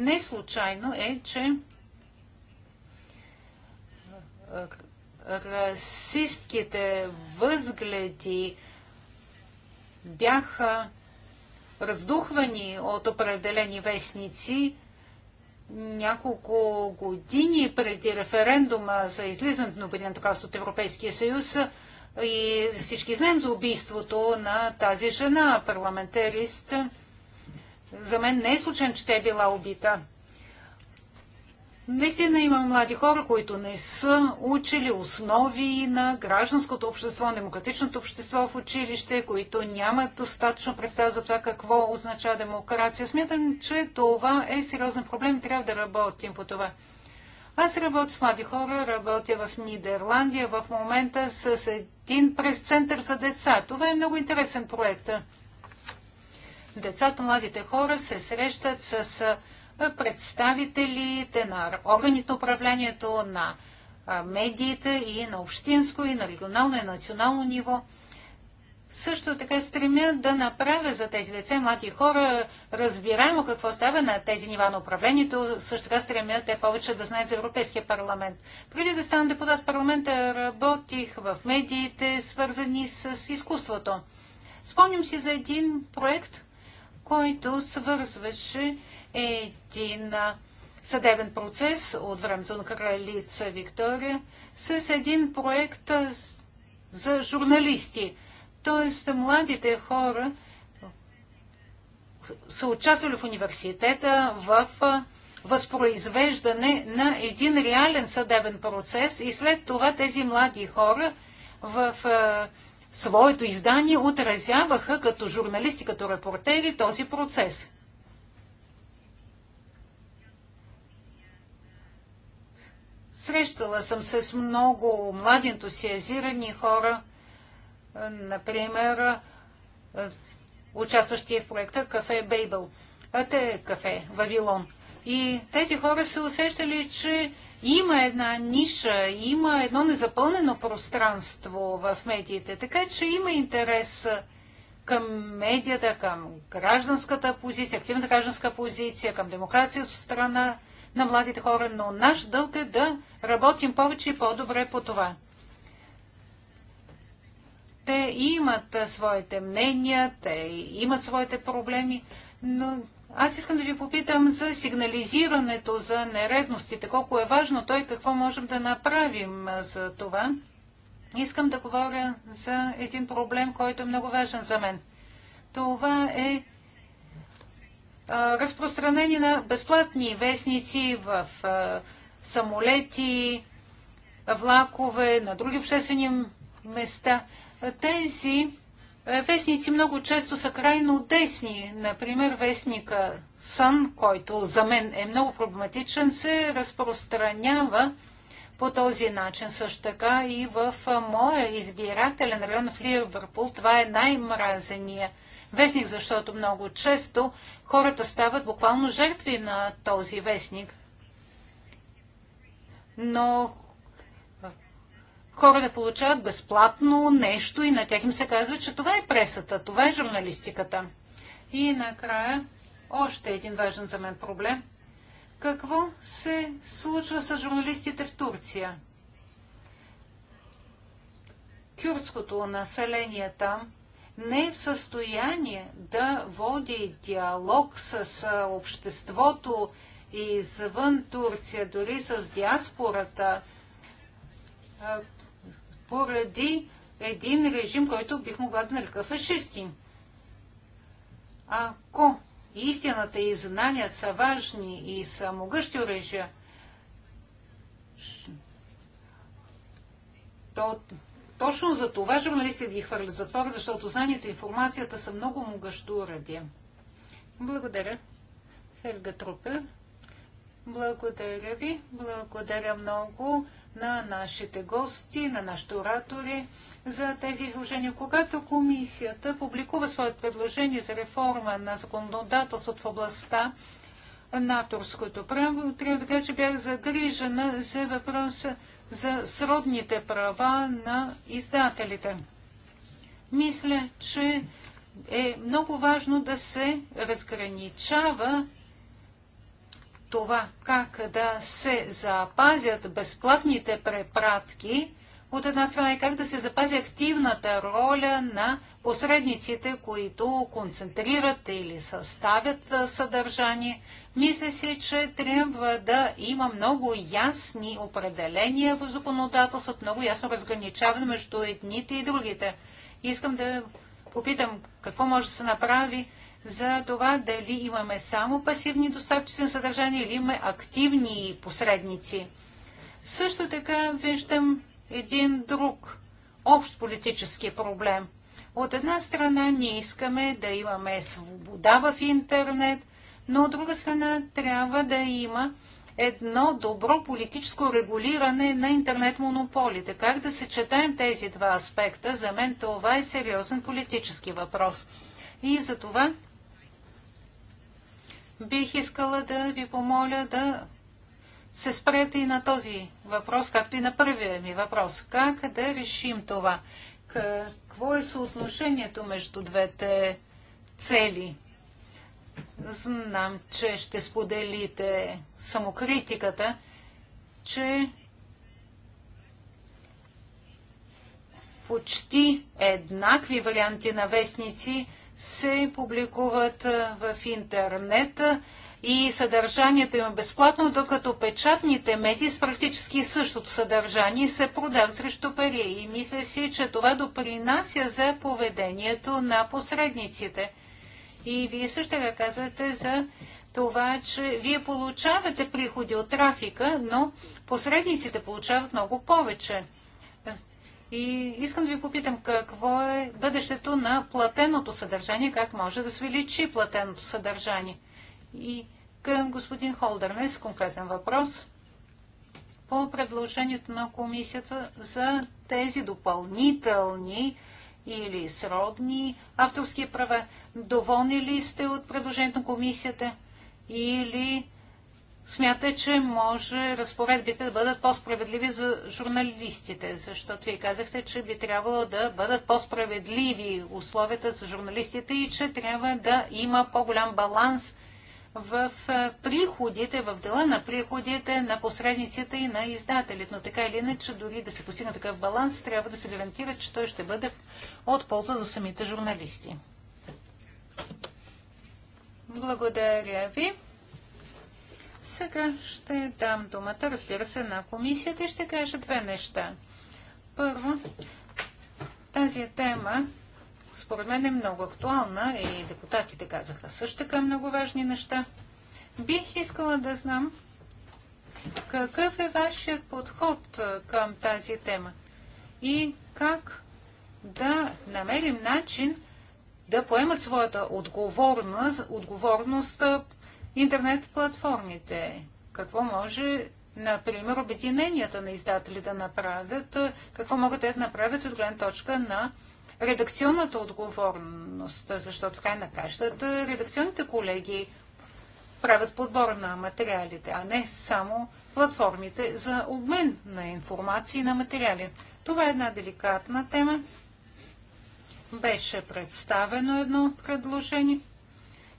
не случайно е, че расистските възгледи бяха раздухвани от определени вестници няколко години преди референдума за излизането на Обединеното кралство от Европейския съюз и всички знаем за убийството на тази жена, парламентарист за мен не е случайно, че тя е била убита. Наистина има млади хора, които не са учили основи на гражданското общество, на демократичното общество в училище, които нямат достатъчно представа за това какво означава демокрация. Смятам, че това е сериозен проблем и трябва да работим по това. Аз работя с млади хора, работя в Нидерландия в момента с един прес-център за деца. Това е много интересен проект децата, младите хора се срещат с представителите на органите управлението, на медиите и на общинско, и на регионално, и национално ниво. Също така стремя да направя за тези деца и млади хора разбираемо какво става на тези нива на управлението. Също така стремя те повече да знаят за Европейския парламент. Преди да стана депутат в парламента, работих в медиите, свързани с изкуството. Спомням си за един проект, който свързваше един съдебен процес от времето на кралица Виктория с един проект за журналисти. Тоест, младите хора са участвали в университета в възпроизвеждане на един реален съдебен процес и след това тези млади хора в своето издание отразяваха като журналисти, като репортери този процес. Срещала съм се с много млади ентусиазирани хора, например, участващи в проекта Кафе Бейбъл. А те кафе Вавилон. И тези хора се усещали, че има една ниша, има едно незапълнено пространство в медиите, така че има интерес към медията, към гражданската позиция, активната гражданска позиция, към демокрацията от страна на младите хора, но наш дълг е да работим повече и по-добре по това. Те имат своите мнения, те имат своите проблеми, но аз искам да ви попитам за сигнализирането за нередностите. Колко е важно той, какво можем да направим за това. Искам да говоря за един проблем, който е много важен за мен. Това е а, разпространение на безплатни вестници в а, самолети, влакове, на други обществени места. Тези е, вестници много често са крайно десни. Например, вестника Сън, който за мен е много проблематичен, се разпространява по този начин. Също така и в моя избирателен район в Ливърпул това е най-мразения вестник, защото много често хората стават буквално жертви на този вестник. Но хора да получават безплатно нещо и на тях им се казва, че това е пресата, това е журналистиката. И накрая още един важен за мен проблем. Какво се случва с журналистите в Турция? Кюрдското население там не е в състояние да води диалог с обществото и извън Турция, дори с диаспората поради един режим, който бих могла да нарека фашистки. Ако истината и знания са важни и са могъщи оръжия, то точно за това журналистите ги хвърлят затвора, защото знанието и информацията са много могъщо уради. Благодаря. Херга Трупер. Благодаря ви. Благодаря много на нашите гости, на нашите оратори за тези изложения. Когато комисията публикува своето предложение за реформа на законодателството в областта на авторското право, трябва да кажа, че бях загрижена за въпроса за сродните права на издателите. Мисля, че е много важно да се разграничава това как да се запазят безплатните препратки, от една страна и как да се запази активната роля на посредниците, които концентрират или съставят съдържание. Мисля си, че трябва да има много ясни определения в законодателството, много ясно разграничаване между едните и другите. Искам да попитам какво може да се направи за това дали имаме само пасивни доставчици на съдържание или имаме активни посредници. Също така виждам един друг общ политически проблем. От една страна ние искаме да имаме свобода в интернет, но от друга страна трябва да има едно добро политическо регулиране на интернет монополите. Как да съчетаем тези два аспекта? За мен това е сериозен политически въпрос. И за това бих искала да ви помоля да се спрете и на този въпрос, както и на първия ми въпрос. Как да решим това? Какво е съотношението между двете цели? Знам, че ще споделите самокритиката, че почти еднакви варианти на вестници – се публикуват в интернет и съдържанието им е безплатно, докато печатните медии с практически същото съдържание се продават срещу пари. И мисля си, че това допринася за поведението на посредниците. И вие също така казвате за това, че вие получавате приходи от трафика, но посредниците получават много повече. И искам да ви попитам какво е бъдещето на платеното съдържание, как може да се увеличи платеното съдържание. И към господин Холдернес конкретен въпрос по предложението на комисията за тези допълнителни или сродни авторски права. Доволни ли сте от предложението на комисията или смята, че може разпоредбите да бъдат по-справедливи за журналистите, защото вие казахте, че би трябвало да бъдат по-справедливи условията за журналистите и че трябва да има по-голям баланс в приходите, в дела на приходите на посредниците и на издателите. Но така или иначе, дори да се постигне такъв баланс, трябва да се гарантира, че той ще бъде от полза за самите журналисти. Благодаря ви. Сега ще дам думата, разбира се, на комисията и ще кажа две неща. Първо, тази тема според мен е много актуална и депутатите казаха също така много важни неща. Бих искала да знам какъв е вашият подход към тази тема и как да намерим начин да поемат своята отговорност, отговорност интернет платформите. Какво може, например, обединенията на издатели да направят, какво могат те да направят от гледна точка на редакционната отговорност, защото в край на кращата редакционните колеги правят подбор на материалите, а не само платформите за обмен на информации и на материали. Това е една деликатна тема. Беше представено едно предложение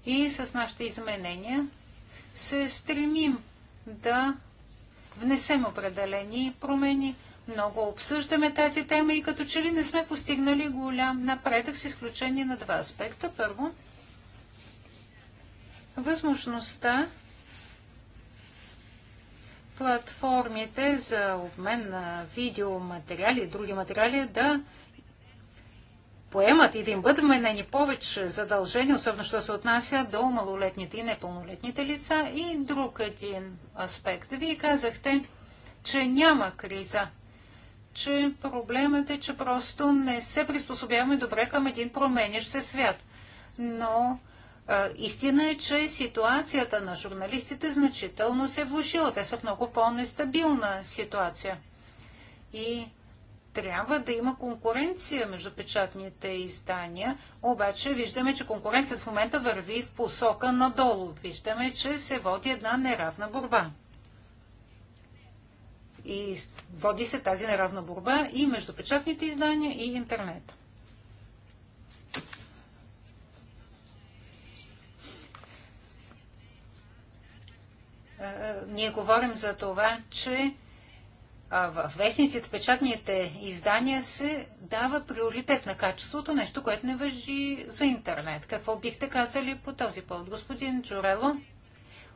и с нашите изменения се стремим да внесем определени промени. Много обсъждаме тази тема и като че ли не сме постигнали голям напредък с изключение на два аспекта. Първо, възможността платформите за обмен на видеоматериали и други материали да поемат и да им бъдат вменени повече задължения, особено що се отнася до малолетните и непълнолетните лица. И друг един аспект. Вие казахте, че няма криза, че проблемът е, че просто не се приспособяваме добре към един променящ се свят. Но а, истина е, че ситуацията на журналистите значително се е влушила. Те са в много по-нестабилна ситуация. И трябва да има конкуренция между печатните издания, обаче виждаме, че конкуренцията в момента върви в посока надолу. Виждаме, че се води една неравна борба. И води се тази неравна борба и между печатните издания и интернет. Е, е, ние говорим за това, че в вестниците, печатните издания се дава приоритет на качеството, нещо, което не въжи за интернет. Какво бихте казали по този повод? Господин Джурело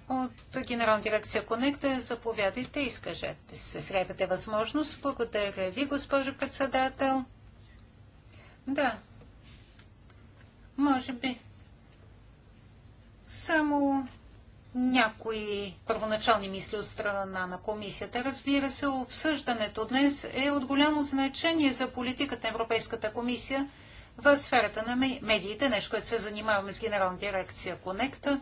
от Генерална дирекция Конекта, заповядайте и скажете се. Сребете възможност. Благодаря ви, госпожо председател. Да, може би. Само някои първоначални мисли от страна на комисията. Разбира се, обсъждането днес е от голямо значение за политиката на Европейската комисия в сферата на медиите, нещо, което се занимаваме с генерална дирекция Конекта.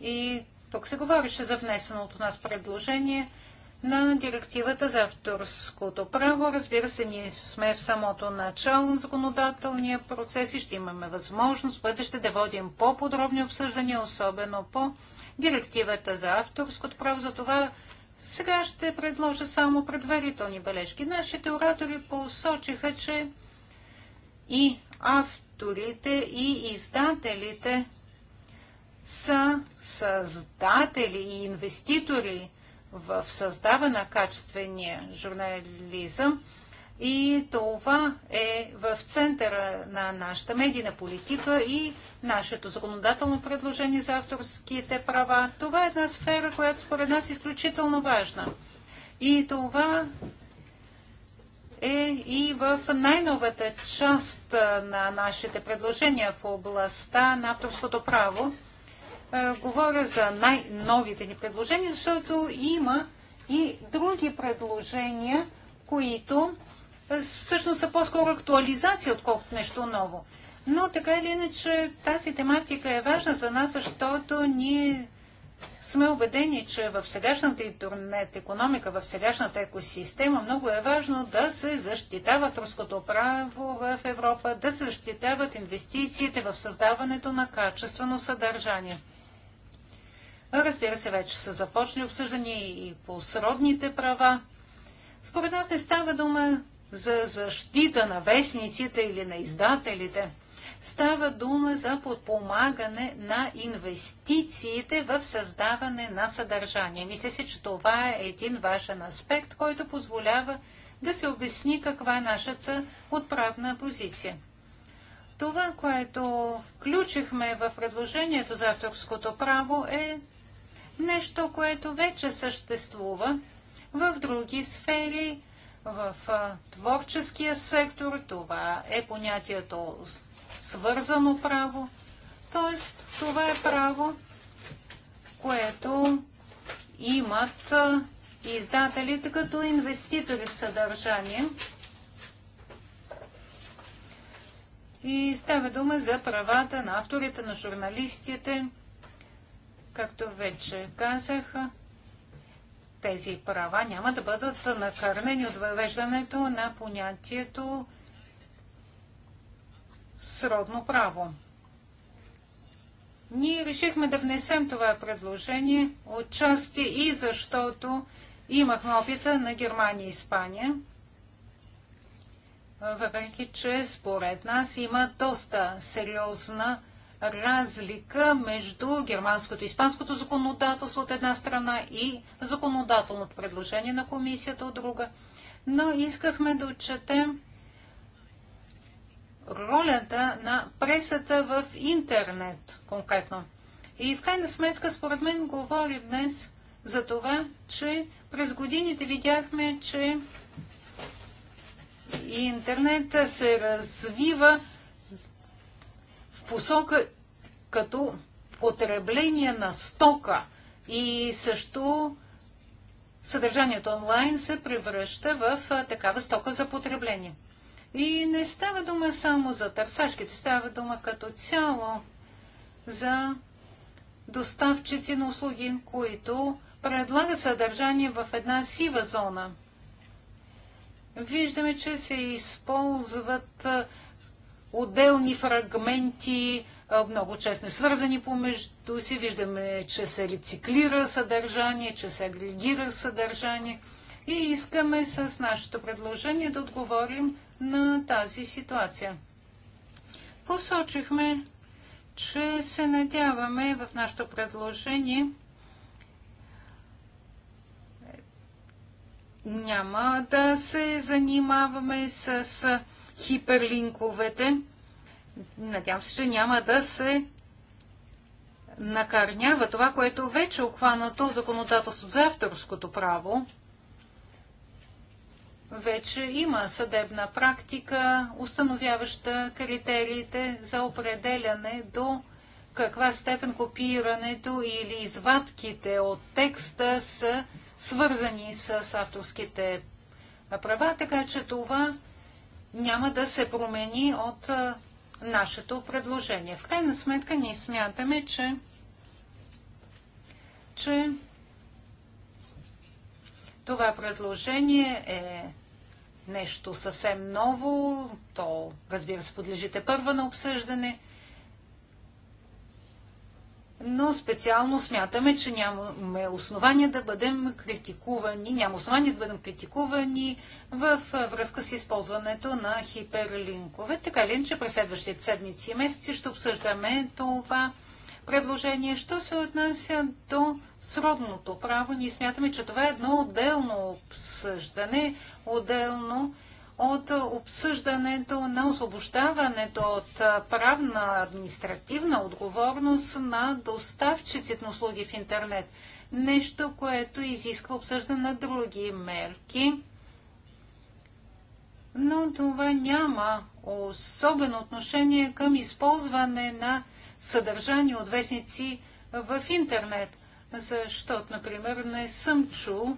И тук се говореше за внесеното от нас предложение – на директивата за авторското право. Разбира се, ние сме в самото начало на законодателния процес и ще имаме възможност в бъдеще да водим по-подробни обсъждания, особено по директивата за авторското право. За това сега ще предложа само предварителни бележки. Нашите оратори посочиха, че и авторите, и издателите са създатели и инвеститори – в създава на качествения журнализъм. И това е в центъра на нашата медийна политика и нашето законодателно предложение за авторските права. Това е една сфера, която според нас е изключително важна. И това е и в най-новата част на нашите предложения в областта на авторското право. Е, говоря за най-новите ни предложения, защото има и други предложения, които е, всъщност са по-скоро актуализация, отколкото нещо ново. Но така или иначе тази тематика е важна за нас, защото ние сме убедени, че в сегашната интернет економика, в сегашната екосистема много е важно да се защитава турското право в Европа, да се защитават инвестициите в създаването на качествено съдържание. Разбира се, вече са започнали обсъждания и по сродните права. Според нас не става дума за защита на вестниците или на издателите. Става дума за подпомагане на инвестициите в създаване на съдържание. Мисля се, че това е един важен аспект, който позволява да се обясни каква е нашата отправна позиция. Това, което включихме в предложението за авторското право е нещо, което вече съществува в други сфери, в творческия сектор, това е понятието свързано право, т.е. това е право, което имат издателите като инвеститори в съдържание. И става дума за правата на авторите, на журналистите, Както вече казах, тези права няма да бъдат накърнени от въвеждането на понятието сродно право. Ние решихме да внесем това предложение отчасти и защото имахме опита на Германия и Испания, въпреки че според нас има доста сериозна разлика между германското и испанското законодателство от една страна и законодателното предложение на комисията от друга. Но искахме да отчетем ролята на пресата в интернет конкретно. И в крайна сметка, според мен, говори днес за това, че през годините видяхме, че интернет се развива посока като потребление на стока и също съдържанието онлайн се превръща в такава стока за потребление. И не става дума само за търсачките, става дума като цяло за доставчици на услуги, които предлагат съдържание в една сива зона. Виждаме, че се използват отделни фрагменти, много честно свързани помежду си. Виждаме, че се рециклира съдържание, че се агрегира съдържание. И искаме с нашето предложение да отговорим на тази ситуация. Посочихме, че се надяваме в нашето предложение няма да се занимаваме с хиперлинковете. Надявам се, че няма да се накърнява това, което вече е обхванато законодателство за авторското право. Вече има съдебна практика, установяваща критериите за определяне до каква степен копирането или извадките от текста са свързани с авторските права, така че това няма да се промени от нашето предложение. В крайна сметка ние смятаме, че, че това предложение е нещо съвсем ново. То, разбира се, подлежите първа на обсъждане – но специално смятаме, че нямаме основания да бъдем критикувани, няма основания да бъдем критикувани в връзка с използването на хиперлинкове. Така ли, че през следващите седмици и месеци ще обсъждаме това предложение. Що се отнася до сродното право, ние смятаме, че това е едно отделно обсъждане, отделно от обсъждането на освобождаването от правна административна отговорност на доставчиците на услуги в интернет. Нещо, което изисква обсъждане на други мерки. Но това няма особено отношение към използване на съдържание от вестници в интернет. Защото, например, не съм чул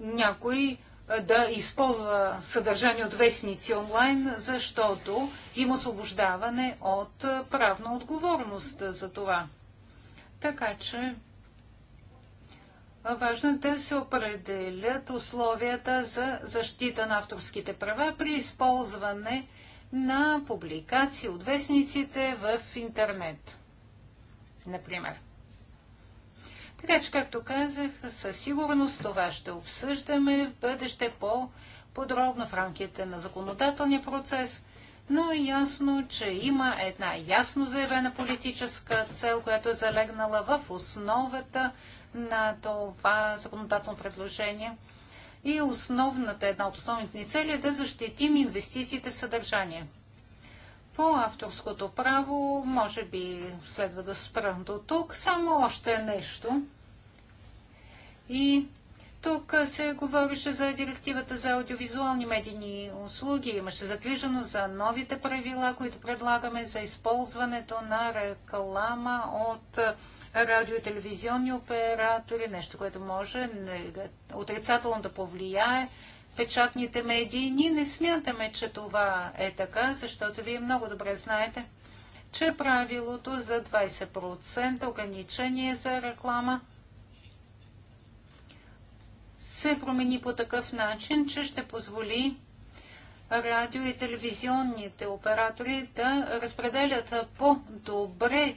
някой да използва съдържание от вестници онлайн, защото има освобождаване от правна отговорност за това. Така че важно е да се определят условията за защита на авторските права при използване на публикации от вестниците в интернет, например. Така че, както казах, със сигурност това ще обсъждаме в бъдеще по-подробно в рамките на законодателния процес, но е ясно, че има една ясно заявена политическа цел, която е залегнала в основата на това законодателно предложение. И основната, една от основните ни цели е да защитим инвестициите в съдържание по авторското право, може би следва да спра до тук. Само още нещо. И тук се говореше за директивата за аудиовизуални медийни услуги. Имаше загрижено за новите правила, които предлагаме за използването на реклама от радио и телевизионни оператори. Нещо, което може отрицателно да повлияе печатните медии. Ние не смятаме, че това е така, защото вие много добре знаете, че правилото за 20% ограничение за реклама се промени по такъв начин, че ще позволи радио и телевизионните оператори да разпределят по-добре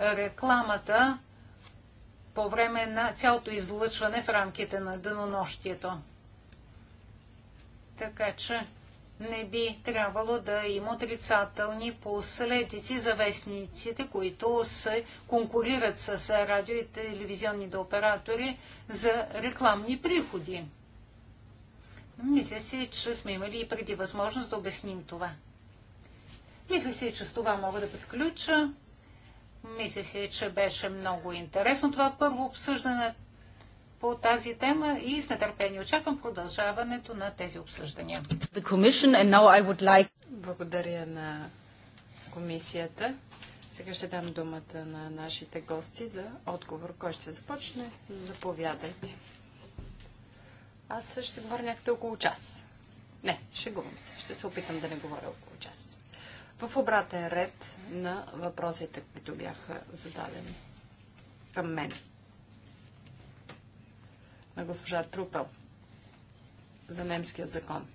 рекламата по време на цялото излъчване в рамките на денонощието. Така че не би трябвало да има отрицателни последици за вестниците, които се конкурират с радио и телевизионните оператори за рекламни приходи. Мисля си, че сме имали и преди възможност да обясним това. Мисля си, че с това мога да подключа. Мисля си, че беше много интересно това първо обсъждане по тази тема и с нетърпение очаквам продължаването на тези обсъждания. Like... Благодаря на комисията. Сега ще дам думата на нашите гости за отговор. Кой ще започне? Заповядайте. Аз ще говоря някъде около час. Не, шегувам се. Ще се опитам да не говоря около час. В обратен ред на въпросите, които бяха зададени към мен на госпожа Трупел за немския закон.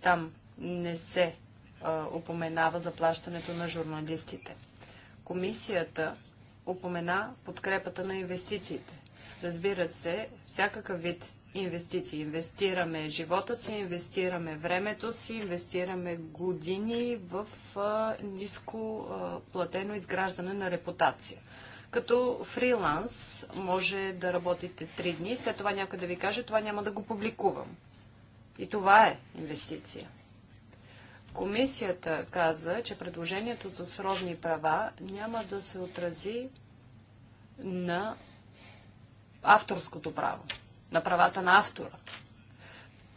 Там не се а, упоменава заплащането на журналистите. Комисията упомена подкрепата на инвестициите. Разбира се, всякакъв вид инвестиции. Инвестираме живота си, инвестираме времето си, инвестираме години в а, ниско а, платено изграждане на репутация. Като фриланс може да работите 3 дни, след това някой да ви каже, това няма да го публикувам. И това е инвестиция. Комисията каза, че предложението за сродни права няма да се отрази на авторското право, на правата на автора.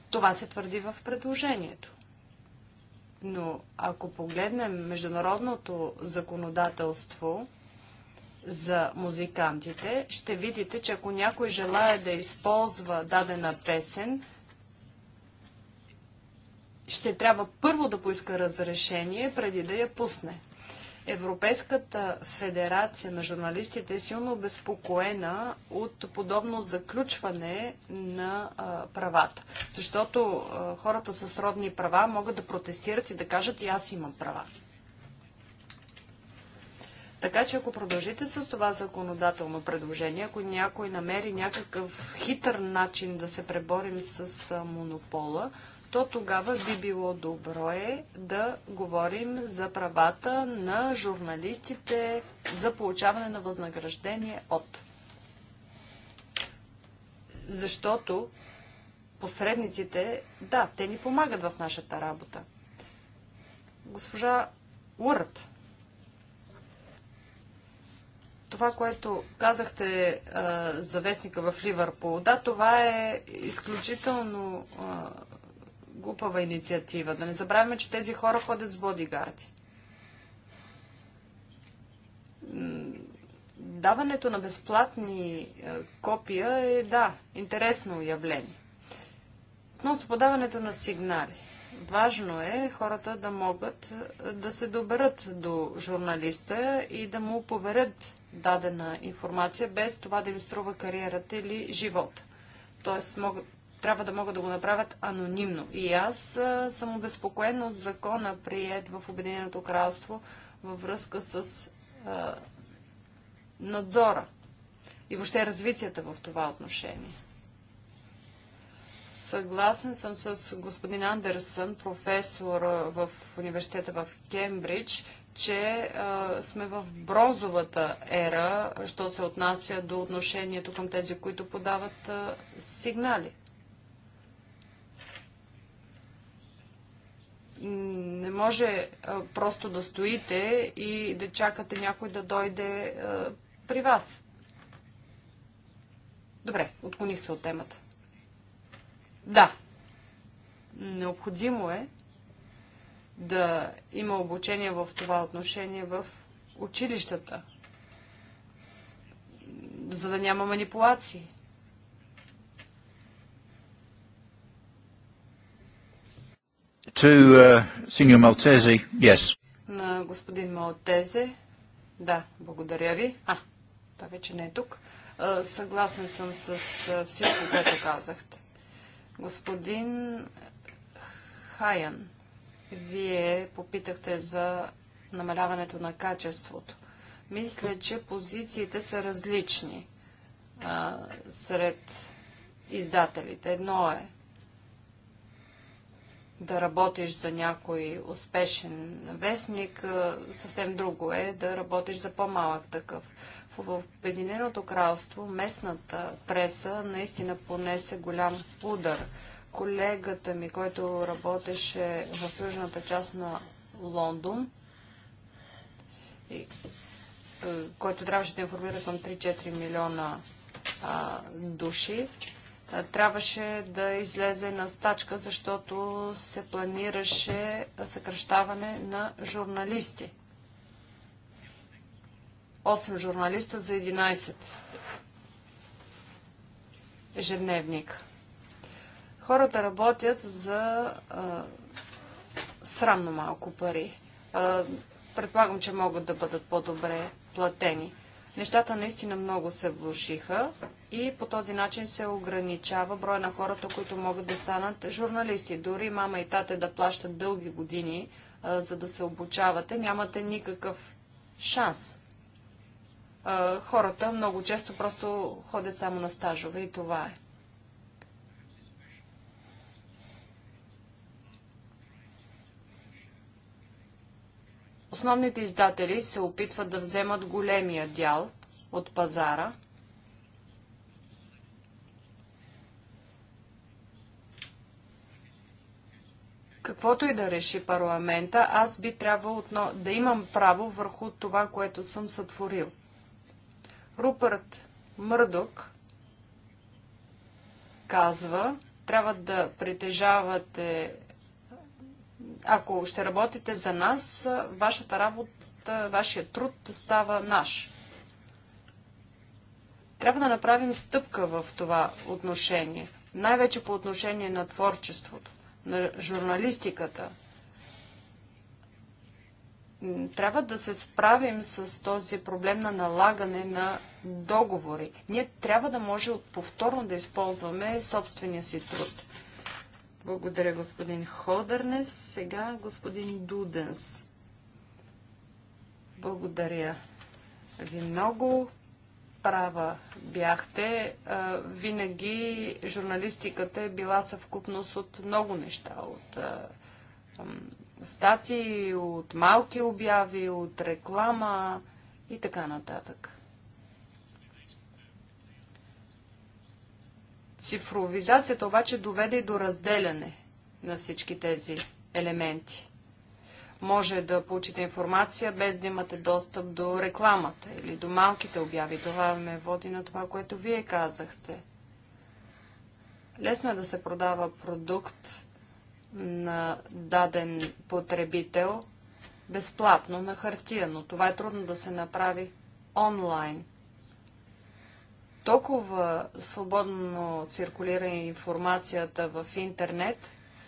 Това се твърди в предложението. Но ако погледнем международното законодателство, за музикантите, ще видите, че ако някой желая да използва дадена песен, ще трябва първо да поиска разрешение, преди да я пусне. Европейската федерация на журналистите е силно обезпокоена от подобно заключване на а, правата. Защото а, хората с родни права могат да протестират и да кажат и аз имам права. Така че ако продължите с това законодателно предложение, ако някой намери някакъв хитър начин да се преборим с монопола, то тогава би било добро е да говорим за правата на журналистите за получаване на възнаграждение от. Защото посредниците, да, те ни помагат в нашата работа. Госпожа Урът това, което казахте а, за вестника в Ливърпул. Да, това е изключително а, глупава инициатива. Да не забравяме, че тези хора ходят с бодигарди. Даването на безплатни а, копия е, да, интересно явление. Относно подаването на сигнали. Важно е хората да могат е, да се доберат до журналиста и да му поверят дадена информация, без това да им струва кариерата или живота. Тоест, могат, трябва да могат да го направят анонимно. И аз а, е, съм обезпокоен от закона, прият в Обединеното кралство във връзка с а, е, надзора и въобще развитията в това отношение. Съгласен съм с господин Андерсън, професор в университета в Кембридж, че а, сме в бронзовата ера, що се отнася до отношението към тези, които подават а, сигнали. Не може а, просто да стоите и да чакате някой да дойде а, при вас. Добре, отклоних се от темата. Да, необходимо е да има обучение в това отношение в училищата, за да няма манипулации. To uh, Maltese, yes. На господин Малтезе. Да, благодаря ви. А, той вече не е тук. Съгласен съм с всичко, което казахте. Господин Хаян, вие попитахте за намаляването на качеството. Мисля, че позициите са различни а, сред издателите. Едно е да работиш за някой успешен вестник, съвсем друго е да работиш за по-малък такъв. В Обединеното кралство местната преса наистина понесе голям удар. Колегата ми, който работеше в южната част на Лондон, и, е, който трябваше да информира към 3-4 милиона а, души, а, трябваше да излезе на стачка, защото се планираше съкръщаване на журналисти. 8 журналиста за 11 ежедневник. Хората работят за а, срамно малко пари. А, предполагам, че могат да бъдат по-добре платени. Нещата наистина много се влушиха и по този начин се ограничава броя на хората, които могат да станат журналисти. Дори мама и тате да плащат дълги години, а, за да се обучавате, нямате никакъв шанс хората много често просто ходят само на стажове и това е. Основните издатели се опитват да вземат големия дял от пазара. Каквото и да реши парламента, аз би трябвало да имам право върху това, което съм сътворил. Рупърт Мърдок казва, трябва да притежавате, ако ще работите за нас, вашата работа, вашия труд става наш. Трябва да направим стъпка в това отношение, най-вече по отношение на творчеството, на журналистиката, трябва да се справим с този проблем на налагане на договори. Ние трябва да може от повторно да използваме собствения си труд. Благодаря, господин Ходърнес. Сега господин Дуденс. Благодаря ви много права бяхте. Винаги журналистиката е била съвкупност от много неща, от статии, от малки обяви, от реклама и така нататък. Цифровизацията обаче доведе и до разделяне на всички тези елементи. Може да получите информация без да имате достъп до рекламата или до малките обяви. Това ме води на това, което вие казахте. Лесно е да се продава продукт на даден потребител безплатно на хартия, но това е трудно да се направи онлайн. Толкова свободно циркулира информацията в интернет,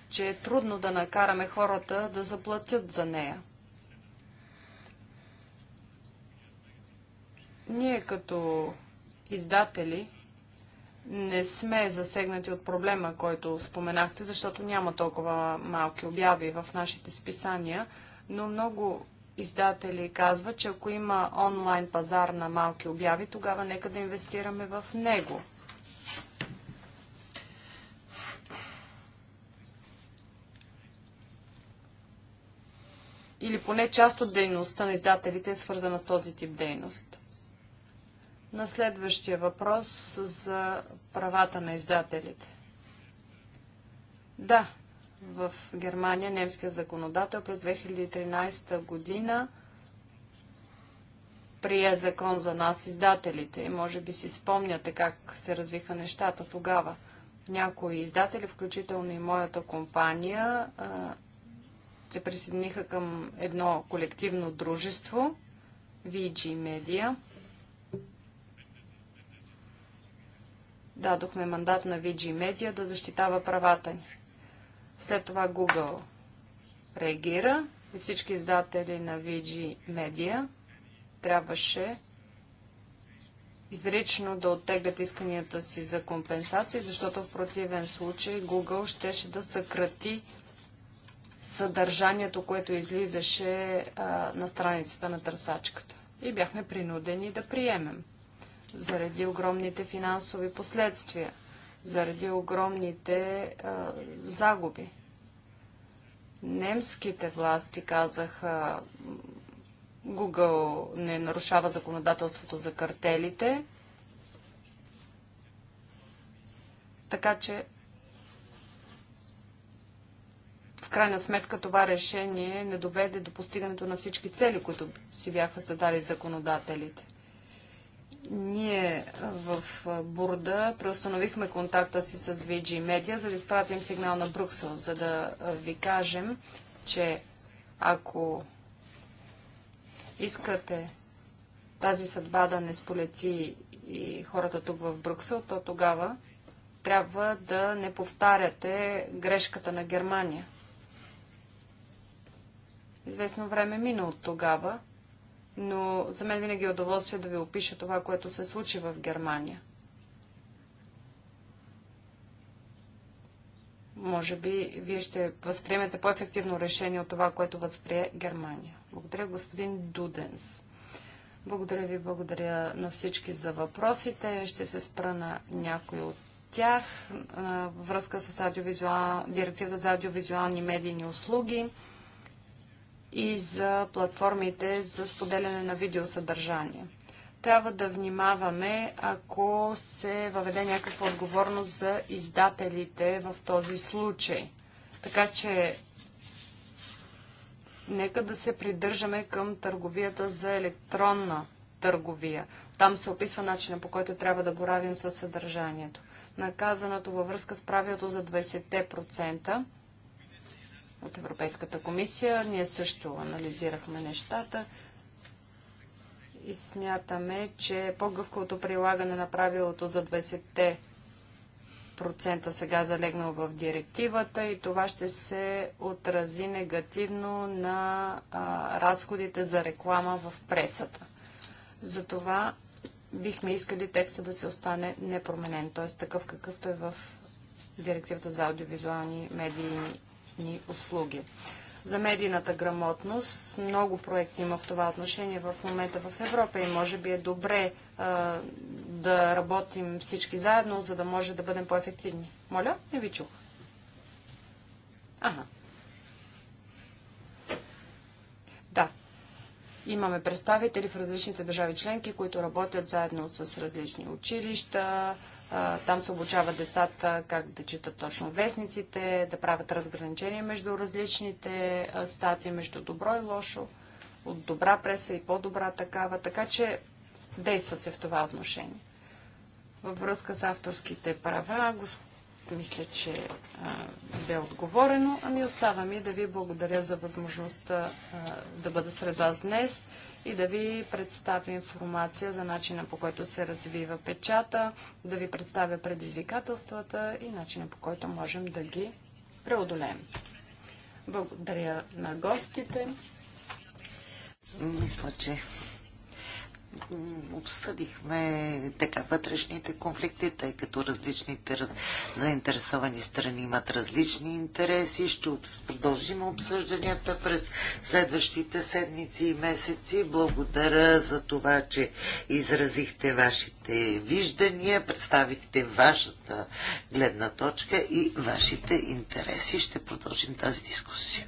че е трудно да накараме хората да заплатят за нея. Ние като издатели не сме засегнати от проблема, който споменахте, защото няма толкова малки обяви в нашите списания, но много издатели казват, че ако има онлайн пазар на малки обяви, тогава нека да инвестираме в него. Или поне част от дейността на издателите е свързана с този тип дейност на следващия въпрос за правата на издателите. Да, в Германия немският законодател през 2013 година прие закон за нас, издателите. И може би си спомняте как се развиха нещата тогава. Някои издатели, включително и моята компания, се присъединиха към едно колективно дружество, VG Media. дадохме мандат на VG Media да защитава правата ни. След това Google реагира и всички издатели на VG Media трябваше изрично да оттеглят исканията си за компенсации, защото в противен случай Google щеше да съкрати съдържанието, което излизаше а, на страницата на търсачката. И бяхме принудени да приемем заради огромните финансови последствия, заради огромните а, загуби. Немските власти казаха, Google не нарушава законодателството за картелите, така че в крайна сметка това решение не доведе до постигането на всички цели, които си бяха задали законодателите. Ние в Бурда преустановихме контакта си с VG Media, за да изпратим сигнал на Брюксел, за да ви кажем, че ако искате тази съдба да не сполети и хората тук в Брюксел, то тогава трябва да не повтаряте грешката на Германия. Известно време мина от тогава но за мен винаги е удоволствие да ви опиша това, което се случи в Германия. Може би вие ще възприемете по-ефективно решение от това, което възприе Германия. Благодаря, господин Дуденс. Благодаря ви, благодаря на всички за въпросите. Ще се спра на някои от тях във връзка с аудиовизуал... директивата за аудиовизуални медийни услуги и за платформите за споделяне на видеосъдържание. Трябва да внимаваме, ако се въведе някаква отговорност за издателите в този случай. Така че нека да се придържаме към търговията за електронна търговия. Там се описва начина по който трябва да боравим със съдържанието. Наказаното във връзка с правилото за 20% от Европейската комисия. Ние също анализирахме нещата и смятаме, че по гъвкото прилагане на правилото за 20-те процента сега залегнал в директивата и това ще се отрази негативно на а, разходите за реклама в пресата. Затова бихме искали текста да се остане непроменен, т.е. такъв какъвто е в директивата за аудиовизуални медийни пакетни услуги. За медийната грамотност много проекти има в това отношение в момента в Европа и може би е добре а, да работим всички заедно, за да може да бъдем по-ефективни. Моля, не ви чух. Ага. Да. Имаме представители в различните държави членки, които работят заедно с различни училища, там се обучават децата как да четат точно вестниците, да правят разграничения между различните статии, между добро и лошо, от добра преса и по-добра такава. Така че действа се в това отношение. Във връзка с авторските права, мисля, че бе отговорено. Ами оставам и да ви благодаря за възможността да бъда сред вас днес и да ви представя информация за начина по който се развива печата, да ви представя предизвикателствата и начина по който можем да ги преодолеем. Благодаря на гостите. Мисля, че обсъдихме така вътрешните конфликти, тъй като различните раз... заинтересовани страни имат различни интереси. Ще обс... продължим обсъжданията през следващите седмици и месеци. Благодаря за това, че изразихте вашите виждания, представихте вашата гледна точка и вашите интереси. Ще продължим тази дискусия.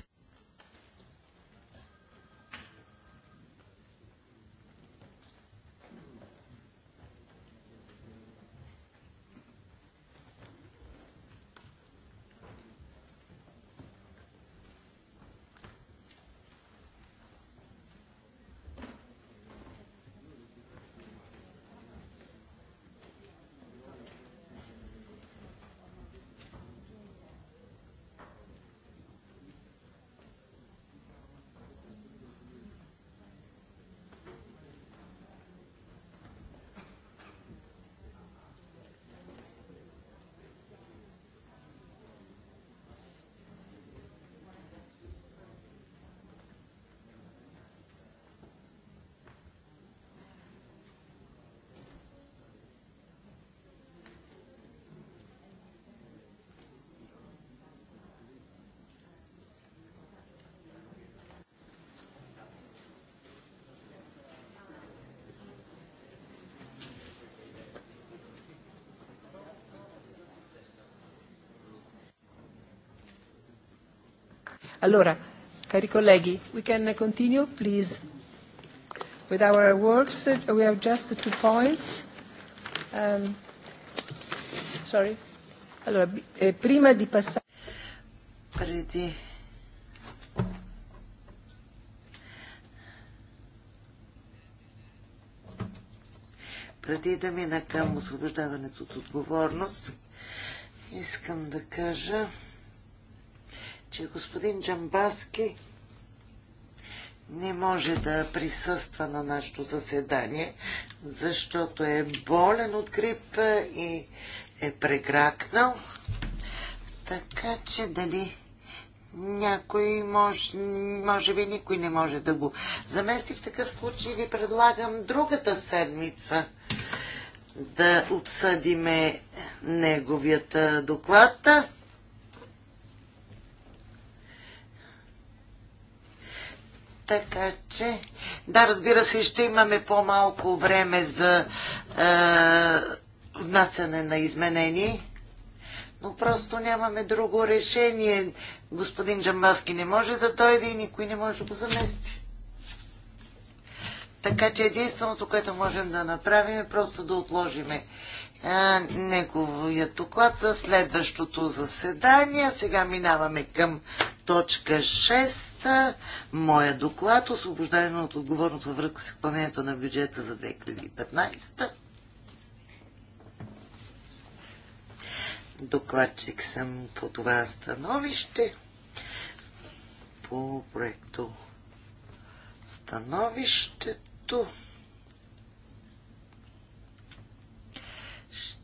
Allora, cari colleghi, we can continue, please, with our works. We have just two points. Um, sorry. Allora, eh, prima di passare... Преди преди да мина към освобождаването от отговорност, искам да кажа, че господин Джамбаски не може да присъства на нашето заседание, защото е болен от грип и е прегракнал. Така че дали някой може, може би никой не може да го замести. В такъв случай ви предлагам другата седмица да обсъдиме неговията доклад. Така че, да, разбира се, ще имаме по-малко време за е, внасяне на изменения, но просто нямаме друго решение. Господин Джамбаски не може да дойде и никой не може да го замести. Така че единственото, което можем да направим е просто да отложиме а, неговият доклад за следващото заседание. Сега минаваме към точка 6. Моя доклад освобождаване от отговорност във връзка с изпълнението на бюджета за 2015. Докладчик съм по това становище по проекто становището.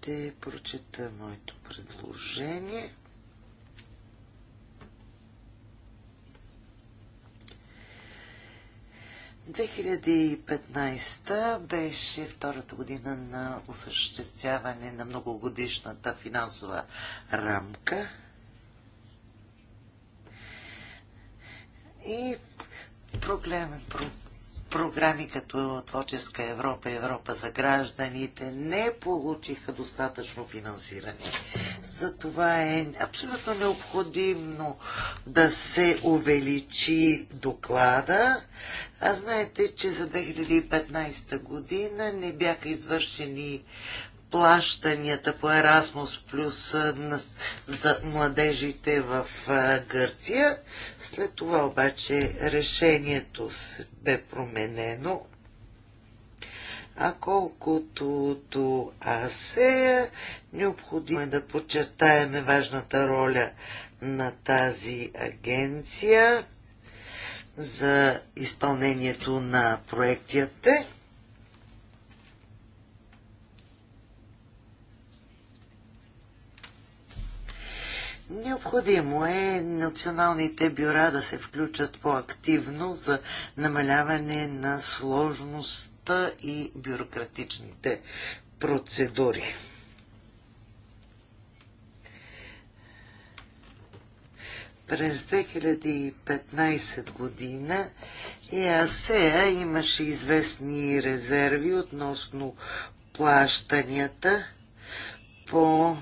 ще прочета моето предложение. ...2015 беше втората година на осъществяване на многогодишната финансова рамка. И проблем, програми като Творческа Европа Европа за гражданите не получиха достатъчно финансиране. Затова е абсолютно необходимо да се увеличи доклада. А знаете, че за 2015 година не бяха извършени плащанията по Erasmus плюс за младежите в Гърция. След това обаче решението бе променено. А колкото до Асея, необходимо е да подчертаем важната роля на тази агенция за изпълнението на проектите. Необходимо е националните бюра да се включат по-активно за намаляване на сложността и бюрократичните процедури. През 2015 година ЕАСЕА имаше известни резерви относно плащанията по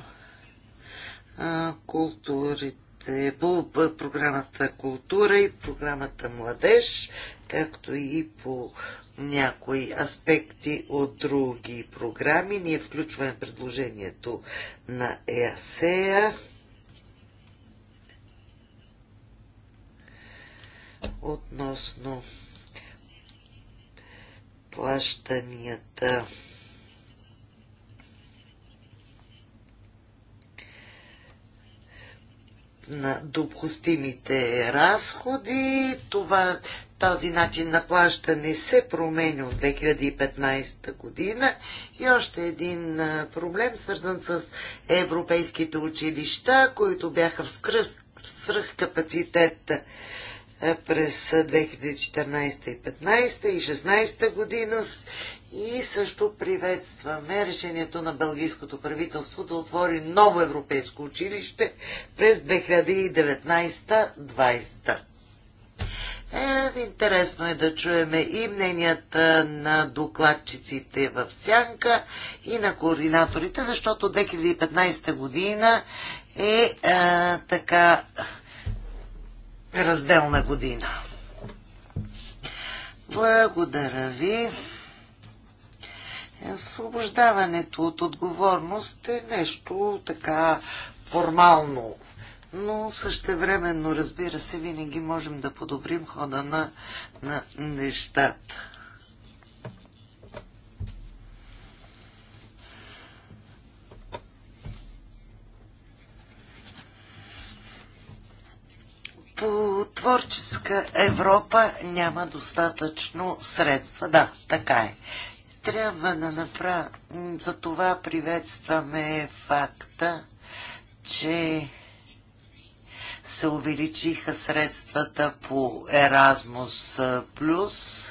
културите, по програмата култура и програмата младеж, както и по някои аспекти от други програми. Ние включваме предложението на ЕАСЕА. относно плащанията на допустимите разходи. Това, този начин на плащане се променя от 2015 година. И още един проблем, свързан с европейските училища, които бяха в капацитет през 2014 и 2015 и 2016 година и също приветстваме решението на бългийското правителство да отвори ново европейско училище през 2019-2020. Е, интересно е да чуеме и мненията на докладчиците в Сянка и на координаторите, защото 2015 година е а, е, така разделна година. Благодаря ви освобождаването от отговорност е нещо така формално. Но същевременно, разбира се, винаги можем да подобрим хода на, на нещата. по творческа Европа няма достатъчно средства. Да, така е трябва да направим. Затова приветстваме факта, че се увеличиха средствата по Еразмус Плюс.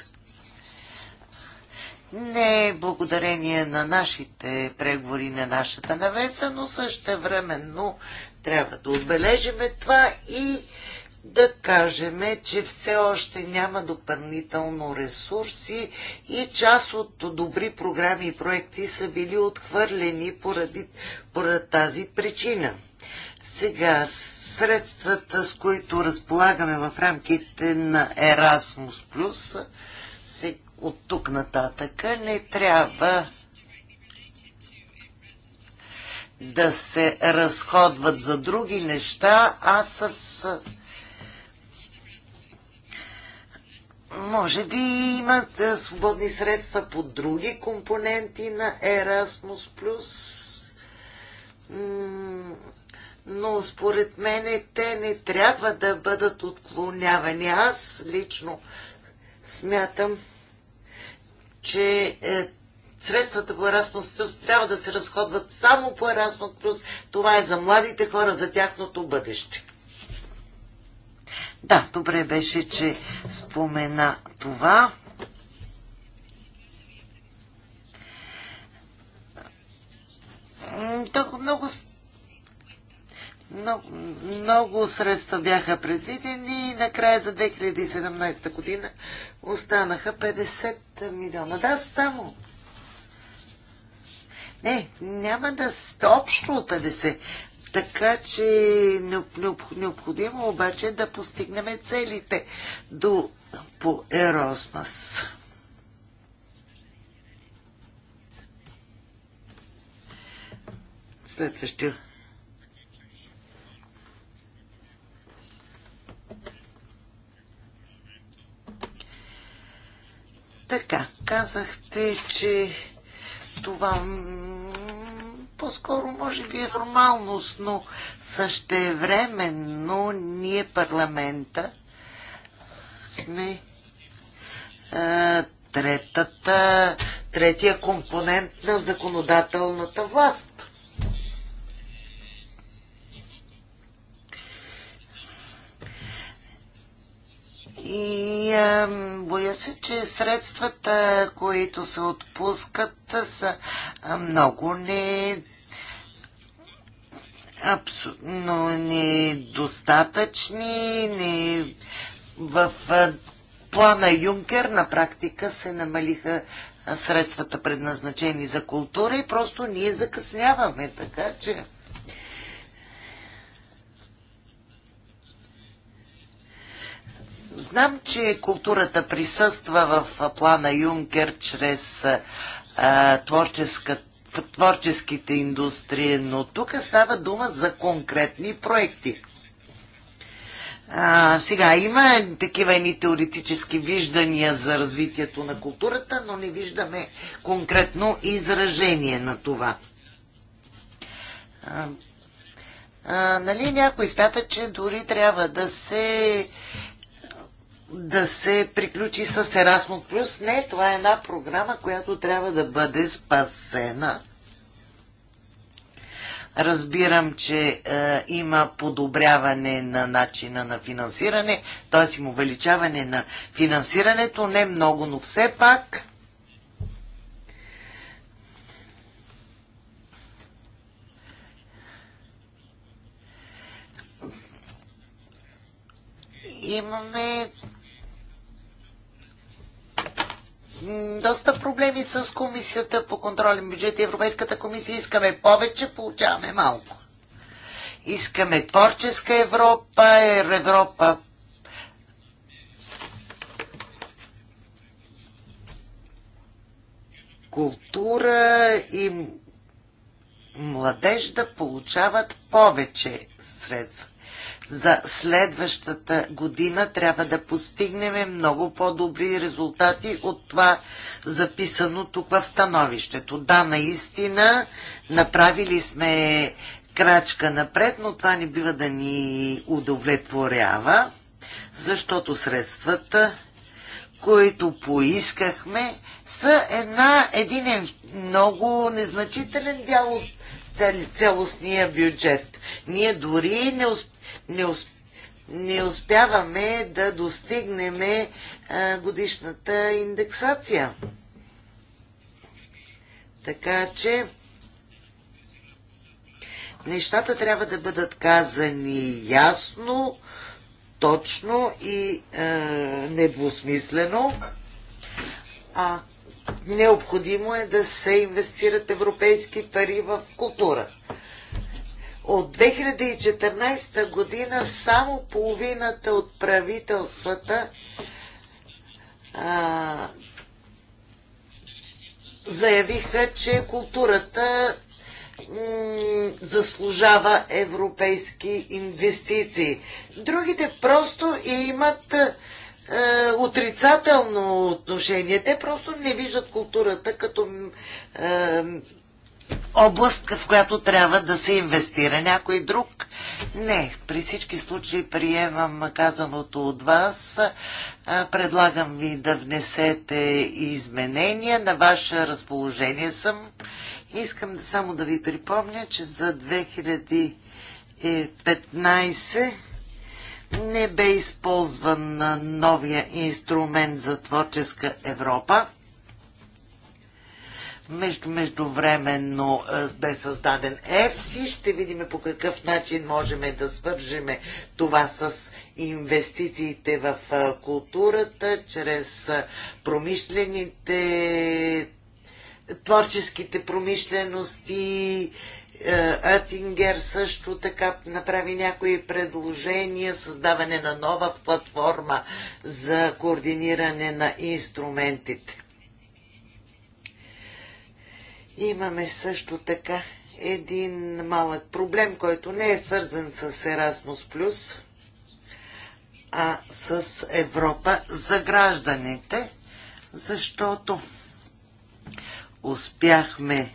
Не е благодарение на нашите преговори, на нашата навеса, но също временно трябва да отбележиме това и да кажем, че все още няма допълнително ресурси и част от добри програми и проекти са били отхвърлени поради, поради тази причина. Сега, средствата, с които разполагаме в рамките на Erasmus+, от тук нататъка не трябва да се разходват за други неща, а с може би имат е, свободни средства по други компоненти на Erasmus+. Но според мен те не трябва да бъдат отклонявани. Аз лично смятам, че е, средствата по Erasmus Plus трябва да се разходват само по Erasmus Plus. Това е за младите хора, за тяхното бъдеще. Да, добре беше, че спомена това. Много, много, много, много средства бяха предвидени и накрая за 2017 година останаха 50 милиона. Да, само. Не, няма да сте общо от 50, така че необходимо обаче да постигнем целите до, по Еросмас. Следващия. Така, казахте, че това по-скоро може би е формалност, но същевременно ние парламента сме а, третата, третия компонент на законодателната власт. И а, боя се, че средствата, които се отпускат, са много не, абсолютно недостатъчни. Не... В плана Юнкер на практика се намалиха средствата предназначени за култура и просто ние закъсняваме, така че Знам, че културата присъства в плана Юнкер чрез а, творческата творческите индустрии, но тук става дума за конкретни проекти. А, сега, има такива едни теоретически виждания за развитието на културата, но не виждаме конкретно изражение на това. А, а, нали някой смята, че дори трябва да се да се приключи с Erasmus+. Плюс. Не, това е една програма, която трябва да бъде спасена. Разбирам, че е, има подобряване на начина на финансиране, т.е. им увеличаване на финансирането, не много, но все пак. Имаме доста проблеми с комисията по контролен бюджет и Европейската комисия. Искаме повече, получаваме малко. Искаме творческа Европа, Европа култура и младеж да получават повече средства за следващата година трябва да постигнем много по-добри резултати от това записано тук в становището. Да, наистина направили сме крачка напред, но това не бива да ни удовлетворява, защото средствата, които поискахме, са една, един е много незначителен дял от цялостния бюджет. Ние дори не, усп не, усп... не успяваме да достигнем е, годишната индексация. Така че нещата трябва да бъдат казани ясно, точно и е, недвусмислено. А необходимо е да се инвестират европейски пари в култура. От 2014 година само половината от правителствата а, заявиха, че културата заслужава европейски инвестиции. Другите просто имат е, отрицателно отношение. Те просто не виждат културата като е, област, в която трябва да се инвестира. Някой друг? Не. При всички случаи приемам казаното от вас. Предлагам ви да внесете изменения. На ваше разположение съм. Искам само да ви припомня, че за 2015 не бе използван новия инструмент за творческа Европа. Между, междувременно е, бе създаден ЕФСИ. Ще видим по какъв начин можем да свържем това с инвестициите в е, културата, чрез е, промишлените, творческите промишлености, Атингер също така направи някои предложения, създаване на нова платформа за координиране на инструментите. Имаме също така един малък проблем, който не е свързан с Erasmus+, а с Европа за гражданите, защото успяхме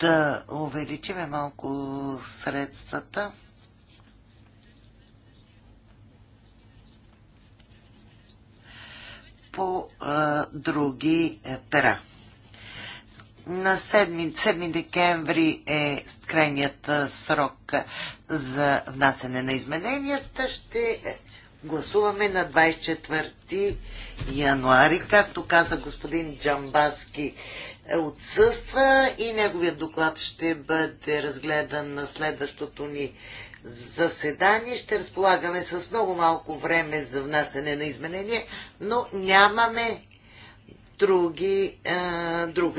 да увеличиме малко средствата по а, други е, пера. На 7, 7 декември е крайният срок за внасене на измененията. Ще е, гласуваме на 24 януари. Както каза господин Джамбаски, е, отсъства и неговият доклад ще бъде разгледан на следващото ни заседание. Ще разполагаме с много малко време за внасене на изменения, но нямаме други, а, друга